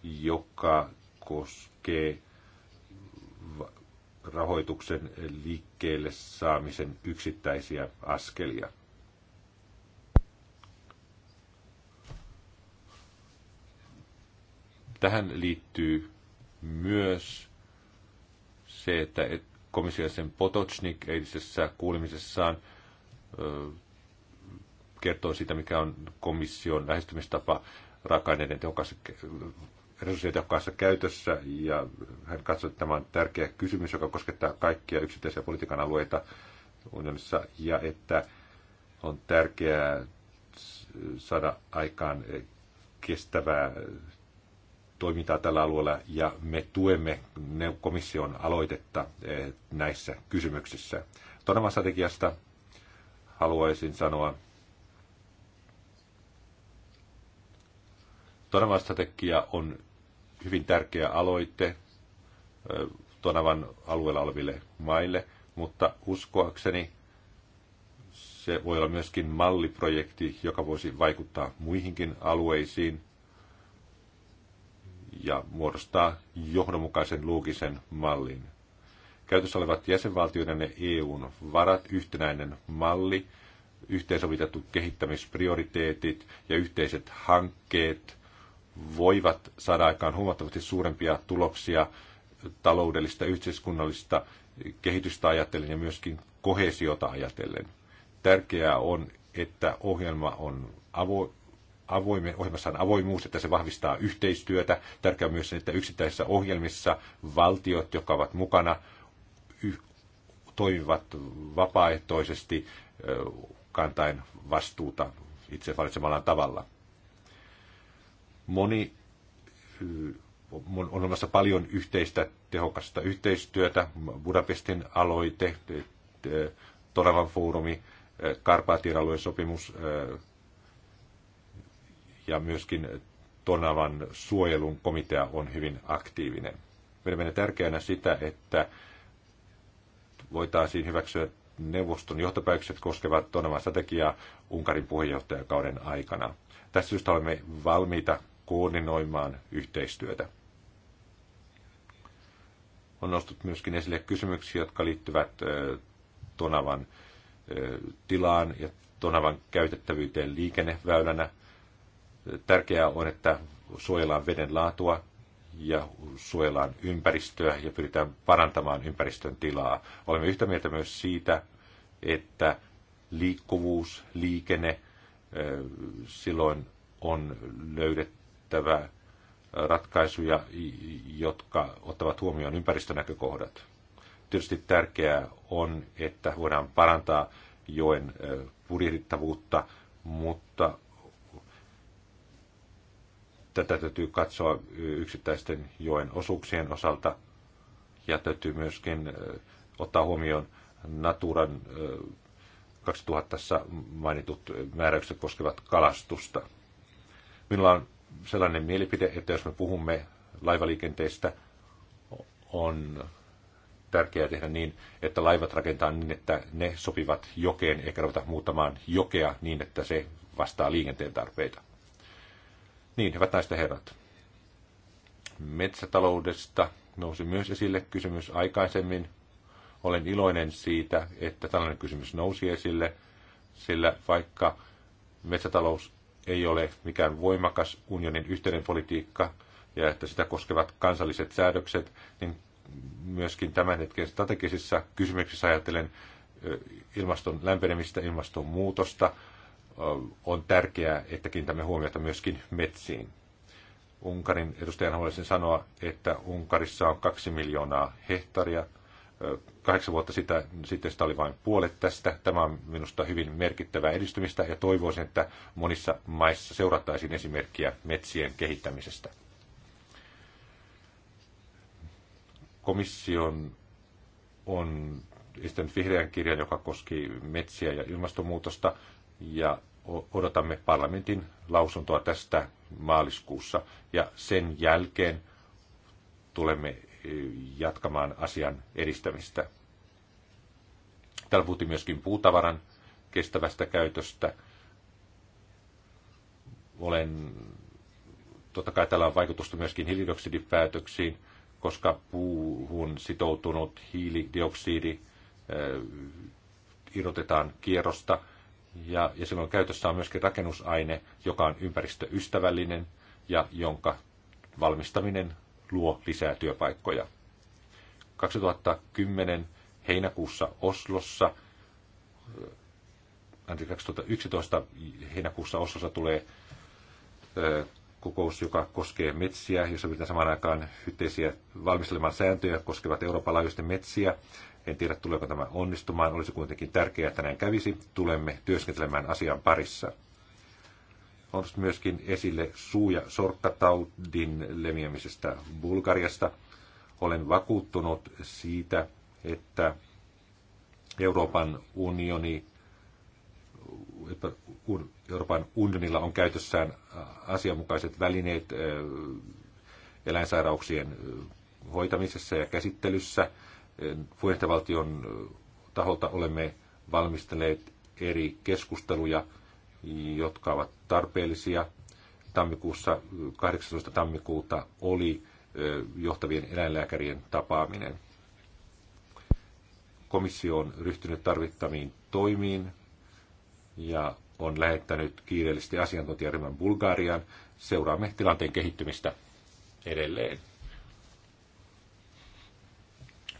joka koskee rahoituksen liikkeelle saamisen yksittäisiä askelia. Tähän liittyy myös se, että komissiojäsen Potocnik eilisessä kuulemisessaan kertoo siitä, mikä on komission lähestymistapa raaka-aineiden tehokas resursseja tehokkaassa käytössä, ja hän katsoi, että tämä on tärkeä kysymys, joka koskettaa kaikkia yksittäisiä politiikan alueita unionissa, ja että on tärkeää saada aikaan kestävää toimintaa tällä alueella, ja me tuemme komission aloitetta eh, näissä kysymyksissä. Todemman strategiasta haluaisin sanoa, Tonavan strategia on hyvin tärkeä aloite Tonavan alueella oleville maille, mutta uskoakseni se voi olla myöskin malliprojekti, joka voisi vaikuttaa muihinkin alueisiin ja muodostaa johdonmukaisen luukisen mallin. Käytössä olevat jäsenvaltioiden ja EUn varat, yhtenäinen malli, yhteensovitettu kehittämisprioriteetit ja yhteiset hankkeet – voivat saada aikaan huomattavasti suurempia tuloksia taloudellista, yhteiskunnallista kehitystä ajatellen ja myöskin kohesiota ajatellen. Tärkeää on, että ohjelma on avo, avoime, ohjelmassa on avoimuus, että se vahvistaa yhteistyötä. Tärkeää on myös, että yksittäisissä ohjelmissa valtiot, jotka ovat mukana, toimivat vapaaehtoisesti kantain vastuuta itse valitsemallaan tavalla. Moni mm, on olemassa paljon yhteistä tehokasta yhteistyötä. Budapestin aloite, Toravan foorumi, e, Karpaatin alueen sopimus e, ja myöskin Tonavan suojelun komitea on hyvin aktiivinen. Pidämme tärkeänä sitä, että voitaisiin hyväksyä neuvoston johtopäätökset koskevat Tonavan strategiaa Unkarin puheenjohtajakauden aikana. Tässä syystä olemme valmiita koordinoimaan yhteistyötä. On nostettu myöskin esille kysymyksiä, jotka liittyvät Tonavan tilaan ja Tonavan käytettävyyteen liikenneväylänä. Tärkeää on, että suojellaan veden laatua ja suojellaan ympäristöä ja pyritään parantamaan ympäristön tilaa. Olemme yhtä mieltä myös siitä, että liikkuvuus, liikenne, silloin on löydet, löydettävä ratkaisuja, jotka ottavat huomioon ympäristönäkökohdat. Tietysti tärkeää on, että voidaan parantaa joen purjehdittavuutta, mutta tätä täytyy katsoa yksittäisten joen osuuksien osalta ja täytyy myöskin ottaa huomioon Naturan 2000 mainitut määräykset koskevat kalastusta. Minulla on sellainen mielipide, että jos me puhumme laivaliikenteestä, on tärkeää tehdä niin, että laivat rakentaa niin, että ne sopivat jokeen, eikä ruveta muuttamaan jokea niin, että se vastaa liikenteen tarpeita. Niin, hyvät naiset herrat. Metsätaloudesta nousi myös esille kysymys aikaisemmin. Olen iloinen siitä, että tällainen kysymys nousi esille, sillä vaikka metsätalous ei ole mikään voimakas unionin yhteinen politiikka ja että sitä koskevat kansalliset säädökset, niin myöskin tämän hetken strategisissa kysymyksissä ajatellen ilmaston lämpenemistä, ilmastonmuutosta, on tärkeää, että kiinnitämme huomiota myöskin metsiin. Unkarin edustajan haluaisin sanoa, että Unkarissa on kaksi miljoonaa hehtaaria kahdeksan vuotta sitä, sitten sitä oli vain puolet tästä. Tämä on minusta hyvin merkittävää edistymistä ja toivoisin, että monissa maissa seurattaisiin esimerkkiä metsien kehittämisestä. Komission on esittänyt vihreän kirjan, joka koski metsiä ja ilmastonmuutosta ja odotamme parlamentin lausuntoa tästä maaliskuussa ja sen jälkeen tulemme jatkamaan asian edistämistä. Täällä puhuttiin myöskin puutavaran kestävästä käytöstä. Olen, totta kai tällä on vaikutusta myöskin hiilidioksidipäätöksiin, koska puuhun sitoutunut hiilidioksidi äh, irrotetaan kierrosta. Ja, ja silloin käytössä on myöskin rakennusaine, joka on ympäristöystävällinen ja jonka valmistaminen luo lisää työpaikkoja. 2010 heinäkuussa Oslossa, äh, anteeksi 2011 heinäkuussa Oslossa tulee äh, kokous, joka koskee metsiä, jossa pitää samaan aikaan yhteisiä valmistelemaan sääntöjä koskevat Euroopan laajuisten metsiä. En tiedä, tuleeko tämä onnistumaan. Olisi kuitenkin tärkeää, että näin kävisi. Tulemme työskentelemään asian parissa on myöskin esille suu- ja sorkkataudin leviämisestä Bulgariasta. Olen vakuuttunut siitä, että Euroopan unioni Euroopan unionilla on käytössään äh, asianmukaiset välineet äh, eläinsairauksien äh, hoitamisessa ja käsittelyssä. Puheenjohtajavaltion taholta olemme valmistelleet eri keskusteluja – jotka ovat tarpeellisia. Tammikuussa 18. tammikuuta oli johtavien eläinlääkärien tapaaminen. Komissio on ryhtynyt tarvittaviin toimiin ja on lähettänyt kiireellisesti asiantuntijaryhmän Bulgariaan. Seuraamme tilanteen kehittymistä edelleen.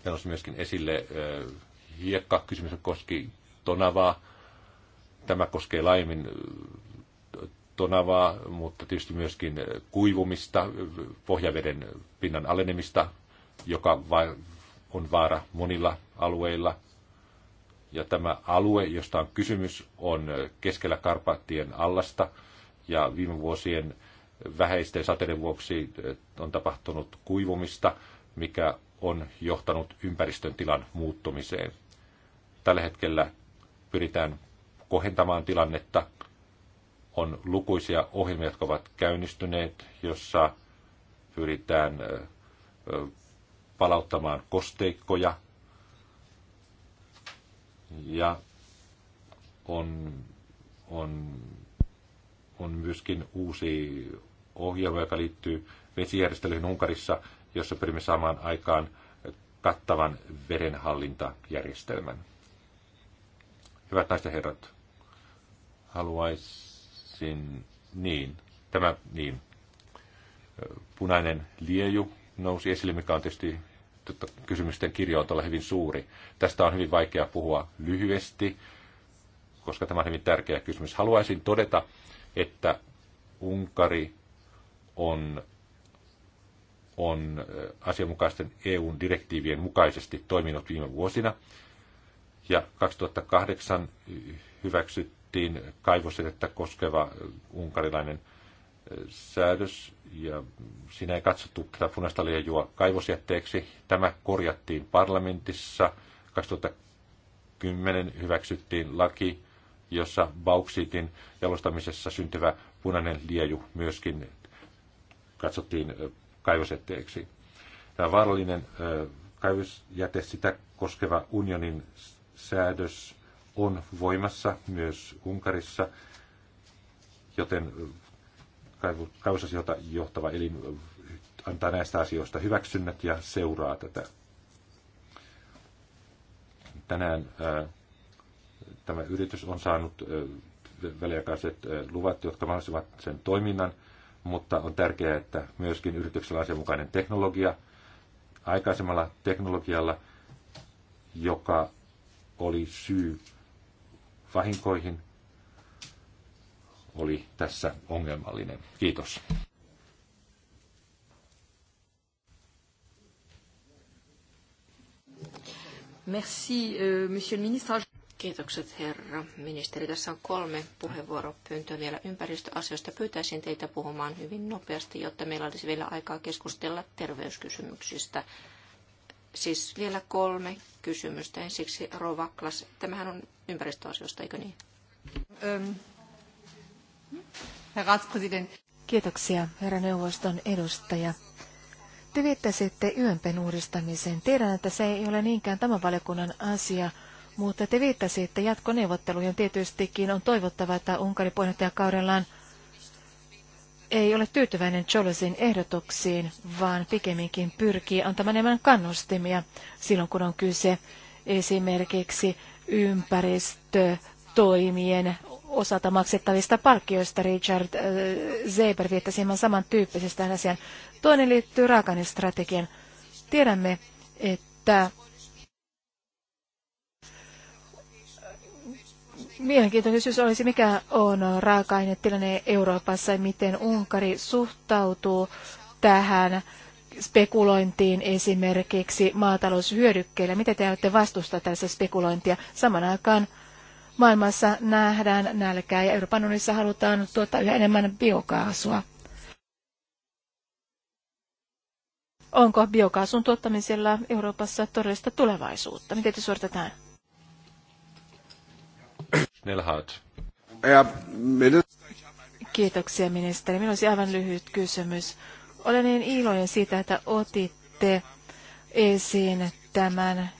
Täällä on myöskin esille hiekka. Kysymys koski Tonavaa Tämä koskee laimin äh, tonavaa, mutta tietysti myöskin kuivumista, pohjaveden pinnan alenemista, joka on vaara monilla alueilla. Ja tämä alue, josta on kysymys, on keskellä Karpaattien allasta ja viime vuosien vähäisten sateiden vuoksi äh, on tapahtunut kuivumista, mikä on johtanut ympäristön tilan muuttumiseen. Tällä hetkellä pyritään kohentamaan tilannetta. On lukuisia ohjelmia, jotka ovat käynnistyneet, jossa pyritään palauttamaan kosteikkoja. Ja on, on, on myöskin uusi ohjelma, joka liittyy vesijärjestelyihin Unkarissa, jossa pyrimme saamaan aikaan kattavan verenhallintajärjestelmän. Hyvät naiset ja herrat, haluaisin, niin, tämä, niin, punainen lieju nousi esille, mikä on tietysti totta, kysymysten kirjo on hyvin suuri. Tästä on hyvin vaikea puhua lyhyesti, koska tämä on hyvin tärkeä kysymys. Haluaisin todeta, että Unkari on, on asianmukaisten EUn direktiivien mukaisesti toiminut viime vuosina. Ja 2008 hyväksytty hyväksyttiin kaivosjätettä koskeva unkarilainen säädös, ja siinä ei katsottu tätä punaista liejua kaivosjätteeksi. Tämä korjattiin parlamentissa. 2010 hyväksyttiin laki, jossa bauksiitin jalostamisessa syntyvä punainen lieju myöskin katsottiin kaivosjätteeksi. Tämä vaarallinen kaivosjäte, sitä koskeva unionin säädös on voimassa myös Unkarissa, joten äh, kaivosasiota johtava elin äh, antaa näistä asioista hyväksynnät ja seuraa tätä. Tänään ää, äh, tämä yritys on saanut ää, väliaikaiset ää, luvat, jotka mahdollistavat sen toiminnan, mutta on tärkeää, että myöskin yrityksellä on asianmukainen teknologia. Aikaisemmalla teknologialla, joka oli syy vahinkoihin, oli tässä ongelmallinen. Kiitos. Merci, euh, monsieur ministre. Kiitokset, herra ministeri. Tässä on kolme puheenvuoropyyntöä vielä ympäristöasioista. Pyytäisin teitä puhumaan hyvin nopeasti, jotta meillä olisi vielä aikaa keskustella terveyskysymyksistä. Siis vielä kolme kysymystä. Ensiksi Rova Klas. Tämähän on ympäristöasioista, eikö niin? Ähm. Kiitoksia, herra neuvoston edustaja. Te viittasitte YMPn uudistamiseen. Tiedän, että se ei ole niinkään tämän valiokunnan asia, mutta te viittasitte jatkoneuvottelujen Tietystikin on toivottava, että Unkari puheenjohtajakaudellaan kaudellaan ei ole tyytyväinen Cholosin ehdotuksiin, vaan pikemminkin pyrkii antamaan enemmän kannustimia silloin, kun on kyse esimerkiksi ympäristötoimien osalta maksettavista palkkioista. Richard äh, Zeber viittasi hieman samantyyppisestä asian. Toinen liittyy raakanestrategian. Tiedämme, että Mielenkiintoisuus olisi, mikä on raaka-ainetilanne Euroopassa ja miten Unkari suhtautuu tähän spekulointiin esimerkiksi maataloushyödykkeillä. Miten te olette vastusta tässä spekulointia? Saman aikaan maailmassa nähdään nälkää ja Euroopan unionissa halutaan tuottaa yhä enemmän biokaasua. Onko biokaasun tuottamisella Euroopassa todellista tulevaisuutta? Miten te suoritetaan? Nelhaat. Kiitoksia ministeri. Minulla olisi aivan lyhyt kysymys. Olen niin iloinen siitä, että otitte esiin tämän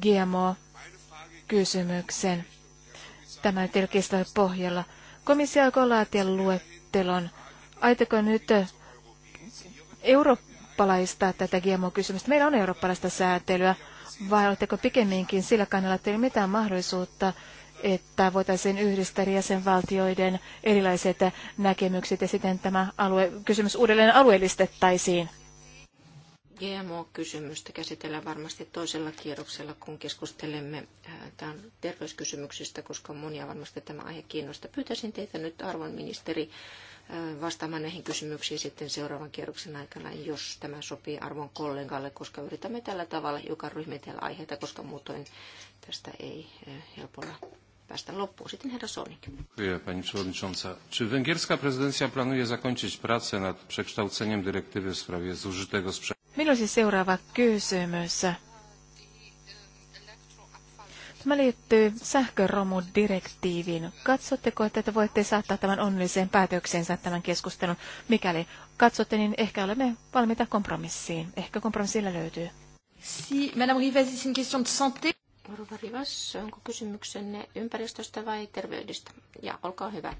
GMO-kysymyksen. Tämä nyt ei ole pohjalla. Komissio alkoi laatia luettelon. Aitako nyt eurooppalaista tätä GMO-kysymystä? Meillä on eurooppalaista säätelyä vai oletteko pikemminkin sillä kannalla, että ei ole mitään mahdollisuutta, että voitaisiin yhdistää jäsenvaltioiden erilaiset näkemykset ja siten tämä alue, kysymys uudelleen alueellistettaisiin? GMO-kysymystä käsitellään varmasti toisella kierroksella, kun keskustelemme tämän terveyskysymyksistä, koska monia varmasti tämä aihe kiinnostaa. Pyytäisin teitä nyt, arvon ministeri, vastaamaan näihin kysymyksiin sitten seuraavan kierroksen aikana, jos tämä sopii arvon kollegalle, koska yritämme tällä tavalla hiukan ryhmitellä aiheita, koska muutoin tästä ei eh, helpolla päästä loppuun. Sitten herra Sonik. Pani przewodnicząca. Czy węgierska prezydencja planuje zakończyć pracę nad przekształceniem dyrektywy w sprawie zużytego sprzętu? Minulla siis seuraava kysymys? Tämä liittyy sähköromudirektiiviin. Katsotteko, että te voitte saattaa tämän onnelliseen päätökseensä tämän keskustelun? Mikäli katsotte, niin ehkä olemme valmiita kompromissiin. Ehkä kompromissilla löytyy. Si, Madame Rivas, c'est une question de santé. Rivas, onko kysymyksenne ympäristöstä vai terveydestä? Ja olkaa hyvä.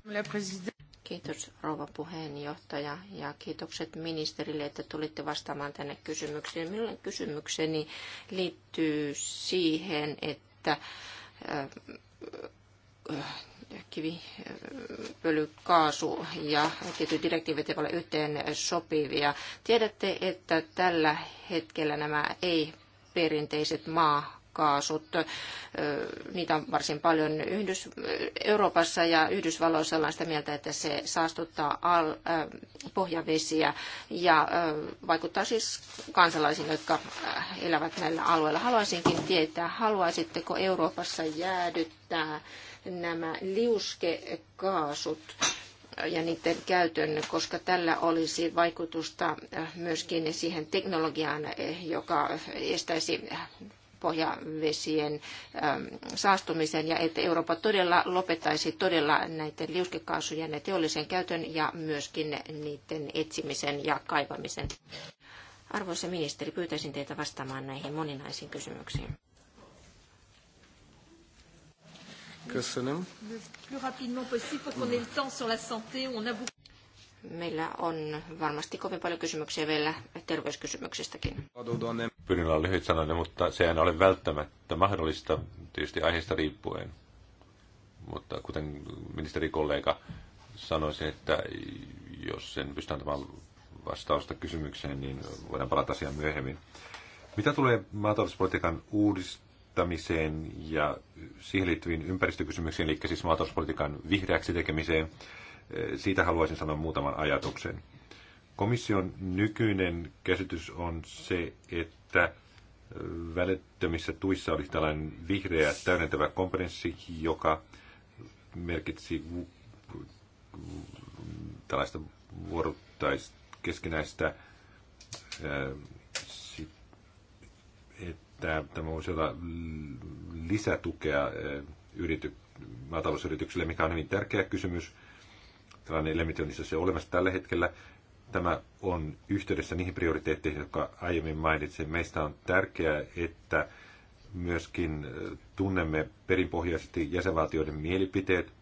Kiitos rouva puheenjohtaja ja kiitokset ministerille, että tulitte vastaamaan tänne kysymykseen. Minun kysymykseni liittyy siihen, että että äh, kivipölykaasu äh, ja tietyt direktiivit eivät ole yhteen sopivia. Tiedätte, että tällä hetkellä nämä ei perinteiset maa kaasut. Niitä on varsin paljon Yhdys- Euroopassa ja Yhdysvalloissa ollaan sitä mieltä, että se saastuttaa al- pohjavesiä ja vaikuttaa siis kansalaisiin, jotka äh, elävät näillä alueilla. Haluaisinkin tietää, haluaisitteko Euroopassa jäädyttää nämä liuskekaasut ja niiden käytön, koska tällä olisi vaikutusta äh, myöskin siihen teknologiaan, eh, joka estäisi pohjavesien ähm, saastumisen ja että Eurooppa todella lopettaisi todella näiden liuskekaasujen ja teollisen käytön ja myöskin niiden etsimisen ja kaivamisen. Arvoisa ministeri, pyytäisin teitä vastaamaan näihin moninaisiin kysymyksiin. Köszönöm meillä on varmasti kovin paljon kysymyksiä vielä terveyskysymyksistäkin. Pyrin olla lyhyt sanoinen, mutta se ole välttämättä mahdollista, tietysti aiheesta riippuen. Mutta kuten ministeri kollega sanoisi, että jos sen pystytään antamaan vastausta kysymykseen, niin voidaan palata asiaan myöhemmin. Mitä tulee maatalouspolitiikan uudistamiseen ja siihen liittyviin ympäristökysymyksiin, eli siis maatalouspolitiikan vihreäksi tekemiseen, siitä haluaisin sanoa muutaman ajatuksen. Komission nykyinen käsitys on se, että välittömissä tuissa oli tällainen vihreä täydentävä kompetenssi, joka merkitsi tällaista vuorottaista keskinäistä, että tämä voisi olla lisätukea yrity, maatalousyrityksille, mikä on hyvin tärkeä kysymys – tällainen elementti on itse olemassa tällä hetkellä. Tämä on yhteydessä niihin prioriteetteihin, jotka aiemmin mainitsin. Meistä on tärkeää, että myöskin tunnemme perinpohjaisesti jäsenvaltioiden mielipiteet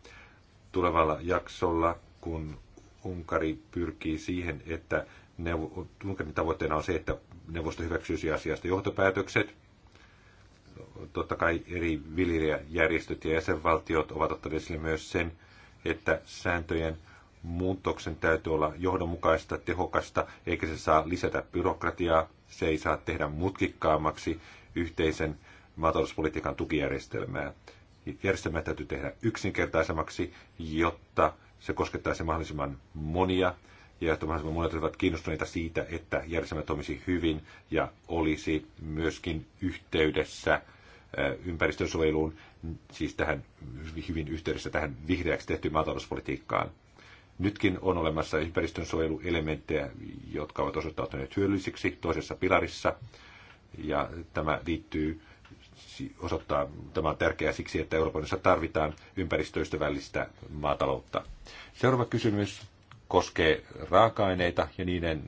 tulevalla jaksolla, kun Unkari pyrkii siihen, että neuv- Unkarin tavoitteena on se, että neuvosto hyväksyisi asiasta johtopäätökset. Totta kai eri viljelijäjärjestöt ja jäsenvaltiot ovat ottaneet esille myös sen, että sääntöjen muutoksen täytyy olla johdonmukaista, tehokasta, eikä se saa lisätä byrokratiaa, se ei saa tehdä mutkikkaammaksi yhteisen maatalouspolitiikan tukijärjestelmää. Järjestelmää täytyy tehdä yksinkertaisemmaksi, jotta se koskettaisi mahdollisimman monia ja jotta mahdollisimman monet olivat kiinnostuneita siitä, että järjestelmä toimisi hyvin ja olisi myöskin yhteydessä äh, ympäristönsuojeluun, siis tähän hyvin yhteydessä tähän vihreäksi tehtyyn maatalouspolitiikkaan. Nytkin on olemassa ympäristönsuojeluelementtejä, jotka ovat osoittautuneet hyödyllisiksi toisessa pilarissa. Ja tämä liittyy osoittaa, tämä on tärkeää siksi, että Euroopassa tarvitaan ympäristöystävällistä maataloutta. Seuraava kysymys koskee raaka-aineita ja niiden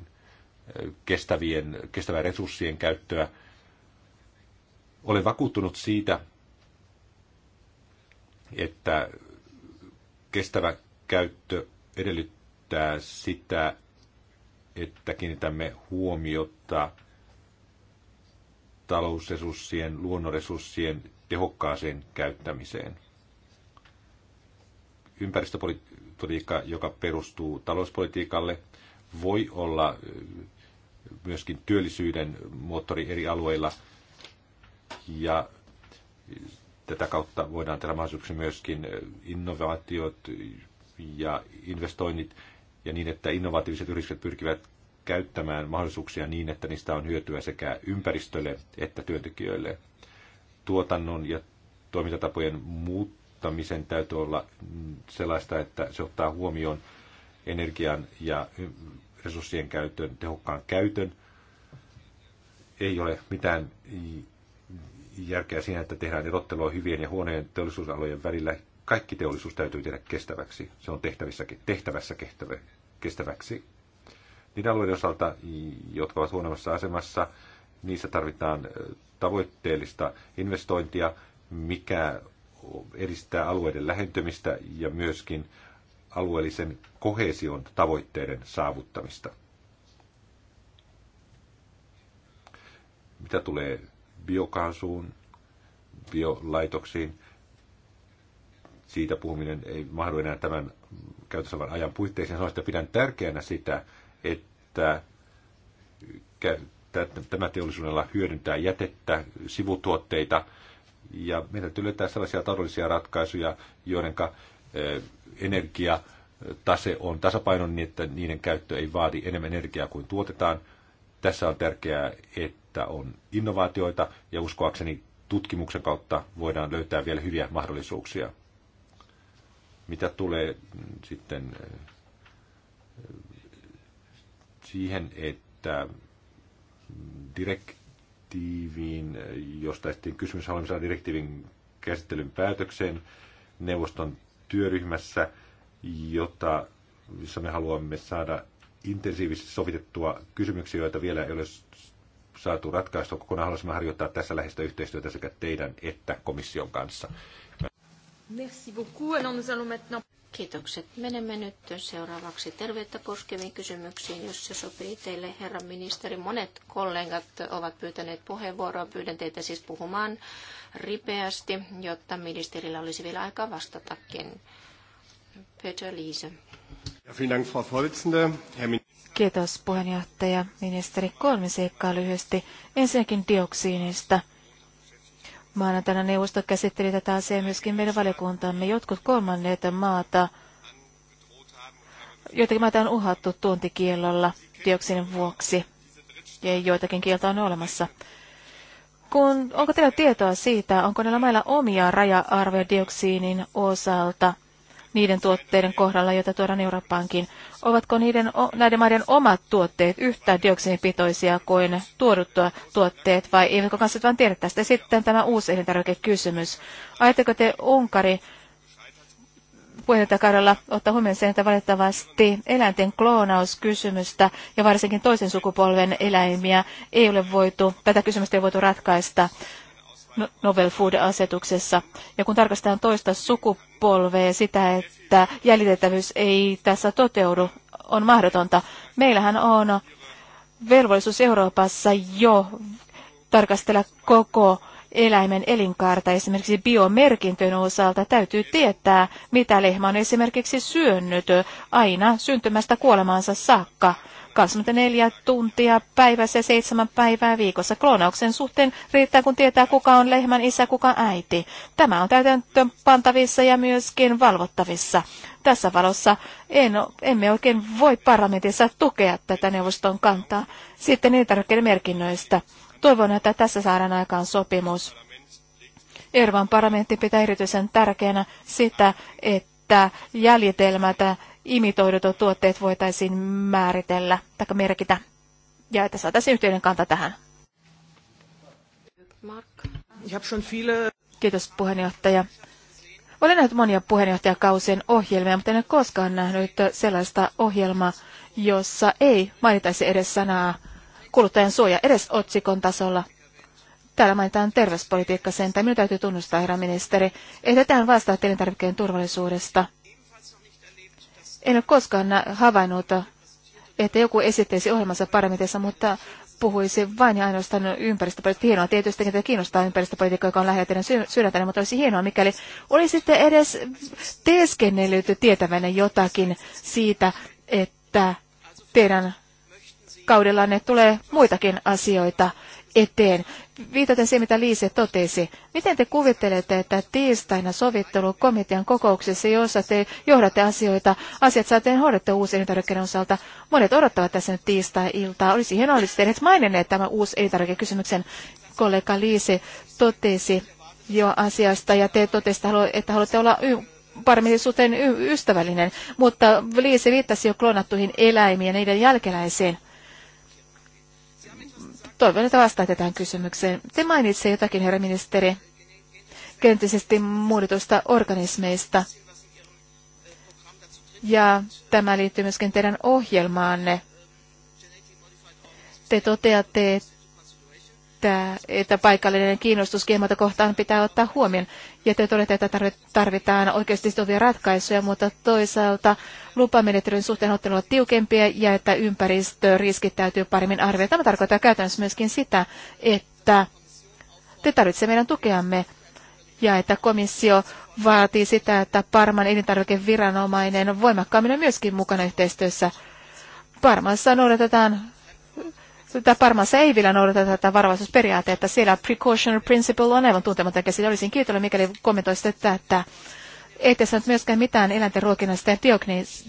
kestävien, kestävän resurssien käyttöä. Olen vakuuttunut siitä, että kestävä käyttö edellyttää sitä, että kiinnitämme huomiota talousresurssien, luonnonresurssien tehokkaaseen käyttämiseen. Ympäristöpolitiikka, joka perustuu talouspolitiikalle, voi olla myöskin työllisyyden moottori eri alueilla. Ja tätä kautta voidaan tehdä mahdollisuuksia myöskin innovaatiot, ja investoinnit ja niin, että innovatiiviset yritykset pyrkivät käyttämään mahdollisuuksia niin, että niistä on hyötyä sekä ympäristölle että työntekijöille. Tuotannon ja toimintatapojen muuttamisen täytyy olla sellaista, että se ottaa huomioon energian ja resurssien käytön, tehokkaan käytön. Ei ole mitään järkeä siinä, että tehdään erottelua hyvien ja huoneen teollisuusalojen välillä kaikki teollisuus täytyy tehdä kestäväksi. Se on tehtävissäkin, tehtävässä kestävä, kestäväksi. Niiden alueiden osalta, jotka ovat huonommassa asemassa, niissä tarvitaan tavoitteellista investointia, mikä edistää alueiden lähentymistä ja myöskin alueellisen kohesion tavoitteiden saavuttamista. Mitä tulee biokaasuun, biolaitoksiin, siitä puhuminen ei mahdu enää tämän käytössä olevan ajan puitteisiin. Sanoin, että pidän tärkeänä sitä, että tämä teollisuudella hyödyntää jätettä, sivutuotteita, ja meidän täytyy löytää sellaisia taloudellisia ratkaisuja, joiden e, energia tase on tasapainon niin, että niiden käyttö ei vaadi enemmän energiaa kuin tuotetaan. Tässä on tärkeää, että on innovaatioita ja uskoakseni tutkimuksen kautta voidaan löytää vielä hyviä mahdollisuuksia. Mitä tulee sitten eh, siihen, että direktiiviin, josta sitten kysymys haluamme saada direktiivin käsittelyn päätökseen neuvoston työryhmässä, jota, jossa me haluamme saada intensiivisesti sovitettua kysymyksiä, joita vielä ei ole saatu ratkaistua kokonaan. Haluaisimme harjoittaa tässä läheistä yhteistyötä sekä teidän että komission kanssa. Merci beaucoup. Alors nous allons maintenant... Kiitokset. Menemme nyt seuraavaksi terveyttä koskeviin kysymyksiin, jos se sopii teille, herra ministeri. Monet kollegat ovat pyytäneet puheenvuoroa. Pyydän teitä siis puhumaan ripeästi, jotta ministerillä olisi vielä aikaa vastatakin. Peter Liise. Kiitos puheenjohtaja, ministeri. Kolme seikkaa lyhyesti. Ensinnäkin dioksiinista. Maanantaina neuvosto käsitteli tätä asiaa myöskin meidän valiokuntamme. Jotkut kolmanneet maata, joitakin maita on uhattu tuontikielolla dioksinin vuoksi, ja joitakin kieltä on olemassa. Kun, onko teillä tietoa siitä, onko näillä mailla omia raja-arvoja dioksiinin osalta – niiden tuotteiden kohdalla, joita tuodaan Eurooppaankin. Ovatko niiden, näiden maiden omat tuotteet yhtä dioksinipitoisia kuin tuoduttua tuotteet vai eivätkö kanssa vain tiedä tästä? Sitten tämä uusi elintarvikekysymys. Ajatteko te Unkari puheenjohtajakaudella ottaa huomioon sen, että valitettavasti eläinten kloonauskysymystä ja varsinkin toisen sukupolven eläimiä ei ole voitu, tätä kysymystä ei voitu ratkaista novel food-asetuksessa. Ja kun tarkastetaan toista sukupolvea sitä, että jäljitettävyys ei tässä toteudu, on mahdotonta. Meillähän on velvollisuus Euroopassa jo tarkastella koko eläimen elinkaarta esimerkiksi biomerkintöjen osalta täytyy tietää, mitä lehmä on esimerkiksi syönyt aina syntymästä kuolemaansa saakka. 24 tuntia päivässä ja 7 päivää viikossa. Kloonauksen suhteen riittää, kun tietää, kuka on lehmän isä, kuka äiti. Tämä on täytäntöön pantavissa ja myöskin valvottavissa. Tässä valossa en, emme oikein voi parlamentissa tukea tätä neuvoston kantaa. Sitten elintarvikkeiden merkinnöistä. Toivon, että tässä saadaan aikaan sopimus. Irvan parlamentti pitää erityisen tärkeänä sitä, että jäljitelmät imitoidut tuotteet voitaisiin määritellä tai merkitä ja että saataisiin yhteinen kanta tähän. Kiitos puheenjohtaja. Olen nähnyt monia puheenjohtajakausien ohjelmia, mutta en ole koskaan nähnyt sellaista ohjelmaa, jossa ei mainitaisi edes sanaa kuluttajan suoja edes otsikon tasolla. Täällä mainitaan terveyspolitiikka sen, tai minun täytyy tunnustaa, herra ministeri, että tähän vastaa elintarvikkeen turvallisuudesta. En ole koskaan havainnut, että joku esitteisi ohjelmansa parametissa, mutta puhuisi vain ja ainoastaan ympäristöpolitiikkaa. Hienoa tietysti, että kiinnostaa ympäristöpolitiikkaa, joka on lähellä teidän sydäntäne, niin, mutta olisi hienoa, mikäli olisitte edes teeskennellyt tietävänne jotakin siitä, että teidän kaudellanne tulee muitakin asioita eteen. Viitaten siihen, mitä Liise totesi, miten te kuvittelette, että tiistaina sovittelukomitean kokouksessa, jossa te johdatte asioita, asiat saatiin hoidettua uusi elintarvikkeiden osalta, monet odottavat tässä nyt tiistai-iltaa. Olisi hienoa, olisi tehneet maininneet tämä uusi elintarvikekysymyksen. Kollega Liise totesi jo asiasta ja te totesitte, että haluatte olla paremmin suhteen ystävällinen, mutta Liise viittasi jo klonattuihin eläimiin ja niiden jälkeläisiin. Toivon, että vastaatte tähän kysymykseen. Te mainitsee jotakin, herra ministeri, kenttisesti muodotusta organismeista. Ja tämä liittyy myöskin teidän ohjelmaanne. Te toteatte, että että, että paikallinen kiinnostus kohtaan pitää ottaa huomioon. Ja te todette, että tarvitaan oikeasti sitovia ratkaisuja, mutta toisaalta lupamenettelyn suhteen on olla tiukempia ja että ympäristöriskit täytyy paremmin arvioida. Tämä tarkoittaa käytännössä myöskin sitä, että te tarvitsette meidän tukeamme ja että komissio vaatii sitä, että Parman elintarvikeviranomainen on voimakkaammin myöskin mukana yhteistyössä. Parmassa noudatetaan Tämä Parmassa ei vielä noudata tätä varovaisuusperiaatetta. Siellä precautionary principle on aivan tuntematon käsite. Olisin kiitollinen, mikäli kommentoisit tätä. Ei tässä nyt myöskään mitään eläinten ruokinnasta ja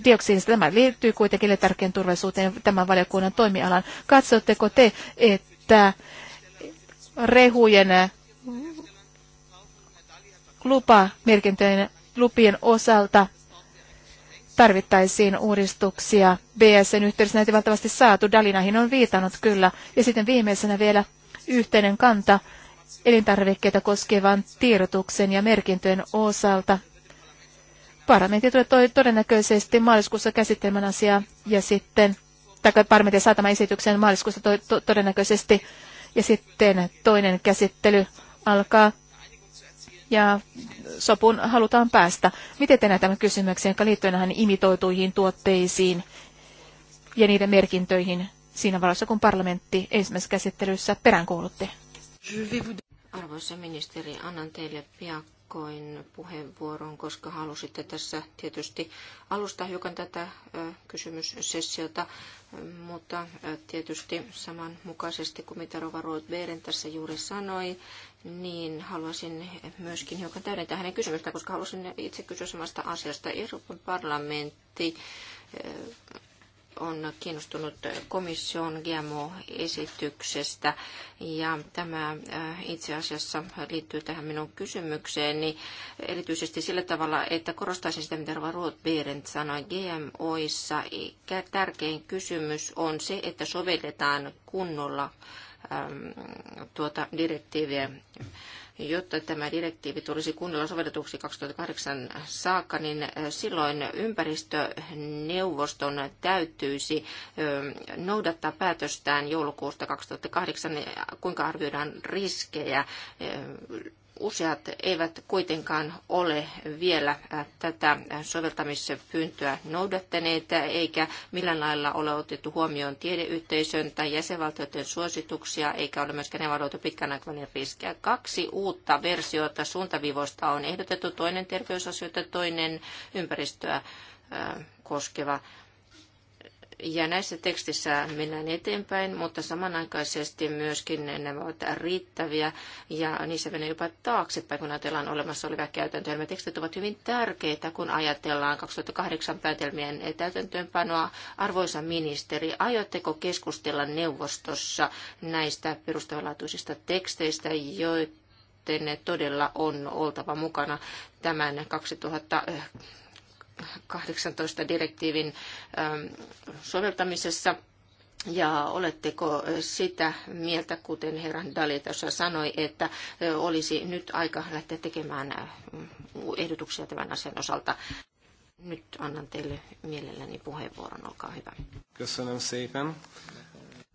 dioksiinista. Tämä liittyy kuitenkin tärkeän turvallisuuteen tämän valiokunnan toimialan. Katsotteko te, että rehujen lupamerkintöjen lupien osalta tarvittaisiin uudistuksia. BSN yhteydessä näitä valtavasti saatu, Dalinahin on viitannut kyllä. Ja sitten viimeisenä vielä yhteinen kanta elintarvikkeita koskevan tiedotuksen ja merkintöjen osalta. Parlamentti tulee todennäköisesti maaliskuussa käsittelemään asiaa ja sitten, tai parlamentti saa tämän esityksen maaliskuussa to, to, todennäköisesti ja sitten toinen käsittely alkaa ja sopuun halutaan päästä. Miten te tämän kysymyksiä, jotka liittyvät näihin imitoituihin tuotteisiin ja niiden merkintöihin siinä valossa, kun parlamentti ensimmäisessä käsittelyssä peräänkuulutti? Arvoisa ministeri, annan teille piakkoin puheenvuoron, koska halusitte tässä tietysti alustaa hiukan tätä kysymyssessiota, mutta tietysti samanmukaisesti kuin mitä Rova Rood tässä juuri sanoi, niin haluaisin myöskin hiukan täydentää hänen kysymystä, koska halusin itse kysyä samasta asiasta. Euroopan parlamentti eh, on kiinnostunut komission GMO-esityksestä ja tämä eh, itse asiassa liittyy tähän minun kysymykseeni erityisesti sillä tavalla, että korostaisin sitä, mitä Rova Rothbeeren sanoi GMOissa. Tärkein kysymys on se, että sovelletaan kunnolla tuota direktiiviä. Jotta tämä direktiivi tulisi kunnolla sovelletuksi 2008 saakka, niin silloin ympäristöneuvoston täytyisi noudattaa päätöstään joulukuusta 2008, kuinka arvioidaan riskejä useat eivät kuitenkaan ole vielä äh, tätä soveltamispyyntöä noudattaneet, eikä millään lailla ole otettu huomioon tiedeyhteisön tai jäsenvaltioiden suosituksia, eikä ole myöskään evaluoitu pitkän aikavälin riskejä. Kaksi uutta versiota suuntavivosta on ehdotettu, toinen terveysasioita, toinen ympäristöä äh, koskeva ja näissä tekstissä mennään eteenpäin, mutta samanaikaisesti myöskin nämä ovat riittäviä ja niissä menee jopa taaksepäin, kun ajatellaan olemassa olevia käytäntöjä. Nämä tekstit ovat hyvin tärkeitä, kun ajatellaan 2008 päätelmien täytäntöönpanoa. Arvoisa ministeri, aiotteko keskustella neuvostossa näistä perustavanlaatuisista teksteistä, joiden todella on oltava mukana tämän 2000 18 direktiivin ähm, soveltamisessa. Ja oletteko äh, sitä mieltä, kuten herra Dali tuossa sanoi, että äh, olisi nyt aika lähteä tekemään äh, ehdotuksia tämän asian osalta? Nyt annan teille mielelläni puheenvuoron, olkaa hyvä.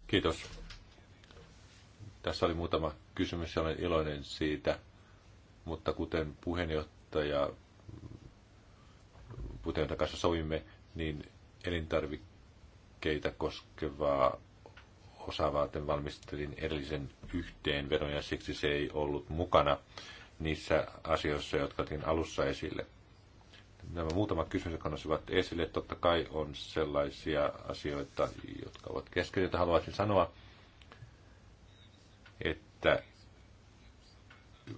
Kiitos. Tässä oli muutama kysymys ja olen iloinen siitä, mutta kuten puheenjohtaja kuten kanssa sovimme, niin elintarvikkeita koskevaa osaa varten valmistelin edellisen yhteenvedon ja siksi se ei ollut mukana niissä asioissa, jotka otin alussa esille. Nämä muutama kysymys, jotka nousivat esille, totta kai on sellaisia asioita, jotka ovat kesken, joita haluaisin sanoa, että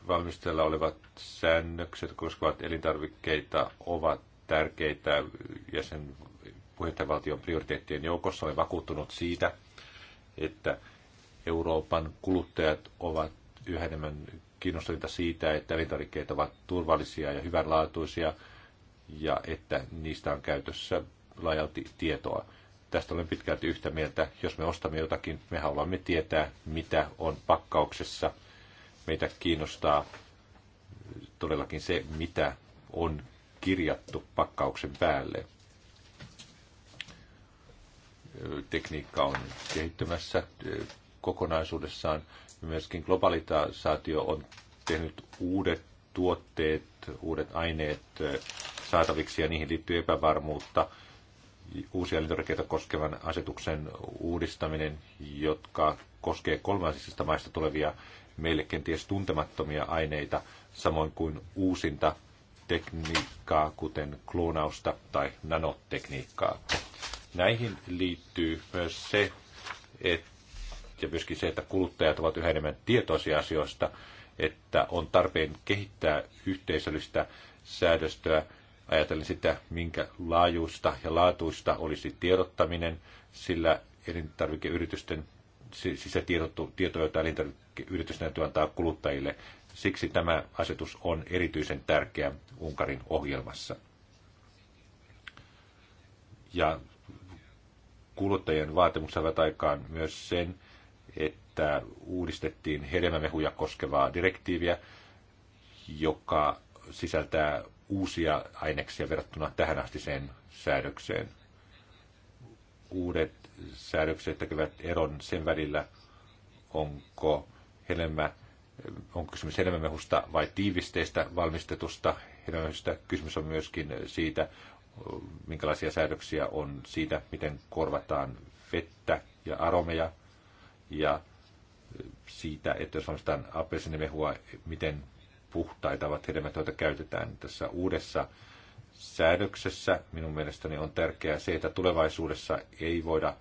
valmistella olevat säännökset koskevat elintarvikkeita ovat tärkeitä jäsen puheenjohtajavaltion prioriteettien joukossa. Olen vakuuttunut siitä, että Euroopan kuluttajat ovat yhä enemmän kiinnostuneita siitä, että elintarvikkeet ovat turvallisia ja hyvänlaatuisia ja että niistä on käytössä laajalti tietoa. Tästä olen pitkälti yhtä mieltä. Jos me ostamme jotakin, me haluamme tietää, mitä on pakkauksessa. Meitä kiinnostaa todellakin se, mitä on kirjattu pakkauksen päälle. Tekniikka on kehittymässä kokonaisuudessaan. Myöskin globalisaatio on tehnyt uudet tuotteet, uudet aineet saataviksi ja niihin liittyy epävarmuutta. Uusia elintarvikkeita koskevan asetuksen uudistaminen, jotka koskee kolmansista maista tulevia meille kenties tuntemattomia aineita, samoin kuin uusinta tekniikkaa, kuten kluunausta tai nanotekniikkaa. Näihin liittyy myös se, että, ja myöskin se, että kuluttajat ovat yhä enemmän tietoisia asioista, että on tarpeen kehittää yhteisöllistä säädöstöä ajatellen sitä, minkä laajuista ja laatuista olisi tiedottaminen, sillä elintarvikeyritysten sisätietoja, joita elintarvikeyritysten näytyy antaa kuluttajille, Siksi tämä asetus on erityisen tärkeä Unkarin ohjelmassa. Ja kuluttajien vaatimukset saivat aikaan myös sen, että uudistettiin hedelmämehuja koskevaa direktiiviä, joka sisältää uusia aineksia verrattuna tähän asti sen säädökseen. Uudet säädökset tekevät eron sen välillä, onko hedelmä on kysymys hedelmämehusta vai tiivisteistä valmistetusta hedelmämehusta. Kysymys on myöskin siitä, minkälaisia säädöksiä on siitä, miten korvataan vettä ja aromeja ja siitä, että jos valmistetaan appelsiinimehua, miten puhtaita ovat hedelmät, joita käytetään tässä uudessa säädöksessä. Minun mielestäni on tärkeää se, että tulevaisuudessa ei voida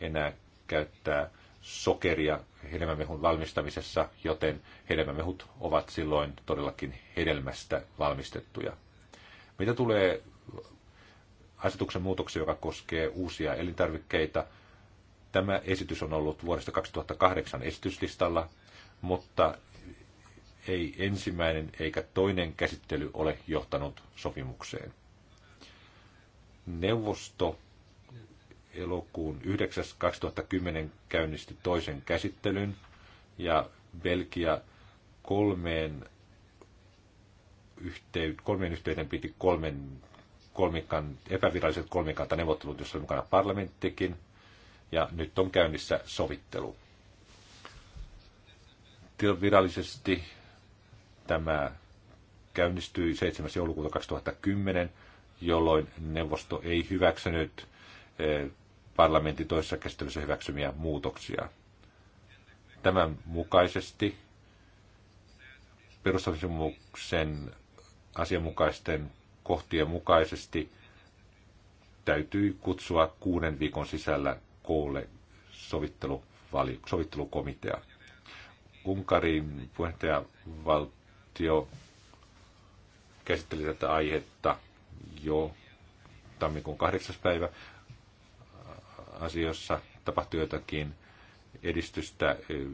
enää käyttää sokeria hedelmämehun valmistamisessa, joten hedelmämehut ovat silloin todellakin hedelmästä valmistettuja. Mitä tulee asetuksen muutoksiin, joka koskee uusia elintarvikkeita, tämä esitys on ollut vuodesta 2008 esityslistalla, mutta ei ensimmäinen eikä toinen käsittely ole johtanut sopimukseen. Neuvosto elokuun 9.2010 käynnisti toisen käsittelyn ja Belgia kolmeen, yhtey- kolmeen yhteyden piti kolmen kolmikan, epäviralliset neuvottelut, jossa oli mukana parlamenttikin, ja nyt on käynnissä sovittelu. Virallisesti tämä käynnistyi 7. joulukuuta 2010, jolloin neuvosto ei hyväksynyt eh, parlamentin toisessa käsittelyssä hyväksymiä muutoksia. Tämän mukaisesti perustamisen asianmukaisten kohtien mukaisesti täytyy kutsua kuuden viikon sisällä koolle sovittelukomitea. Unkarin puheenjohtajavaltio käsitteli tätä aihetta jo tammikuun 8. päivä asioissa tapahtui jotakin edistystä eh,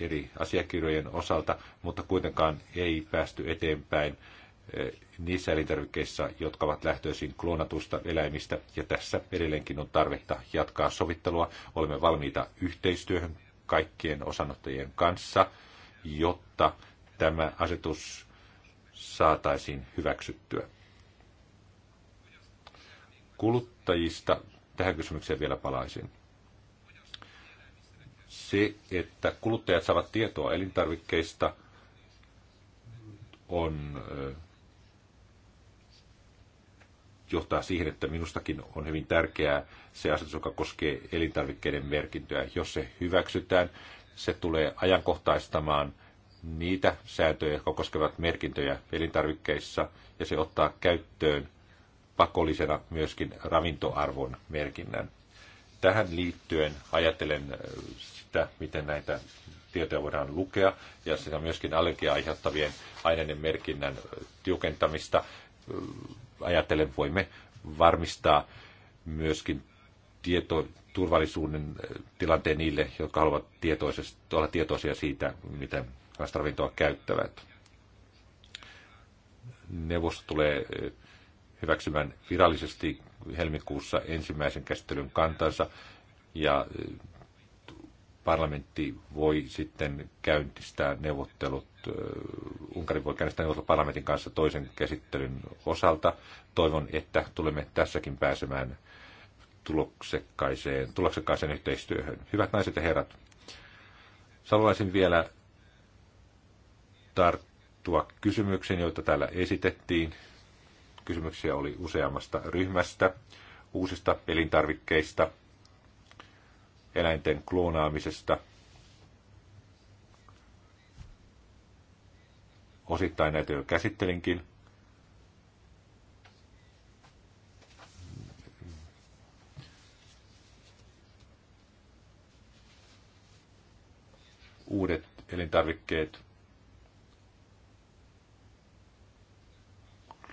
eri asiakirjojen osalta, mutta kuitenkaan ei päästy eteenpäin eh, niissä elintarvikkeissa, jotka ovat lähtöisin kloonatusta eläimistä, ja tässä edelleenkin on tarvetta jatkaa sovittelua. Olemme valmiita yhteistyöhön kaikkien osanottajien kanssa, jotta tämä asetus saataisiin hyväksyttyä. Kuluttajista tähän kysymykseen vielä palaisin. Se, että kuluttajat saavat tietoa elintarvikkeista, on, johtaa siihen, että minustakin on hyvin tärkeää se asetus, joka koskee elintarvikkeiden merkintöä. Jos se hyväksytään, se tulee ajankohtaistamaan niitä sääntöjä, jotka koskevat merkintöjä elintarvikkeissa, ja se ottaa käyttöön pakollisena myöskin ravintoarvon merkinnän. Tähän liittyen ajattelen äh, sitä, miten näitä tietoja voidaan lukea, ja sitä myöskin allergia aiheuttavien aineiden merkinnän äh, tiukentamista. Äh, ajattelen, voimme varmistaa myöskin turvallisuuden tilanteen niille, jotka haluavat tietoisesti, olla tietoisia siitä, miten ravintoa käyttävät. Neuvosto tulee hyväksymään virallisesti helmikuussa ensimmäisen käsittelyn kantansa ja eh, parlamentti voi sitten käynnistää neuvottelut, eh, Unkari voi käynnistää neuvottelut parlamentin kanssa toisen käsittelyn osalta. Toivon, että tulemme tässäkin pääsemään tuloksekkaiseen, tuloksekkaiseen yhteistyöhön. Hyvät naiset ja herrat, haluaisin vielä tarttua kysymyksiin, joita täällä esitettiin Kysymyksiä oli useammasta ryhmästä, uusista elintarvikkeista, eläinten kloonaamisesta. Osittain näitä jo käsittelinkin. Uudet elintarvikkeet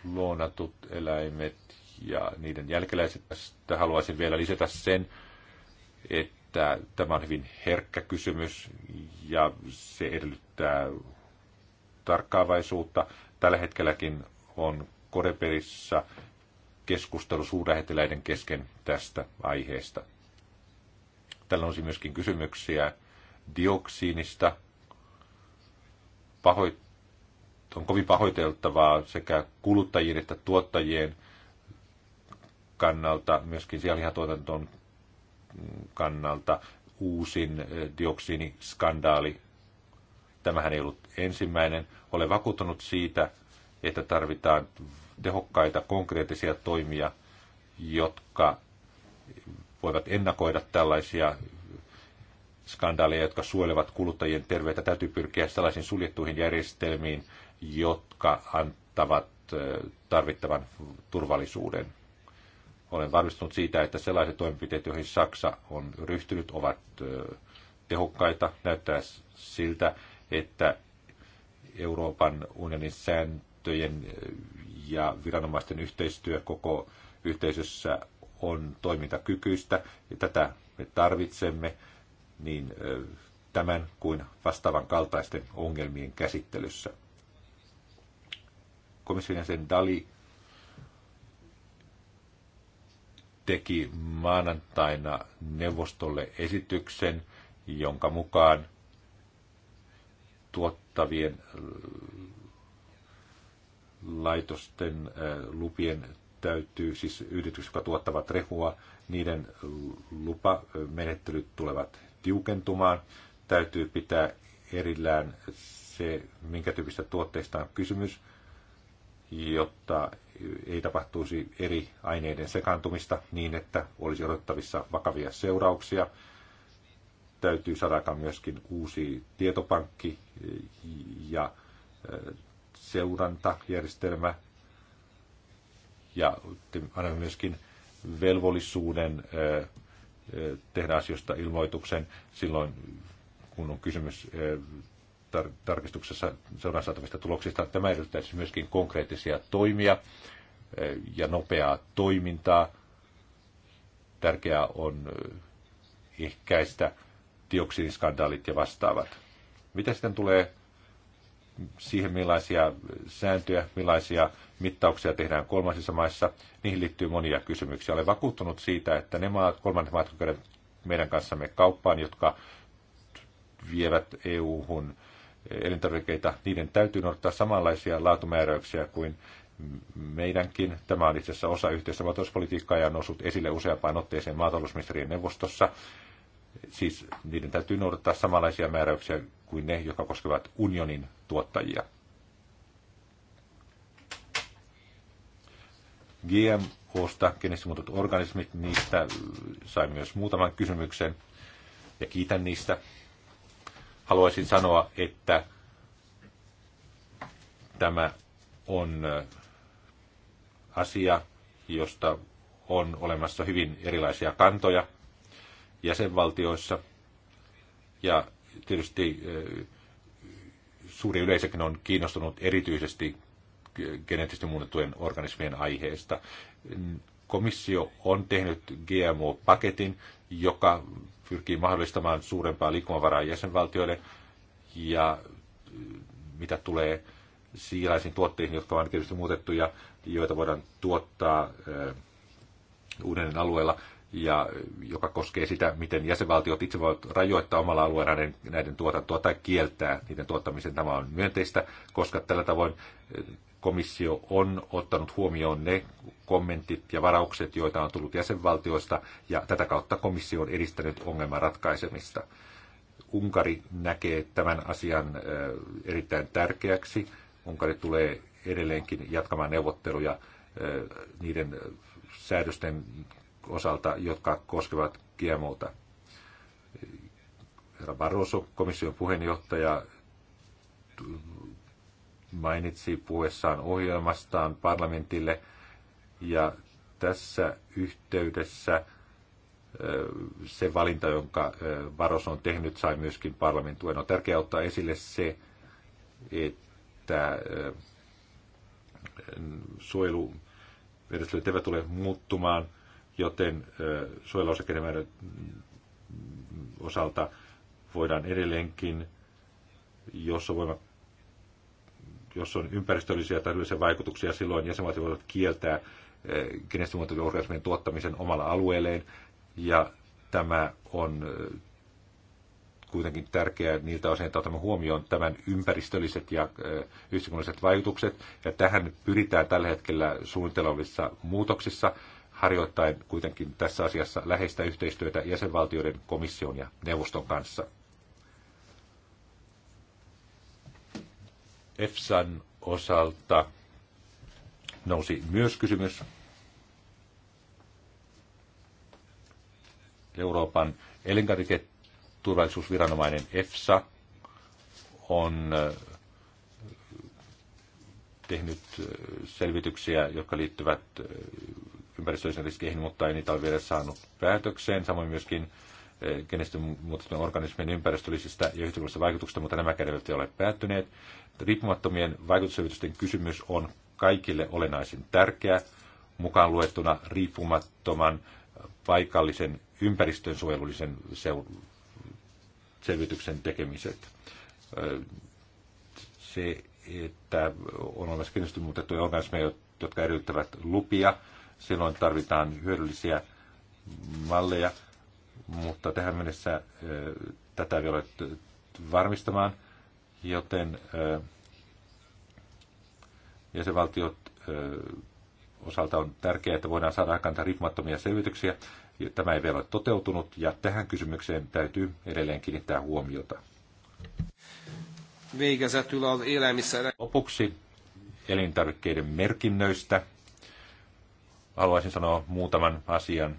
luonatut eläimet ja niiden jälkeläiset. Tästä haluaisin vielä lisätä sen, että tämä on hyvin herkkä kysymys ja se edellyttää tarkkaavaisuutta. Tällä hetkelläkin on Koreperissä keskustelu suurlähettiläiden kesken tästä aiheesta. Tällä on siis myöskin kysymyksiä dioksiinista, pahoit on kovin pahoiteltavaa sekä kuluttajien että tuottajien kannalta, myöskin sianlihatuotanton kannalta uusin eh, dioksiiniskandaali. Tämähän ei ollut ensimmäinen. Olen vakuuttunut siitä, että tarvitaan tehokkaita konkreettisia toimia, jotka voivat ennakoida tällaisia skandaaleja, jotka suojelevat kuluttajien terveyttä. Täytyy pyrkiä sellaisiin suljettuihin järjestelmiin, jotka antavat tarvittavan turvallisuuden. Olen varmistunut siitä, että sellaiset toimenpiteet, joihin Saksa on ryhtynyt, ovat tehokkaita. Näyttää siltä, että Euroopan unionin sääntöjen ja viranomaisten yhteistyö koko yhteisössä on toimintakykyistä. Ja tätä me tarvitsemme niin tämän kuin vastaavan kaltaisten ongelmien käsittelyssä komission jäsen Dali teki maanantaina neuvostolle esityksen, jonka mukaan tuottavien äh, laitosten äh, lupien täytyy, siis yritykset, jotka tuottavat rehua, niiden lupamenettelyt tulevat tiukentumaan. Täytyy pitää erillään se, minkä tyyppistä tuotteista on kysymys – jotta ei tapahtuisi eri aineiden sekaantumista niin, että olisi odottavissa vakavia seurauksia. Täytyy saada myöskin uusi tietopankki eh, ja eh, seurantajärjestelmä. Ja annamme myöskin velvollisuuden eh, tehdä asioista ilmoituksen silloin, kun on kysymys tar- tarkistuksessa seuran saatavista tuloksista. Tämä edellyttäisi myöskin konkreettisia toimia eh, ja nopeaa toimintaa. Tärkeää on eh, ehkäistä dioksidiskandaalit ja vastaavat. Mitä sitten tulee siihen, millaisia sääntöjä, millaisia mittauksia tehdään kolmansissa maissa, niihin liittyy monia kysymyksiä. Olen vakuuttunut siitä, että ne maat, kolmannet maat, jotka meidän kanssamme kauppaan, jotka vievät EU-hun elintarvikkeita, niiden täytyy noudattaa samanlaisia laatumääräyksiä kuin meidänkin. Tämä on itse asiassa osa yhteistä maatalouspolitiikkaa ja on noussut esille useampaan otteeseen maatalousministerien neuvostossa. Siis niiden täytyy noudattaa samanlaisia määräyksiä kuin ne, jotka koskevat unionin tuottajia. GMOsta, geneettisimuutetut organismit, niistä sain myös muutaman kysymyksen ja kiitän niistä haluaisin sanoa, että tämä on asia, josta on olemassa hyvin erilaisia kantoja jäsenvaltioissa. Ja tietysti suuri yleisökin on kiinnostunut erityisesti geneettisesti muunnettujen organismien aiheesta. Komissio on tehnyt GMO-paketin, joka pyrkii mahdollistamaan suurempaa liikkumavaraa jäsenvaltioille ja äh, mitä tulee siilaisiin tuotteisiin, jotka ovat tietysti muutettuja, joita voidaan tuottaa äh, uuden alueella, ja joka koskee sitä, miten jäsenvaltiot itse voivat rajoittaa omalla alueellaan näiden, näiden tuotantoa tai kieltää niiden tuottamisen. Tämä on myönteistä, koska tällä tavoin eh, komissio on ottanut huomioon ne kommentit ja varaukset, joita on tullut jäsenvaltioista, ja tätä kautta komissio on edistänyt ongelman ratkaisemista. Unkari näkee tämän asian eh, erittäin tärkeäksi. Unkari tulee edelleenkin jatkamaan neuvotteluja eh, niiden säädösten osalta, jotka koskevat GMOta. Herra Barroso, komission puheenjohtaja, mainitsi puhuessaan ohjelmastaan parlamentille ja tässä yhteydessä se valinta, jonka Barroso on tehnyt, sai myöskin parlamentuen. On tärkeää ottaa esille se, että suojelu eivät tule muuttumaan – joten suojeluosakeiden mm, osalta voidaan edelleenkin, jos on, voima, jos on ympäristöllisiä tai vaikutuksia, silloin jäsenvaltiot voivat kieltää geneettisesti organismien tuottamisen omalla alueelleen, ja tämä on kuitenkin tärkeää niiltä osin, että otamme huomioon tämän ympäristölliset ja yhteiskunnalliset vaikutukset. Ja tähän pyritään tällä hetkellä suunnitelmissa muutoksissa harjoittaen kuitenkin tässä asiassa läheistä yhteistyötä jäsenvaltioiden komission ja neuvoston kanssa. EFSAn osalta nousi myös kysymys Euroopan elintarviketurvallisuusviranomainen EFSA on eh, tehnyt eh, selvityksiä, jotka liittyvät eh, ympäristöllisiin riskeihin, mutta ei niitä ole vielä saanut päätökseen. Samoin myöskin eh, kenestä muuttuneen organismien ympäristöllisistä ja yhteiskunnallisista vaikutuksista, mutta nämä ei ole päättyneet. Riippumattomien vaikutusselvitysten kysymys on kaikille olennaisin tärkeä, mukaan luettuna riippumattoman paikallisen suojelullisen selvityksen tekemiset. Eh, se, että on olemassa kenestä muutettuja organismeja, jotka edellyttävät lupia, Silloin tarvitaan hyödyllisiä malleja, mutta tähän mennessä tätä ei ole varmistamaan, joten jäsenvaltiot osalta on tärkeää, että voidaan saada aikaan riippumattomia selvityksiä. Tämä ei vielä ole toteutunut ja tähän kysymykseen täytyy edelleen kiinnittää huomiota. Lopuksi elintarvikkeiden merkinnöistä haluaisin sanoa muutaman asian.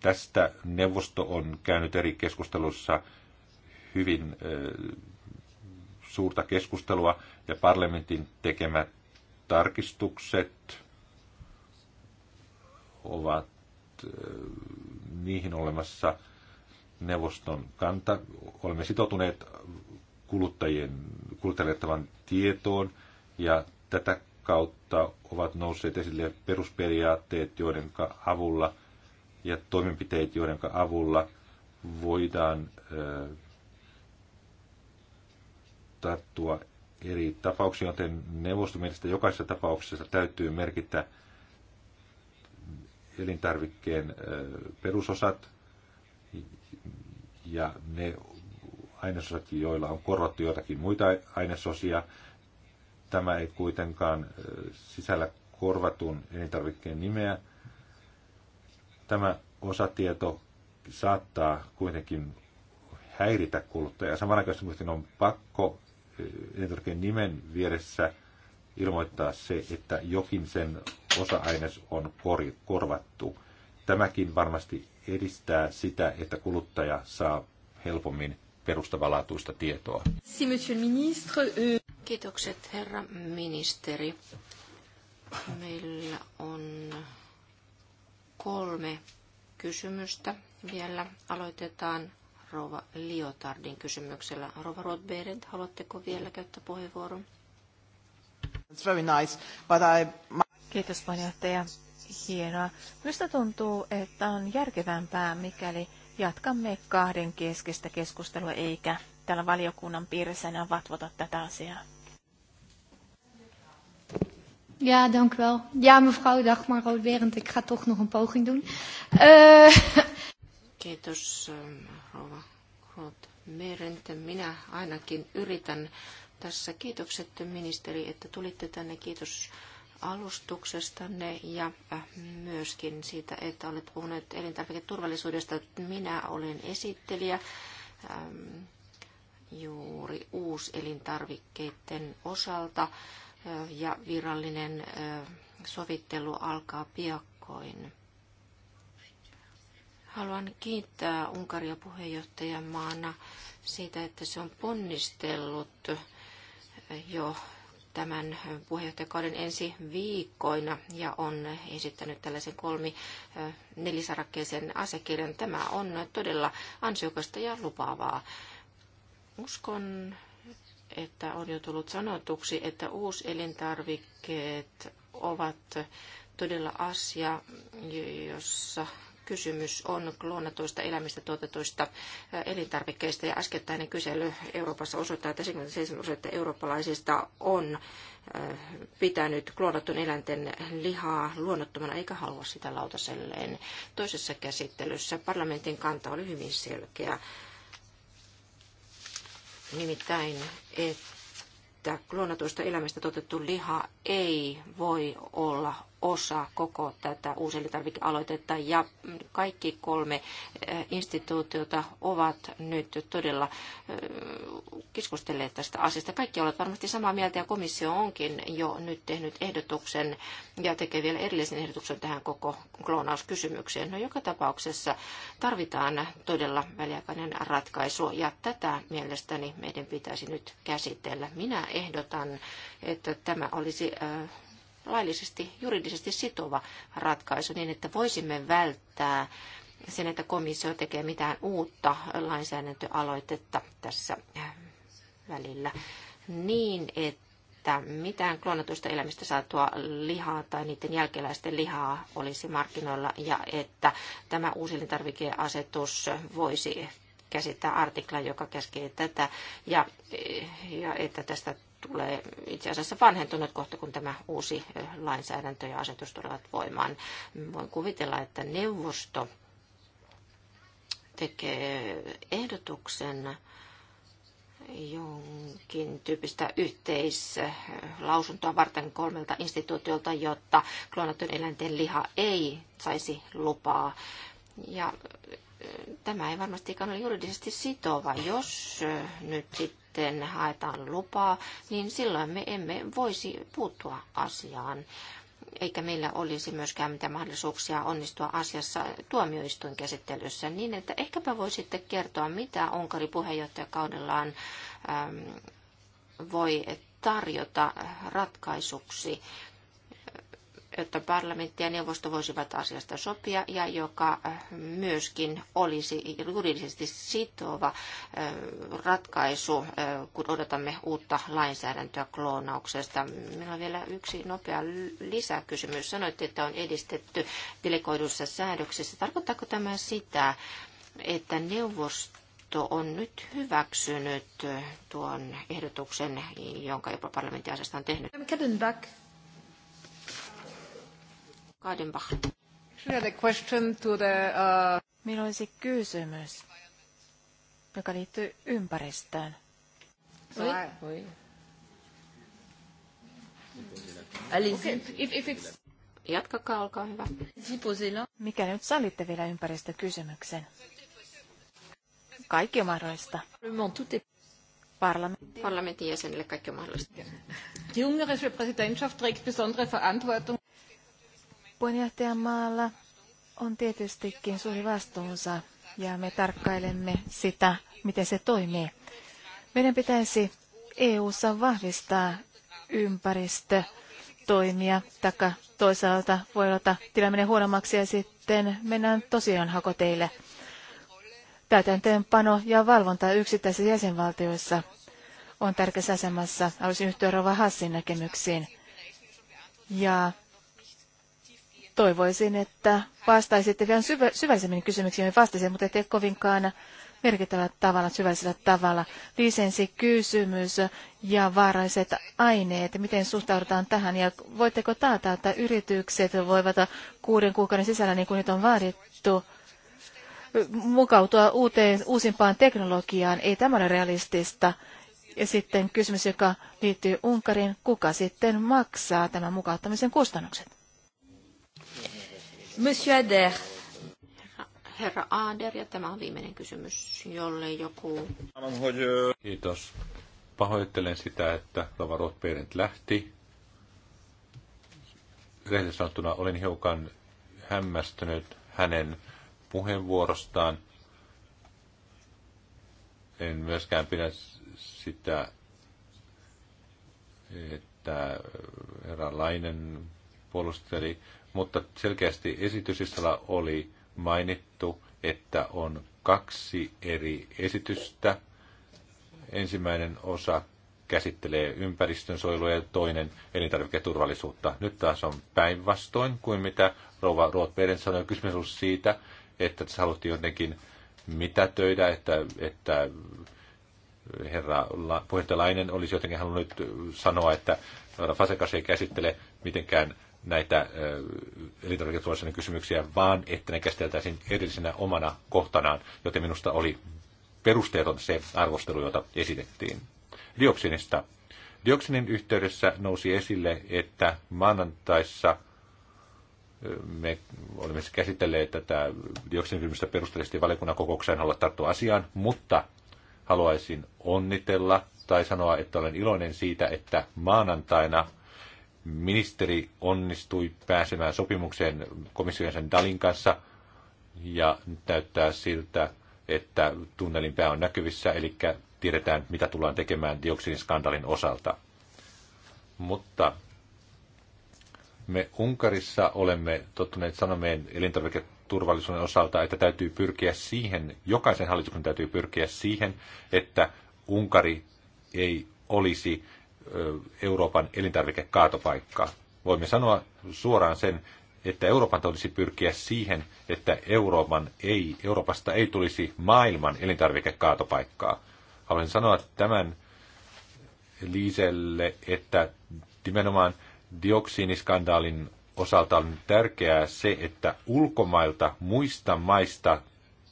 Tästä neuvosto on käynyt eri keskustelussa hyvin suurta keskustelua ja parlamentin tekemät tarkistukset ovat niihin olemassa neuvoston kanta. Olemme sitoutuneet kuluttajien, kuluttajattavan tietoon ja tätä kautta ovat nousseet esille perusperiaatteet, joiden avulla ja toimenpiteet, joiden avulla voidaan ö, tarttua eri tapauksia, joten neuvoston mielestä jokaisessa tapauksessa täytyy merkitä elintarvikkeen perusosat ja ne ainesosat, joilla on korvattu jotakin muita ainesosia. Tämä ei kuitenkaan sisällä korvatun elintarvikkeen nimeä. Tämä osatieto saattaa kuitenkin häiritä kuluttajaa. Samanaikaisesti on pakko elintarvikkeen nimen vieressä ilmoittaa se, että jokin sen osa-aines on korvattu. Tämäkin varmasti edistää sitä, että kuluttaja saa helpommin perustavanlaatuista tietoa. Euh- Kiitokset, herra ministeri. Meillä on kolme kysymystä vielä. Aloitetaan Rova Liotardin kysymyksellä. Rova Rothberg, haluatteko vielä käyttää puheenvuoron? It's very nice, but I... Kiitos puheenjohtaja. Hienoa. Minusta tuntuu, että on järkevämpää, mikäli jatkamme kahden keskistä keskustelua eikä täällä valiokunnan piirissä enää vatvota tätä asiaa. Ja, dank wel. Ja, mevrouw Dagmar Rood-Berend, ik ga toch nog een poging doen. Uh... *laughs* Kiitos, eh, rouva Rood-Berend. Minä ainakin yritän tässä. Kiitokset ministeri, että tulitte tänne. Kiitos alustuksestanne ja äh, myöskin siitä, että olet puhunut elintarviketurvallisuudesta. Minä olen esittelijä ähm, juuri uuselintarvikkeiden osalta äh, ja virallinen äh, sovittelu alkaa piakkoin. Haluan kiittää Unkaria puheenjohtajamaana siitä, että se on ponnistellut jo tämän puheenjohtajakauden ensi viikkoina ja on esittänyt tällaisen kolmi nelisarakkeisen asiakirjan. Tämä on todella ansiokasta ja lupaavaa. Uskon, että on jo tullut sanotuksi, että uuselintarvikkeet ovat todella asia, jossa kysymys on kloonatuista elämistä tuotetuista elintarvikkeista. Ja äskettäinen kysely Euroopassa osoittaa, että 77 prosenttia eurooppalaisista on pitänyt kloonatun eläinten lihaa luonnottomana eikä halua sitä lautaselleen. Toisessa käsittelyssä parlamentin kanta oli hyvin selkeä. Nimittäin, että kloonatuista eläimistä tuotettu liha ei voi olla osa koko tätä uuselintarvikealoitetta ja kaikki kolme instituutiota ovat nyt todella keskustelleet tästä asiasta. Kaikki ovat varmasti samaa mieltä ja komissio onkin jo nyt tehnyt ehdotuksen ja tekee vielä erillisen ehdotuksen tähän koko kloonauskysymykseen. No joka tapauksessa tarvitaan todella väliaikainen ratkaisu ja tätä mielestäni meidän pitäisi nyt käsitellä. Minä ehdotan, että tämä olisi laillisesti, juridisesti sitova ratkaisu niin, että voisimme välttää sen, että komissio tekee mitään uutta lainsäädäntöaloitetta tässä äh, välillä niin, että mitään kloonatuista elämistä saatua lihaa tai niiden jälkeläisten lihaa olisi markkinoilla ja että tämä uusi elintarvikeasetus voisi käsittää artikla, joka käskee tätä ja, ja että tästä tulee itse asiassa vanhentunut kohta, kun tämä uusi lainsäädäntö ja asetus tulevat voimaan. Voin kuvitella, että neuvosto tekee ehdotuksen jonkin tyyppistä yhteislausuntoa varten kolmelta instituutiolta, jotta kloonattujen eläinten liha ei saisi lupaa. Ja tämä ei varmastikaan ole juridisesti sitova, jos nyt sitten sitten haetaan lupaa, niin silloin me emme voisi puuttua asiaan eikä meillä olisi myöskään mitään mahdollisuuksia onnistua asiassa tuomioistuinkäsittelyssä, niin että ehkäpä voisitte kertoa, mitä Unkari puheenjohtajakaudellaan äm, voi tarjota ratkaisuksi jotta parlamentti ja neuvosto voisivat asiasta sopia ja joka äh, myöskin olisi juridisesti sitova äh, ratkaisu, äh, kun odotamme uutta lainsäädäntöä kloonauksesta. Meillä on vielä yksi nopea lisäkysymys. Sanoitte, että on edistetty delegoidussa säädöksessä. Tarkoittaako tämä sitä, että neuvosto on nyt hyväksynyt tuon ehdotuksen, jonka Euroopan parlamentti asiasta on tehnyt. Kadenbach. Minulla uh, olisi kysymys, joka liittyy ympäristöön. Oi. Oi. Okay, if, if it's... Jatkakaa, olkaa hyvä. Mikä nyt sallitte vielä ympäristökysymyksen? Kaikki on mahdollista. Parlamentin jäsenille kaikki on mahdollista. Die ungarische Präsidentschaft trägt besondere Verantwortung maalla on tietystikin suuri vastuunsa ja me tarkkailemme sitä, miten se toimii. Meidän pitäisi EU-ssa vahvistaa ympäristötoimia, taikka toisaalta voi olla, tilanne menee huonommaksi ja sitten mennään tosiaan hakoteille. Täytäntöönpano ja valvonta yksittäisissä jäsenvaltioissa on tärkeässä asemassa. Haluaisin yhtyä Rova Hassin näkemyksiin. Ja Toivoisin, että vastaisitte vielä syvä, syvällisemmin kysymyksiin, joihin vastasin, mutta ette kovinkaan merkittävällä tavalla, syvällisellä tavalla. lisenssi siis kysymys ja vaaralliset aineet, miten suhtaudutaan tähän ja voitteko taata, että yritykset voivat kuuden kuukauden sisällä, niin kuin nyt on vaadittu, mukautua uuteen, uusimpaan teknologiaan. Ei tämä ole realistista. Ja sitten kysymys, joka liittyy Unkarin, kuka sitten maksaa tämän mukauttamisen kustannukset? Monsieur Ader. Herra, Ader, ja tämä on viimeinen kysymys, jolle joku... Kiitos. Pahoittelen sitä, että Lavarot Perent lähti. Rehellisesti sanottuna olin hiukan hämmästynyt hänen puheenvuorostaan. En myöskään pidä sitä, että herra Lainen puolusteli mutta selkeästi esityslistalla oli mainittu, että on kaksi eri esitystä. Ensimmäinen osa käsittelee ympäristönsuojelua ja toinen elintarviketurvallisuutta. Nyt taas on päinvastoin kuin mitä Rova Ruotmeiden sanoi. Kysymys on siitä, että tässä haluttiin jotenkin mitätöidä, että, että herra puheenjohtaja olisi jotenkin halunnut sanoa, että Fasekas ei käsittele mitenkään näitä elintarviketurvallisuuden kysymyksiä, vaan että ne käsiteltäisiin erillisenä omana kohtanaan, joten minusta oli perusteeton se arvostelu, jota esitettiin. Dioksinista. Dioksinin yhteydessä nousi esille, että maanantaissa me olemme käsitelleet tätä dioksinikysymystä perusteellisesti valiokunnan kokoukseen halua tarttua asiaan, mutta haluaisin onnitella tai sanoa, että olen iloinen siitä, että maanantaina ministeri onnistui pääsemään sopimukseen komission sen Dalin kanssa ja näyttää siltä, että tunnelin pää on näkyvissä, eli tiedetään, mitä tullaan tekemään dioksidiskandalin osalta. Mutta me Unkarissa olemme tottuneet sanomeen elintarviketurvallisuuden osalta, että täytyy pyrkiä siihen, jokaisen hallituksen täytyy pyrkiä siihen, että Unkari ei olisi Euroopan elintarvikekaatopaikkaa. Voimme sanoa suoraan sen, että Euroopan tulisi pyrkiä siihen, että Euroopan ei, Euroopasta ei tulisi maailman elintarvikekaatopaikkaa. Haluaisin sanoa tämän Liiselle, että nimenomaan dioksiiniskandaalin osalta on tärkeää se, että ulkomailta muista maista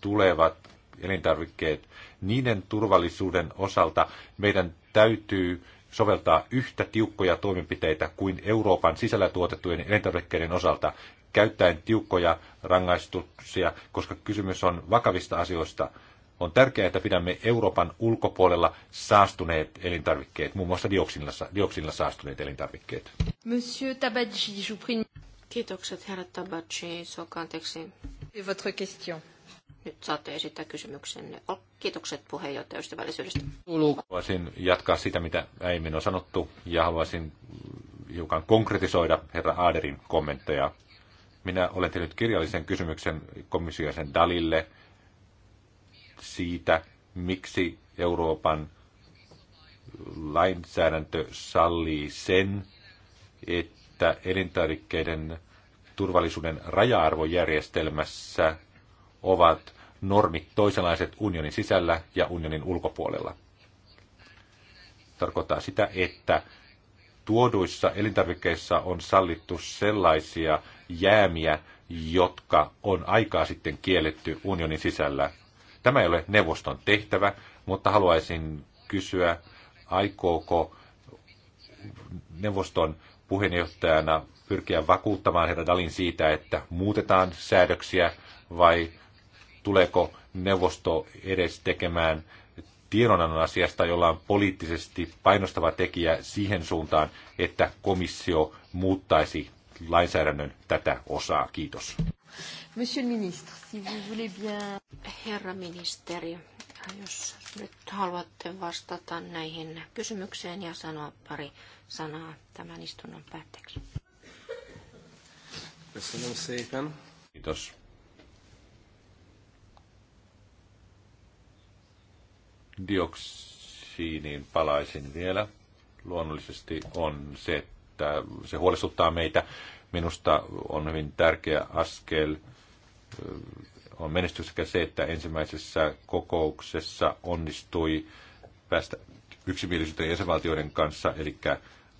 tulevat elintarvikkeet, niiden turvallisuuden osalta meidän täytyy soveltaa yhtä tiukkoja toimenpiteitä kuin Euroopan sisällä tuotettujen elintarvikkeiden osalta, käyttäen tiukkoja rangaistuksia, koska kysymys on vakavista asioista. On tärkeää, että pidämme Euroopan ulkopuolella saastuneet elintarvikkeet, muun muassa dioksinilla, saastuneet elintarvikkeet. Monsieur Tabadji, je prie... Kiitokset, herra Tabadji, suokaa Votre question. Nyt saatte esittää kysymyksen, Kiitokset puheenjohtaja ystävällisyydestä. Haluaisin jatkaa sitä, mitä aiemmin on sanottu, ja haluaisin hiukan konkretisoida herra Aaderin kommentteja. Minä olen tehnyt kirjallisen kysymyksen komissiojäsen Dalille siitä, miksi Euroopan lainsäädäntö sallii sen, että elintarvikkeiden turvallisuuden raja-arvojärjestelmässä ovat normit toisenlaiset unionin sisällä ja unionin ulkopuolella. Tarkoittaa sitä, että tuoduissa elintarvikkeissa on sallittu sellaisia jäämiä, jotka on aikaa sitten kielletty unionin sisällä. Tämä ei ole neuvoston tehtävä, mutta haluaisin kysyä, aikooko neuvoston puheenjohtajana pyrkiä vakuuttamaan herra Dalin siitä, että muutetaan säädöksiä vai tuleeko neuvosto edes tekemään tiedonannon asiasta, jolla on poliittisesti painostava tekijä siihen suuntaan, että komissio muuttaisi lainsäädännön tätä osaa. Kiitos. Monsieur le ministre, si vous voulez bien... Herra ministeri, jos nyt haluatte vastata näihin kysymykseen ja sanoa pari sanaa tämän istunnon päätteeksi. Kiitos. dioksiiniin palaisin vielä. Luonnollisesti on se, että se huolestuttaa meitä. Minusta on hyvin tärkeä askel on menestyksekä se, että ensimmäisessä kokouksessa onnistui päästä yksimielisyyteen jäsenvaltioiden kanssa, eli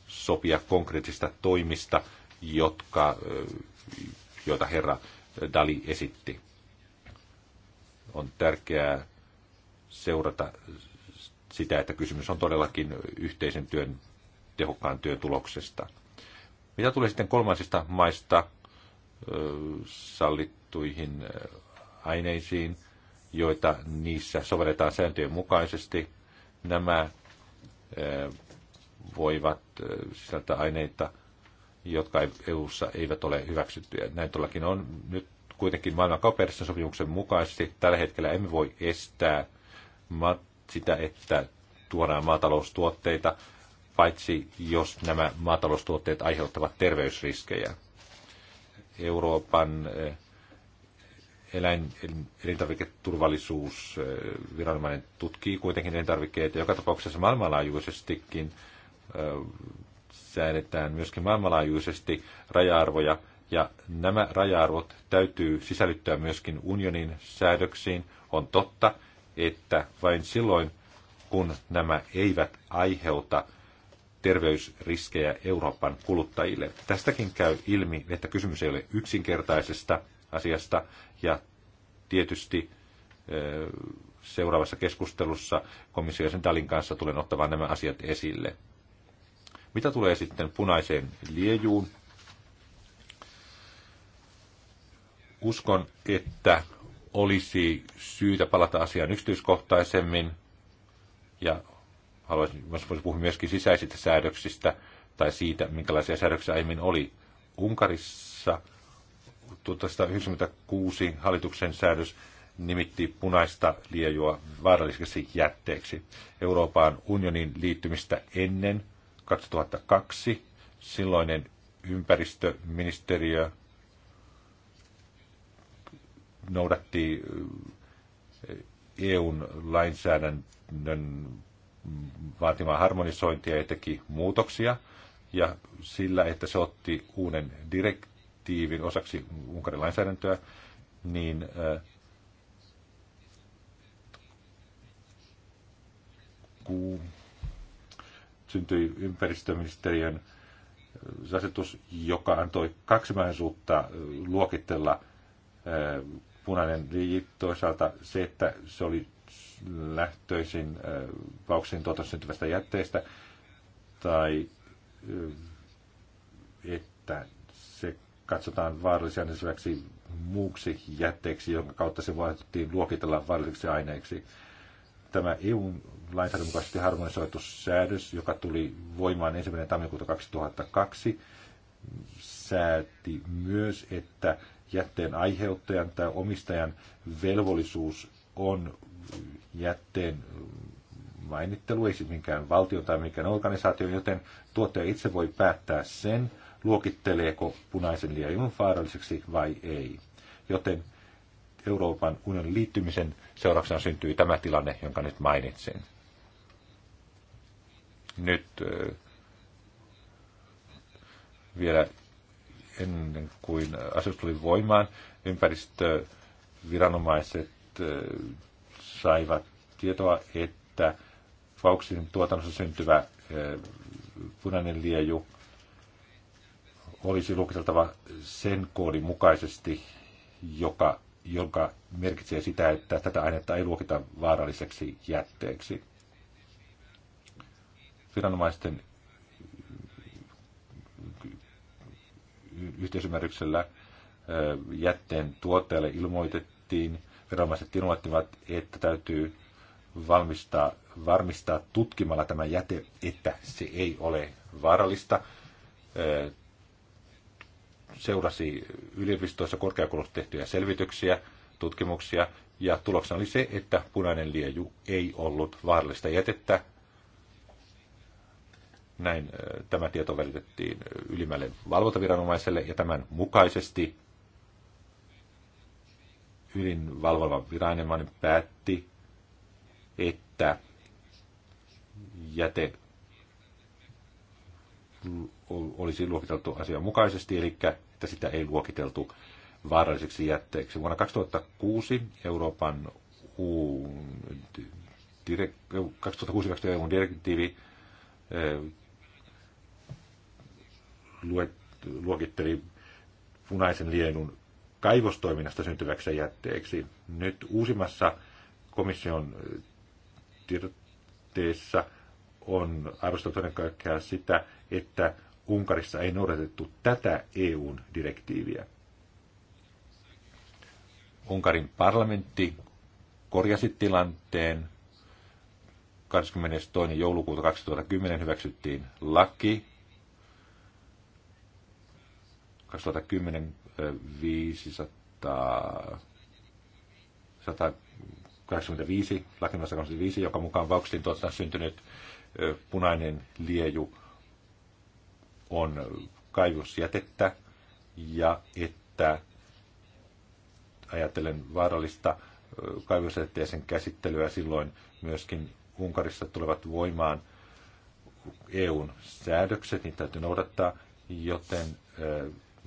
sopia konkreettista toimista, jotka, joita herra Dali esitti. On tärkeää seurata sitä, että kysymys on todellakin yhteisen työn, tehokkaan työn tuloksesta. Mitä tulee sitten kolmansista maista sallittuihin aineisiin, joita niissä sovelletaan sääntöjen mukaisesti, nämä voivat sisältää aineita, jotka EU:ssa eivät ole hyväksyttyjä. Näin todellakin on nyt kuitenkin maailman sopimuksen mukaisesti. Tällä hetkellä emme voi estää sitä, että tuodaan maataloustuotteita, paitsi jos nämä maataloustuotteet aiheuttavat terveysriskejä. Euroopan eh, eläin, elintarviketurvallisuusviranomainen eh, tutkii kuitenkin elintarvikkeita. Joka tapauksessa maailmanlaajuisestikin eh, säädetään myöskin maailmanlaajuisesti raja-arvoja, ja nämä raja-arvot täytyy sisällyttää myöskin unionin säädöksiin. On totta, että vain silloin, kun nämä eivät aiheuta terveysriskejä Euroopan kuluttajille. Tästäkin käy ilmi, että kysymys ei ole yksinkertaisesta asiasta ja tietysti seuraavassa keskustelussa komissio sen Dalin kanssa tulen ottamaan nämä asiat esille. Mitä tulee sitten punaiseen liejuun? Uskon, että olisi syytä palata asiaan yksityiskohtaisemmin ja haluaisin puhua myöskin sisäisistä säädöksistä tai siitä, minkälaisia säädöksiä aiemmin oli. Unkarissa 1996 hallituksen säädös nimitti punaista liejua vaaralliseksi jätteeksi. Euroopan unionin liittymistä ennen 2002 silloinen ympäristöministeriö noudatti EUn eh, e lainsäädännön vaatimaa harmonisointia ja teki muutoksia. Ja sillä, että se otti uuden direktiivin osaksi Unkarin lainsäädäntöä, niin eh, kun syntyi ympäristöministeriön eh, asetus, joka antoi kaksi luokitella punainen liiji, toisaalta se, että se oli lähtöisin vauksin tuotossa syntyvästä jätteestä, tai että se katsotaan vaarallisia muuksi jätteeksi, jonka kautta se voitiin luokitella vaaralliseksi aineeksi. Tämä EUn lainsäädännön mukaisesti harmonisoitu säädös, joka tuli voimaan 1. tammikuuta 2002, sääti myös, että jätteen aiheuttajan tai omistajan velvollisuus on jätteen mainittelu, ei siis minkään valtion tai minkään organisaation, joten tuottaja itse voi päättää sen, luokitteleeko punaisen liian vaaralliseksi vai ei. Joten Euroopan unionin liittymisen seurauksena syntyy tämä tilanne, jonka nyt mainitsin. Nyt vielä ennen kuin asetus tuli voimaan, ympäristöviranomaiset saivat tietoa, että Fauksin tuotannossa syntyvä punainen lieju olisi lukiteltava sen koodin mukaisesti, joka, joka merkitsee sitä, että tätä ainetta ei luokita vaaralliseksi jätteeksi. Viranomaisten yhteisymmärryksellä jätteen tuottajalle ilmoitettiin, viranomaiset ilmoittivat, että täytyy valmistaa, varmistaa tutkimalla tämä jäte, että se ei ole vaarallista. Seurasi yliopistoissa korkeakoulussa tehtyjä selvityksiä, tutkimuksia, ja tuloksena oli se, että punainen lieju ei ollut vaarallista jätettä, näin tämä tieto välitettiin ylimmälle valvontaviranomaiselle ja tämän mukaisesti ylin valvova viranomainen päätti, että jäte olisi luokiteltu mukaisesti eli että sitä ei luokiteltu vaaralliseksi jätteeksi. Vuonna 2006 Euroopan EU direktiivi luet, luokitteli punaisen lienun kaivostoiminnasta syntyväksi jätteeksi. Nyt uusimmassa komission tiedotteessa on arvosteltu ennen kaikkea sitä, että Unkarissa ei noudatettu tätä EUn direktiiviä. Unkarin parlamentti korjasi tilanteen. 22. joulukuuta 2010 hyväksyttiin laki, 2010 585, joka mukaan Vaukslin tuottaa syntynyt punainen lieju on kaivusjätettä ja että ajattelen vaarallista kaivosjätettä ja sen käsittelyä silloin myöskin Unkarissa tulevat voimaan EUn säädökset, niitä täytyy noudattaa, joten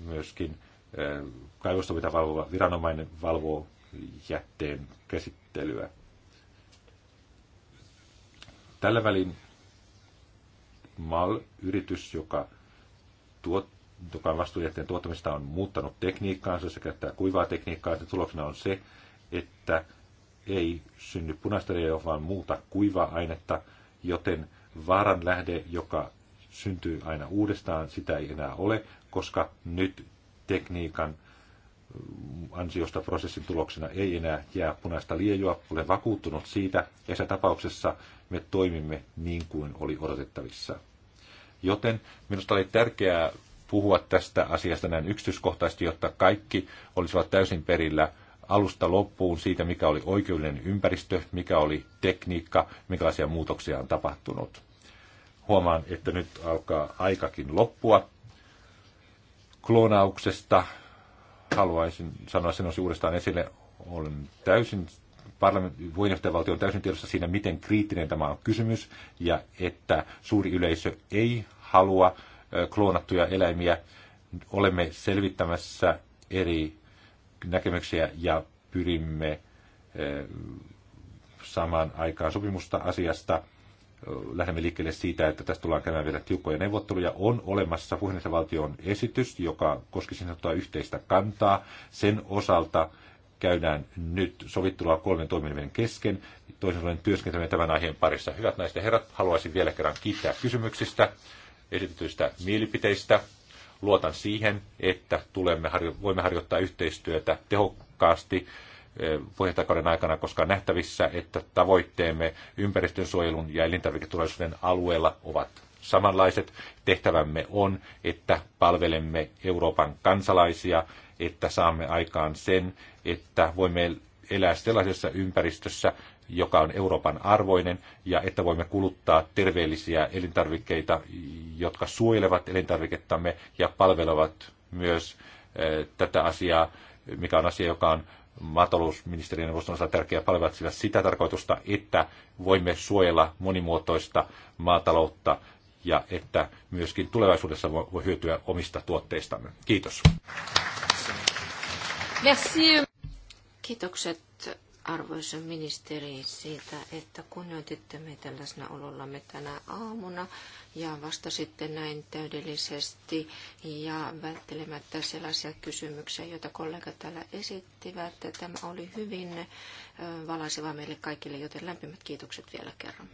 myöskin eh, kaivostoiminta valvova viranomainen valvoo jätteen käsittelyä. Tällä välin MAL-yritys, joka, tuot, joka vastuujätteen tuottamista on muuttanut tekniikkaansa, se käyttää kuivaa tekniikkaa, ja tuloksena on se, että ei synny punaista reiä vaan muuta kuivaa ainetta, joten vaaran lähde, joka syntyy aina uudestaan, sitä ei enää ole, koska nyt tekniikan mm, ansiosta prosessin tuloksena ei enää jää punaista liejua. Olen vakuuttunut siitä, ja se tapauksessa me toimimme niin kuin oli odotettavissa. Joten minusta oli tärkeää puhua tästä asiasta näin yksityiskohtaisesti, jotta kaikki olisivat täysin perillä alusta loppuun siitä, mikä oli oikeudellinen ympäristö, mikä oli tekniikka, minkälaisia muutoksia on tapahtunut. Huomaan, että nyt alkaa aikakin loppua kloonauksesta haluaisin sanoa sen osin uudestaan esille. Olen täysin puheenjohtajavaltio on täysin tiedossa siinä, miten kriittinen tämä on kysymys, ja että suuri yleisö ei halua kloonattuja eläimiä. Olemme selvittämässä eri näkemyksiä ja pyrimme samaan aikaan sopimusta asiasta lähdemme liikkeelle siitä, että tästä tullaan käymään vielä tiukkoja neuvotteluja. On olemassa puheenjohtajavaltion esitys, joka koski sanottua yhteistä kantaa. Sen osalta käydään nyt sovittelua kolmen toimielimen kesken. Toisin sanoen työskentelemme tämän aiheen parissa. Hyvät naiset ja herrat, haluaisin vielä kerran kiittää kysymyksistä, esitetyistä mielipiteistä. Luotan siihen, että tulemme, voimme harjoittaa yhteistyötä tehokkaasti Eh, puheenjohtajakauden aikana, koska on nähtävissä, että tavoitteemme ympäristönsuojelun ja elintarviketurvallisuuden alueella ovat samanlaiset. Tehtävämme on, että palvelemme Euroopan kansalaisia, että saamme aikaan sen, että voimme elää sellaisessa ympäristössä, joka on Euroopan arvoinen, ja että voimme kuluttaa terveellisiä elintarvikkeita, jotka suojelevat elintarvikettamme ja palvelevat myös eh, tätä asiaa, mikä on asia, joka on maatalousministeriön osalta tärkeää palvelevat sillä sitä tarkoitusta, että voimme suojella monimuotoista maataloutta ja että myöskin tulevaisuudessa voi hyötyä omista tuotteistamme. Kiitos. Merci. Kiitokset arvoisa ministeri, siitä, että kunnioititte meitä läsnäolollamme tänä aamuna ja vastasitte näin täydellisesti ja välttelemättä sellaisia kysymyksiä, joita kollegat täällä esittivät. Tämä oli hyvin äh, valaiseva meille kaikille, joten lämpimät kiitokset vielä kerran.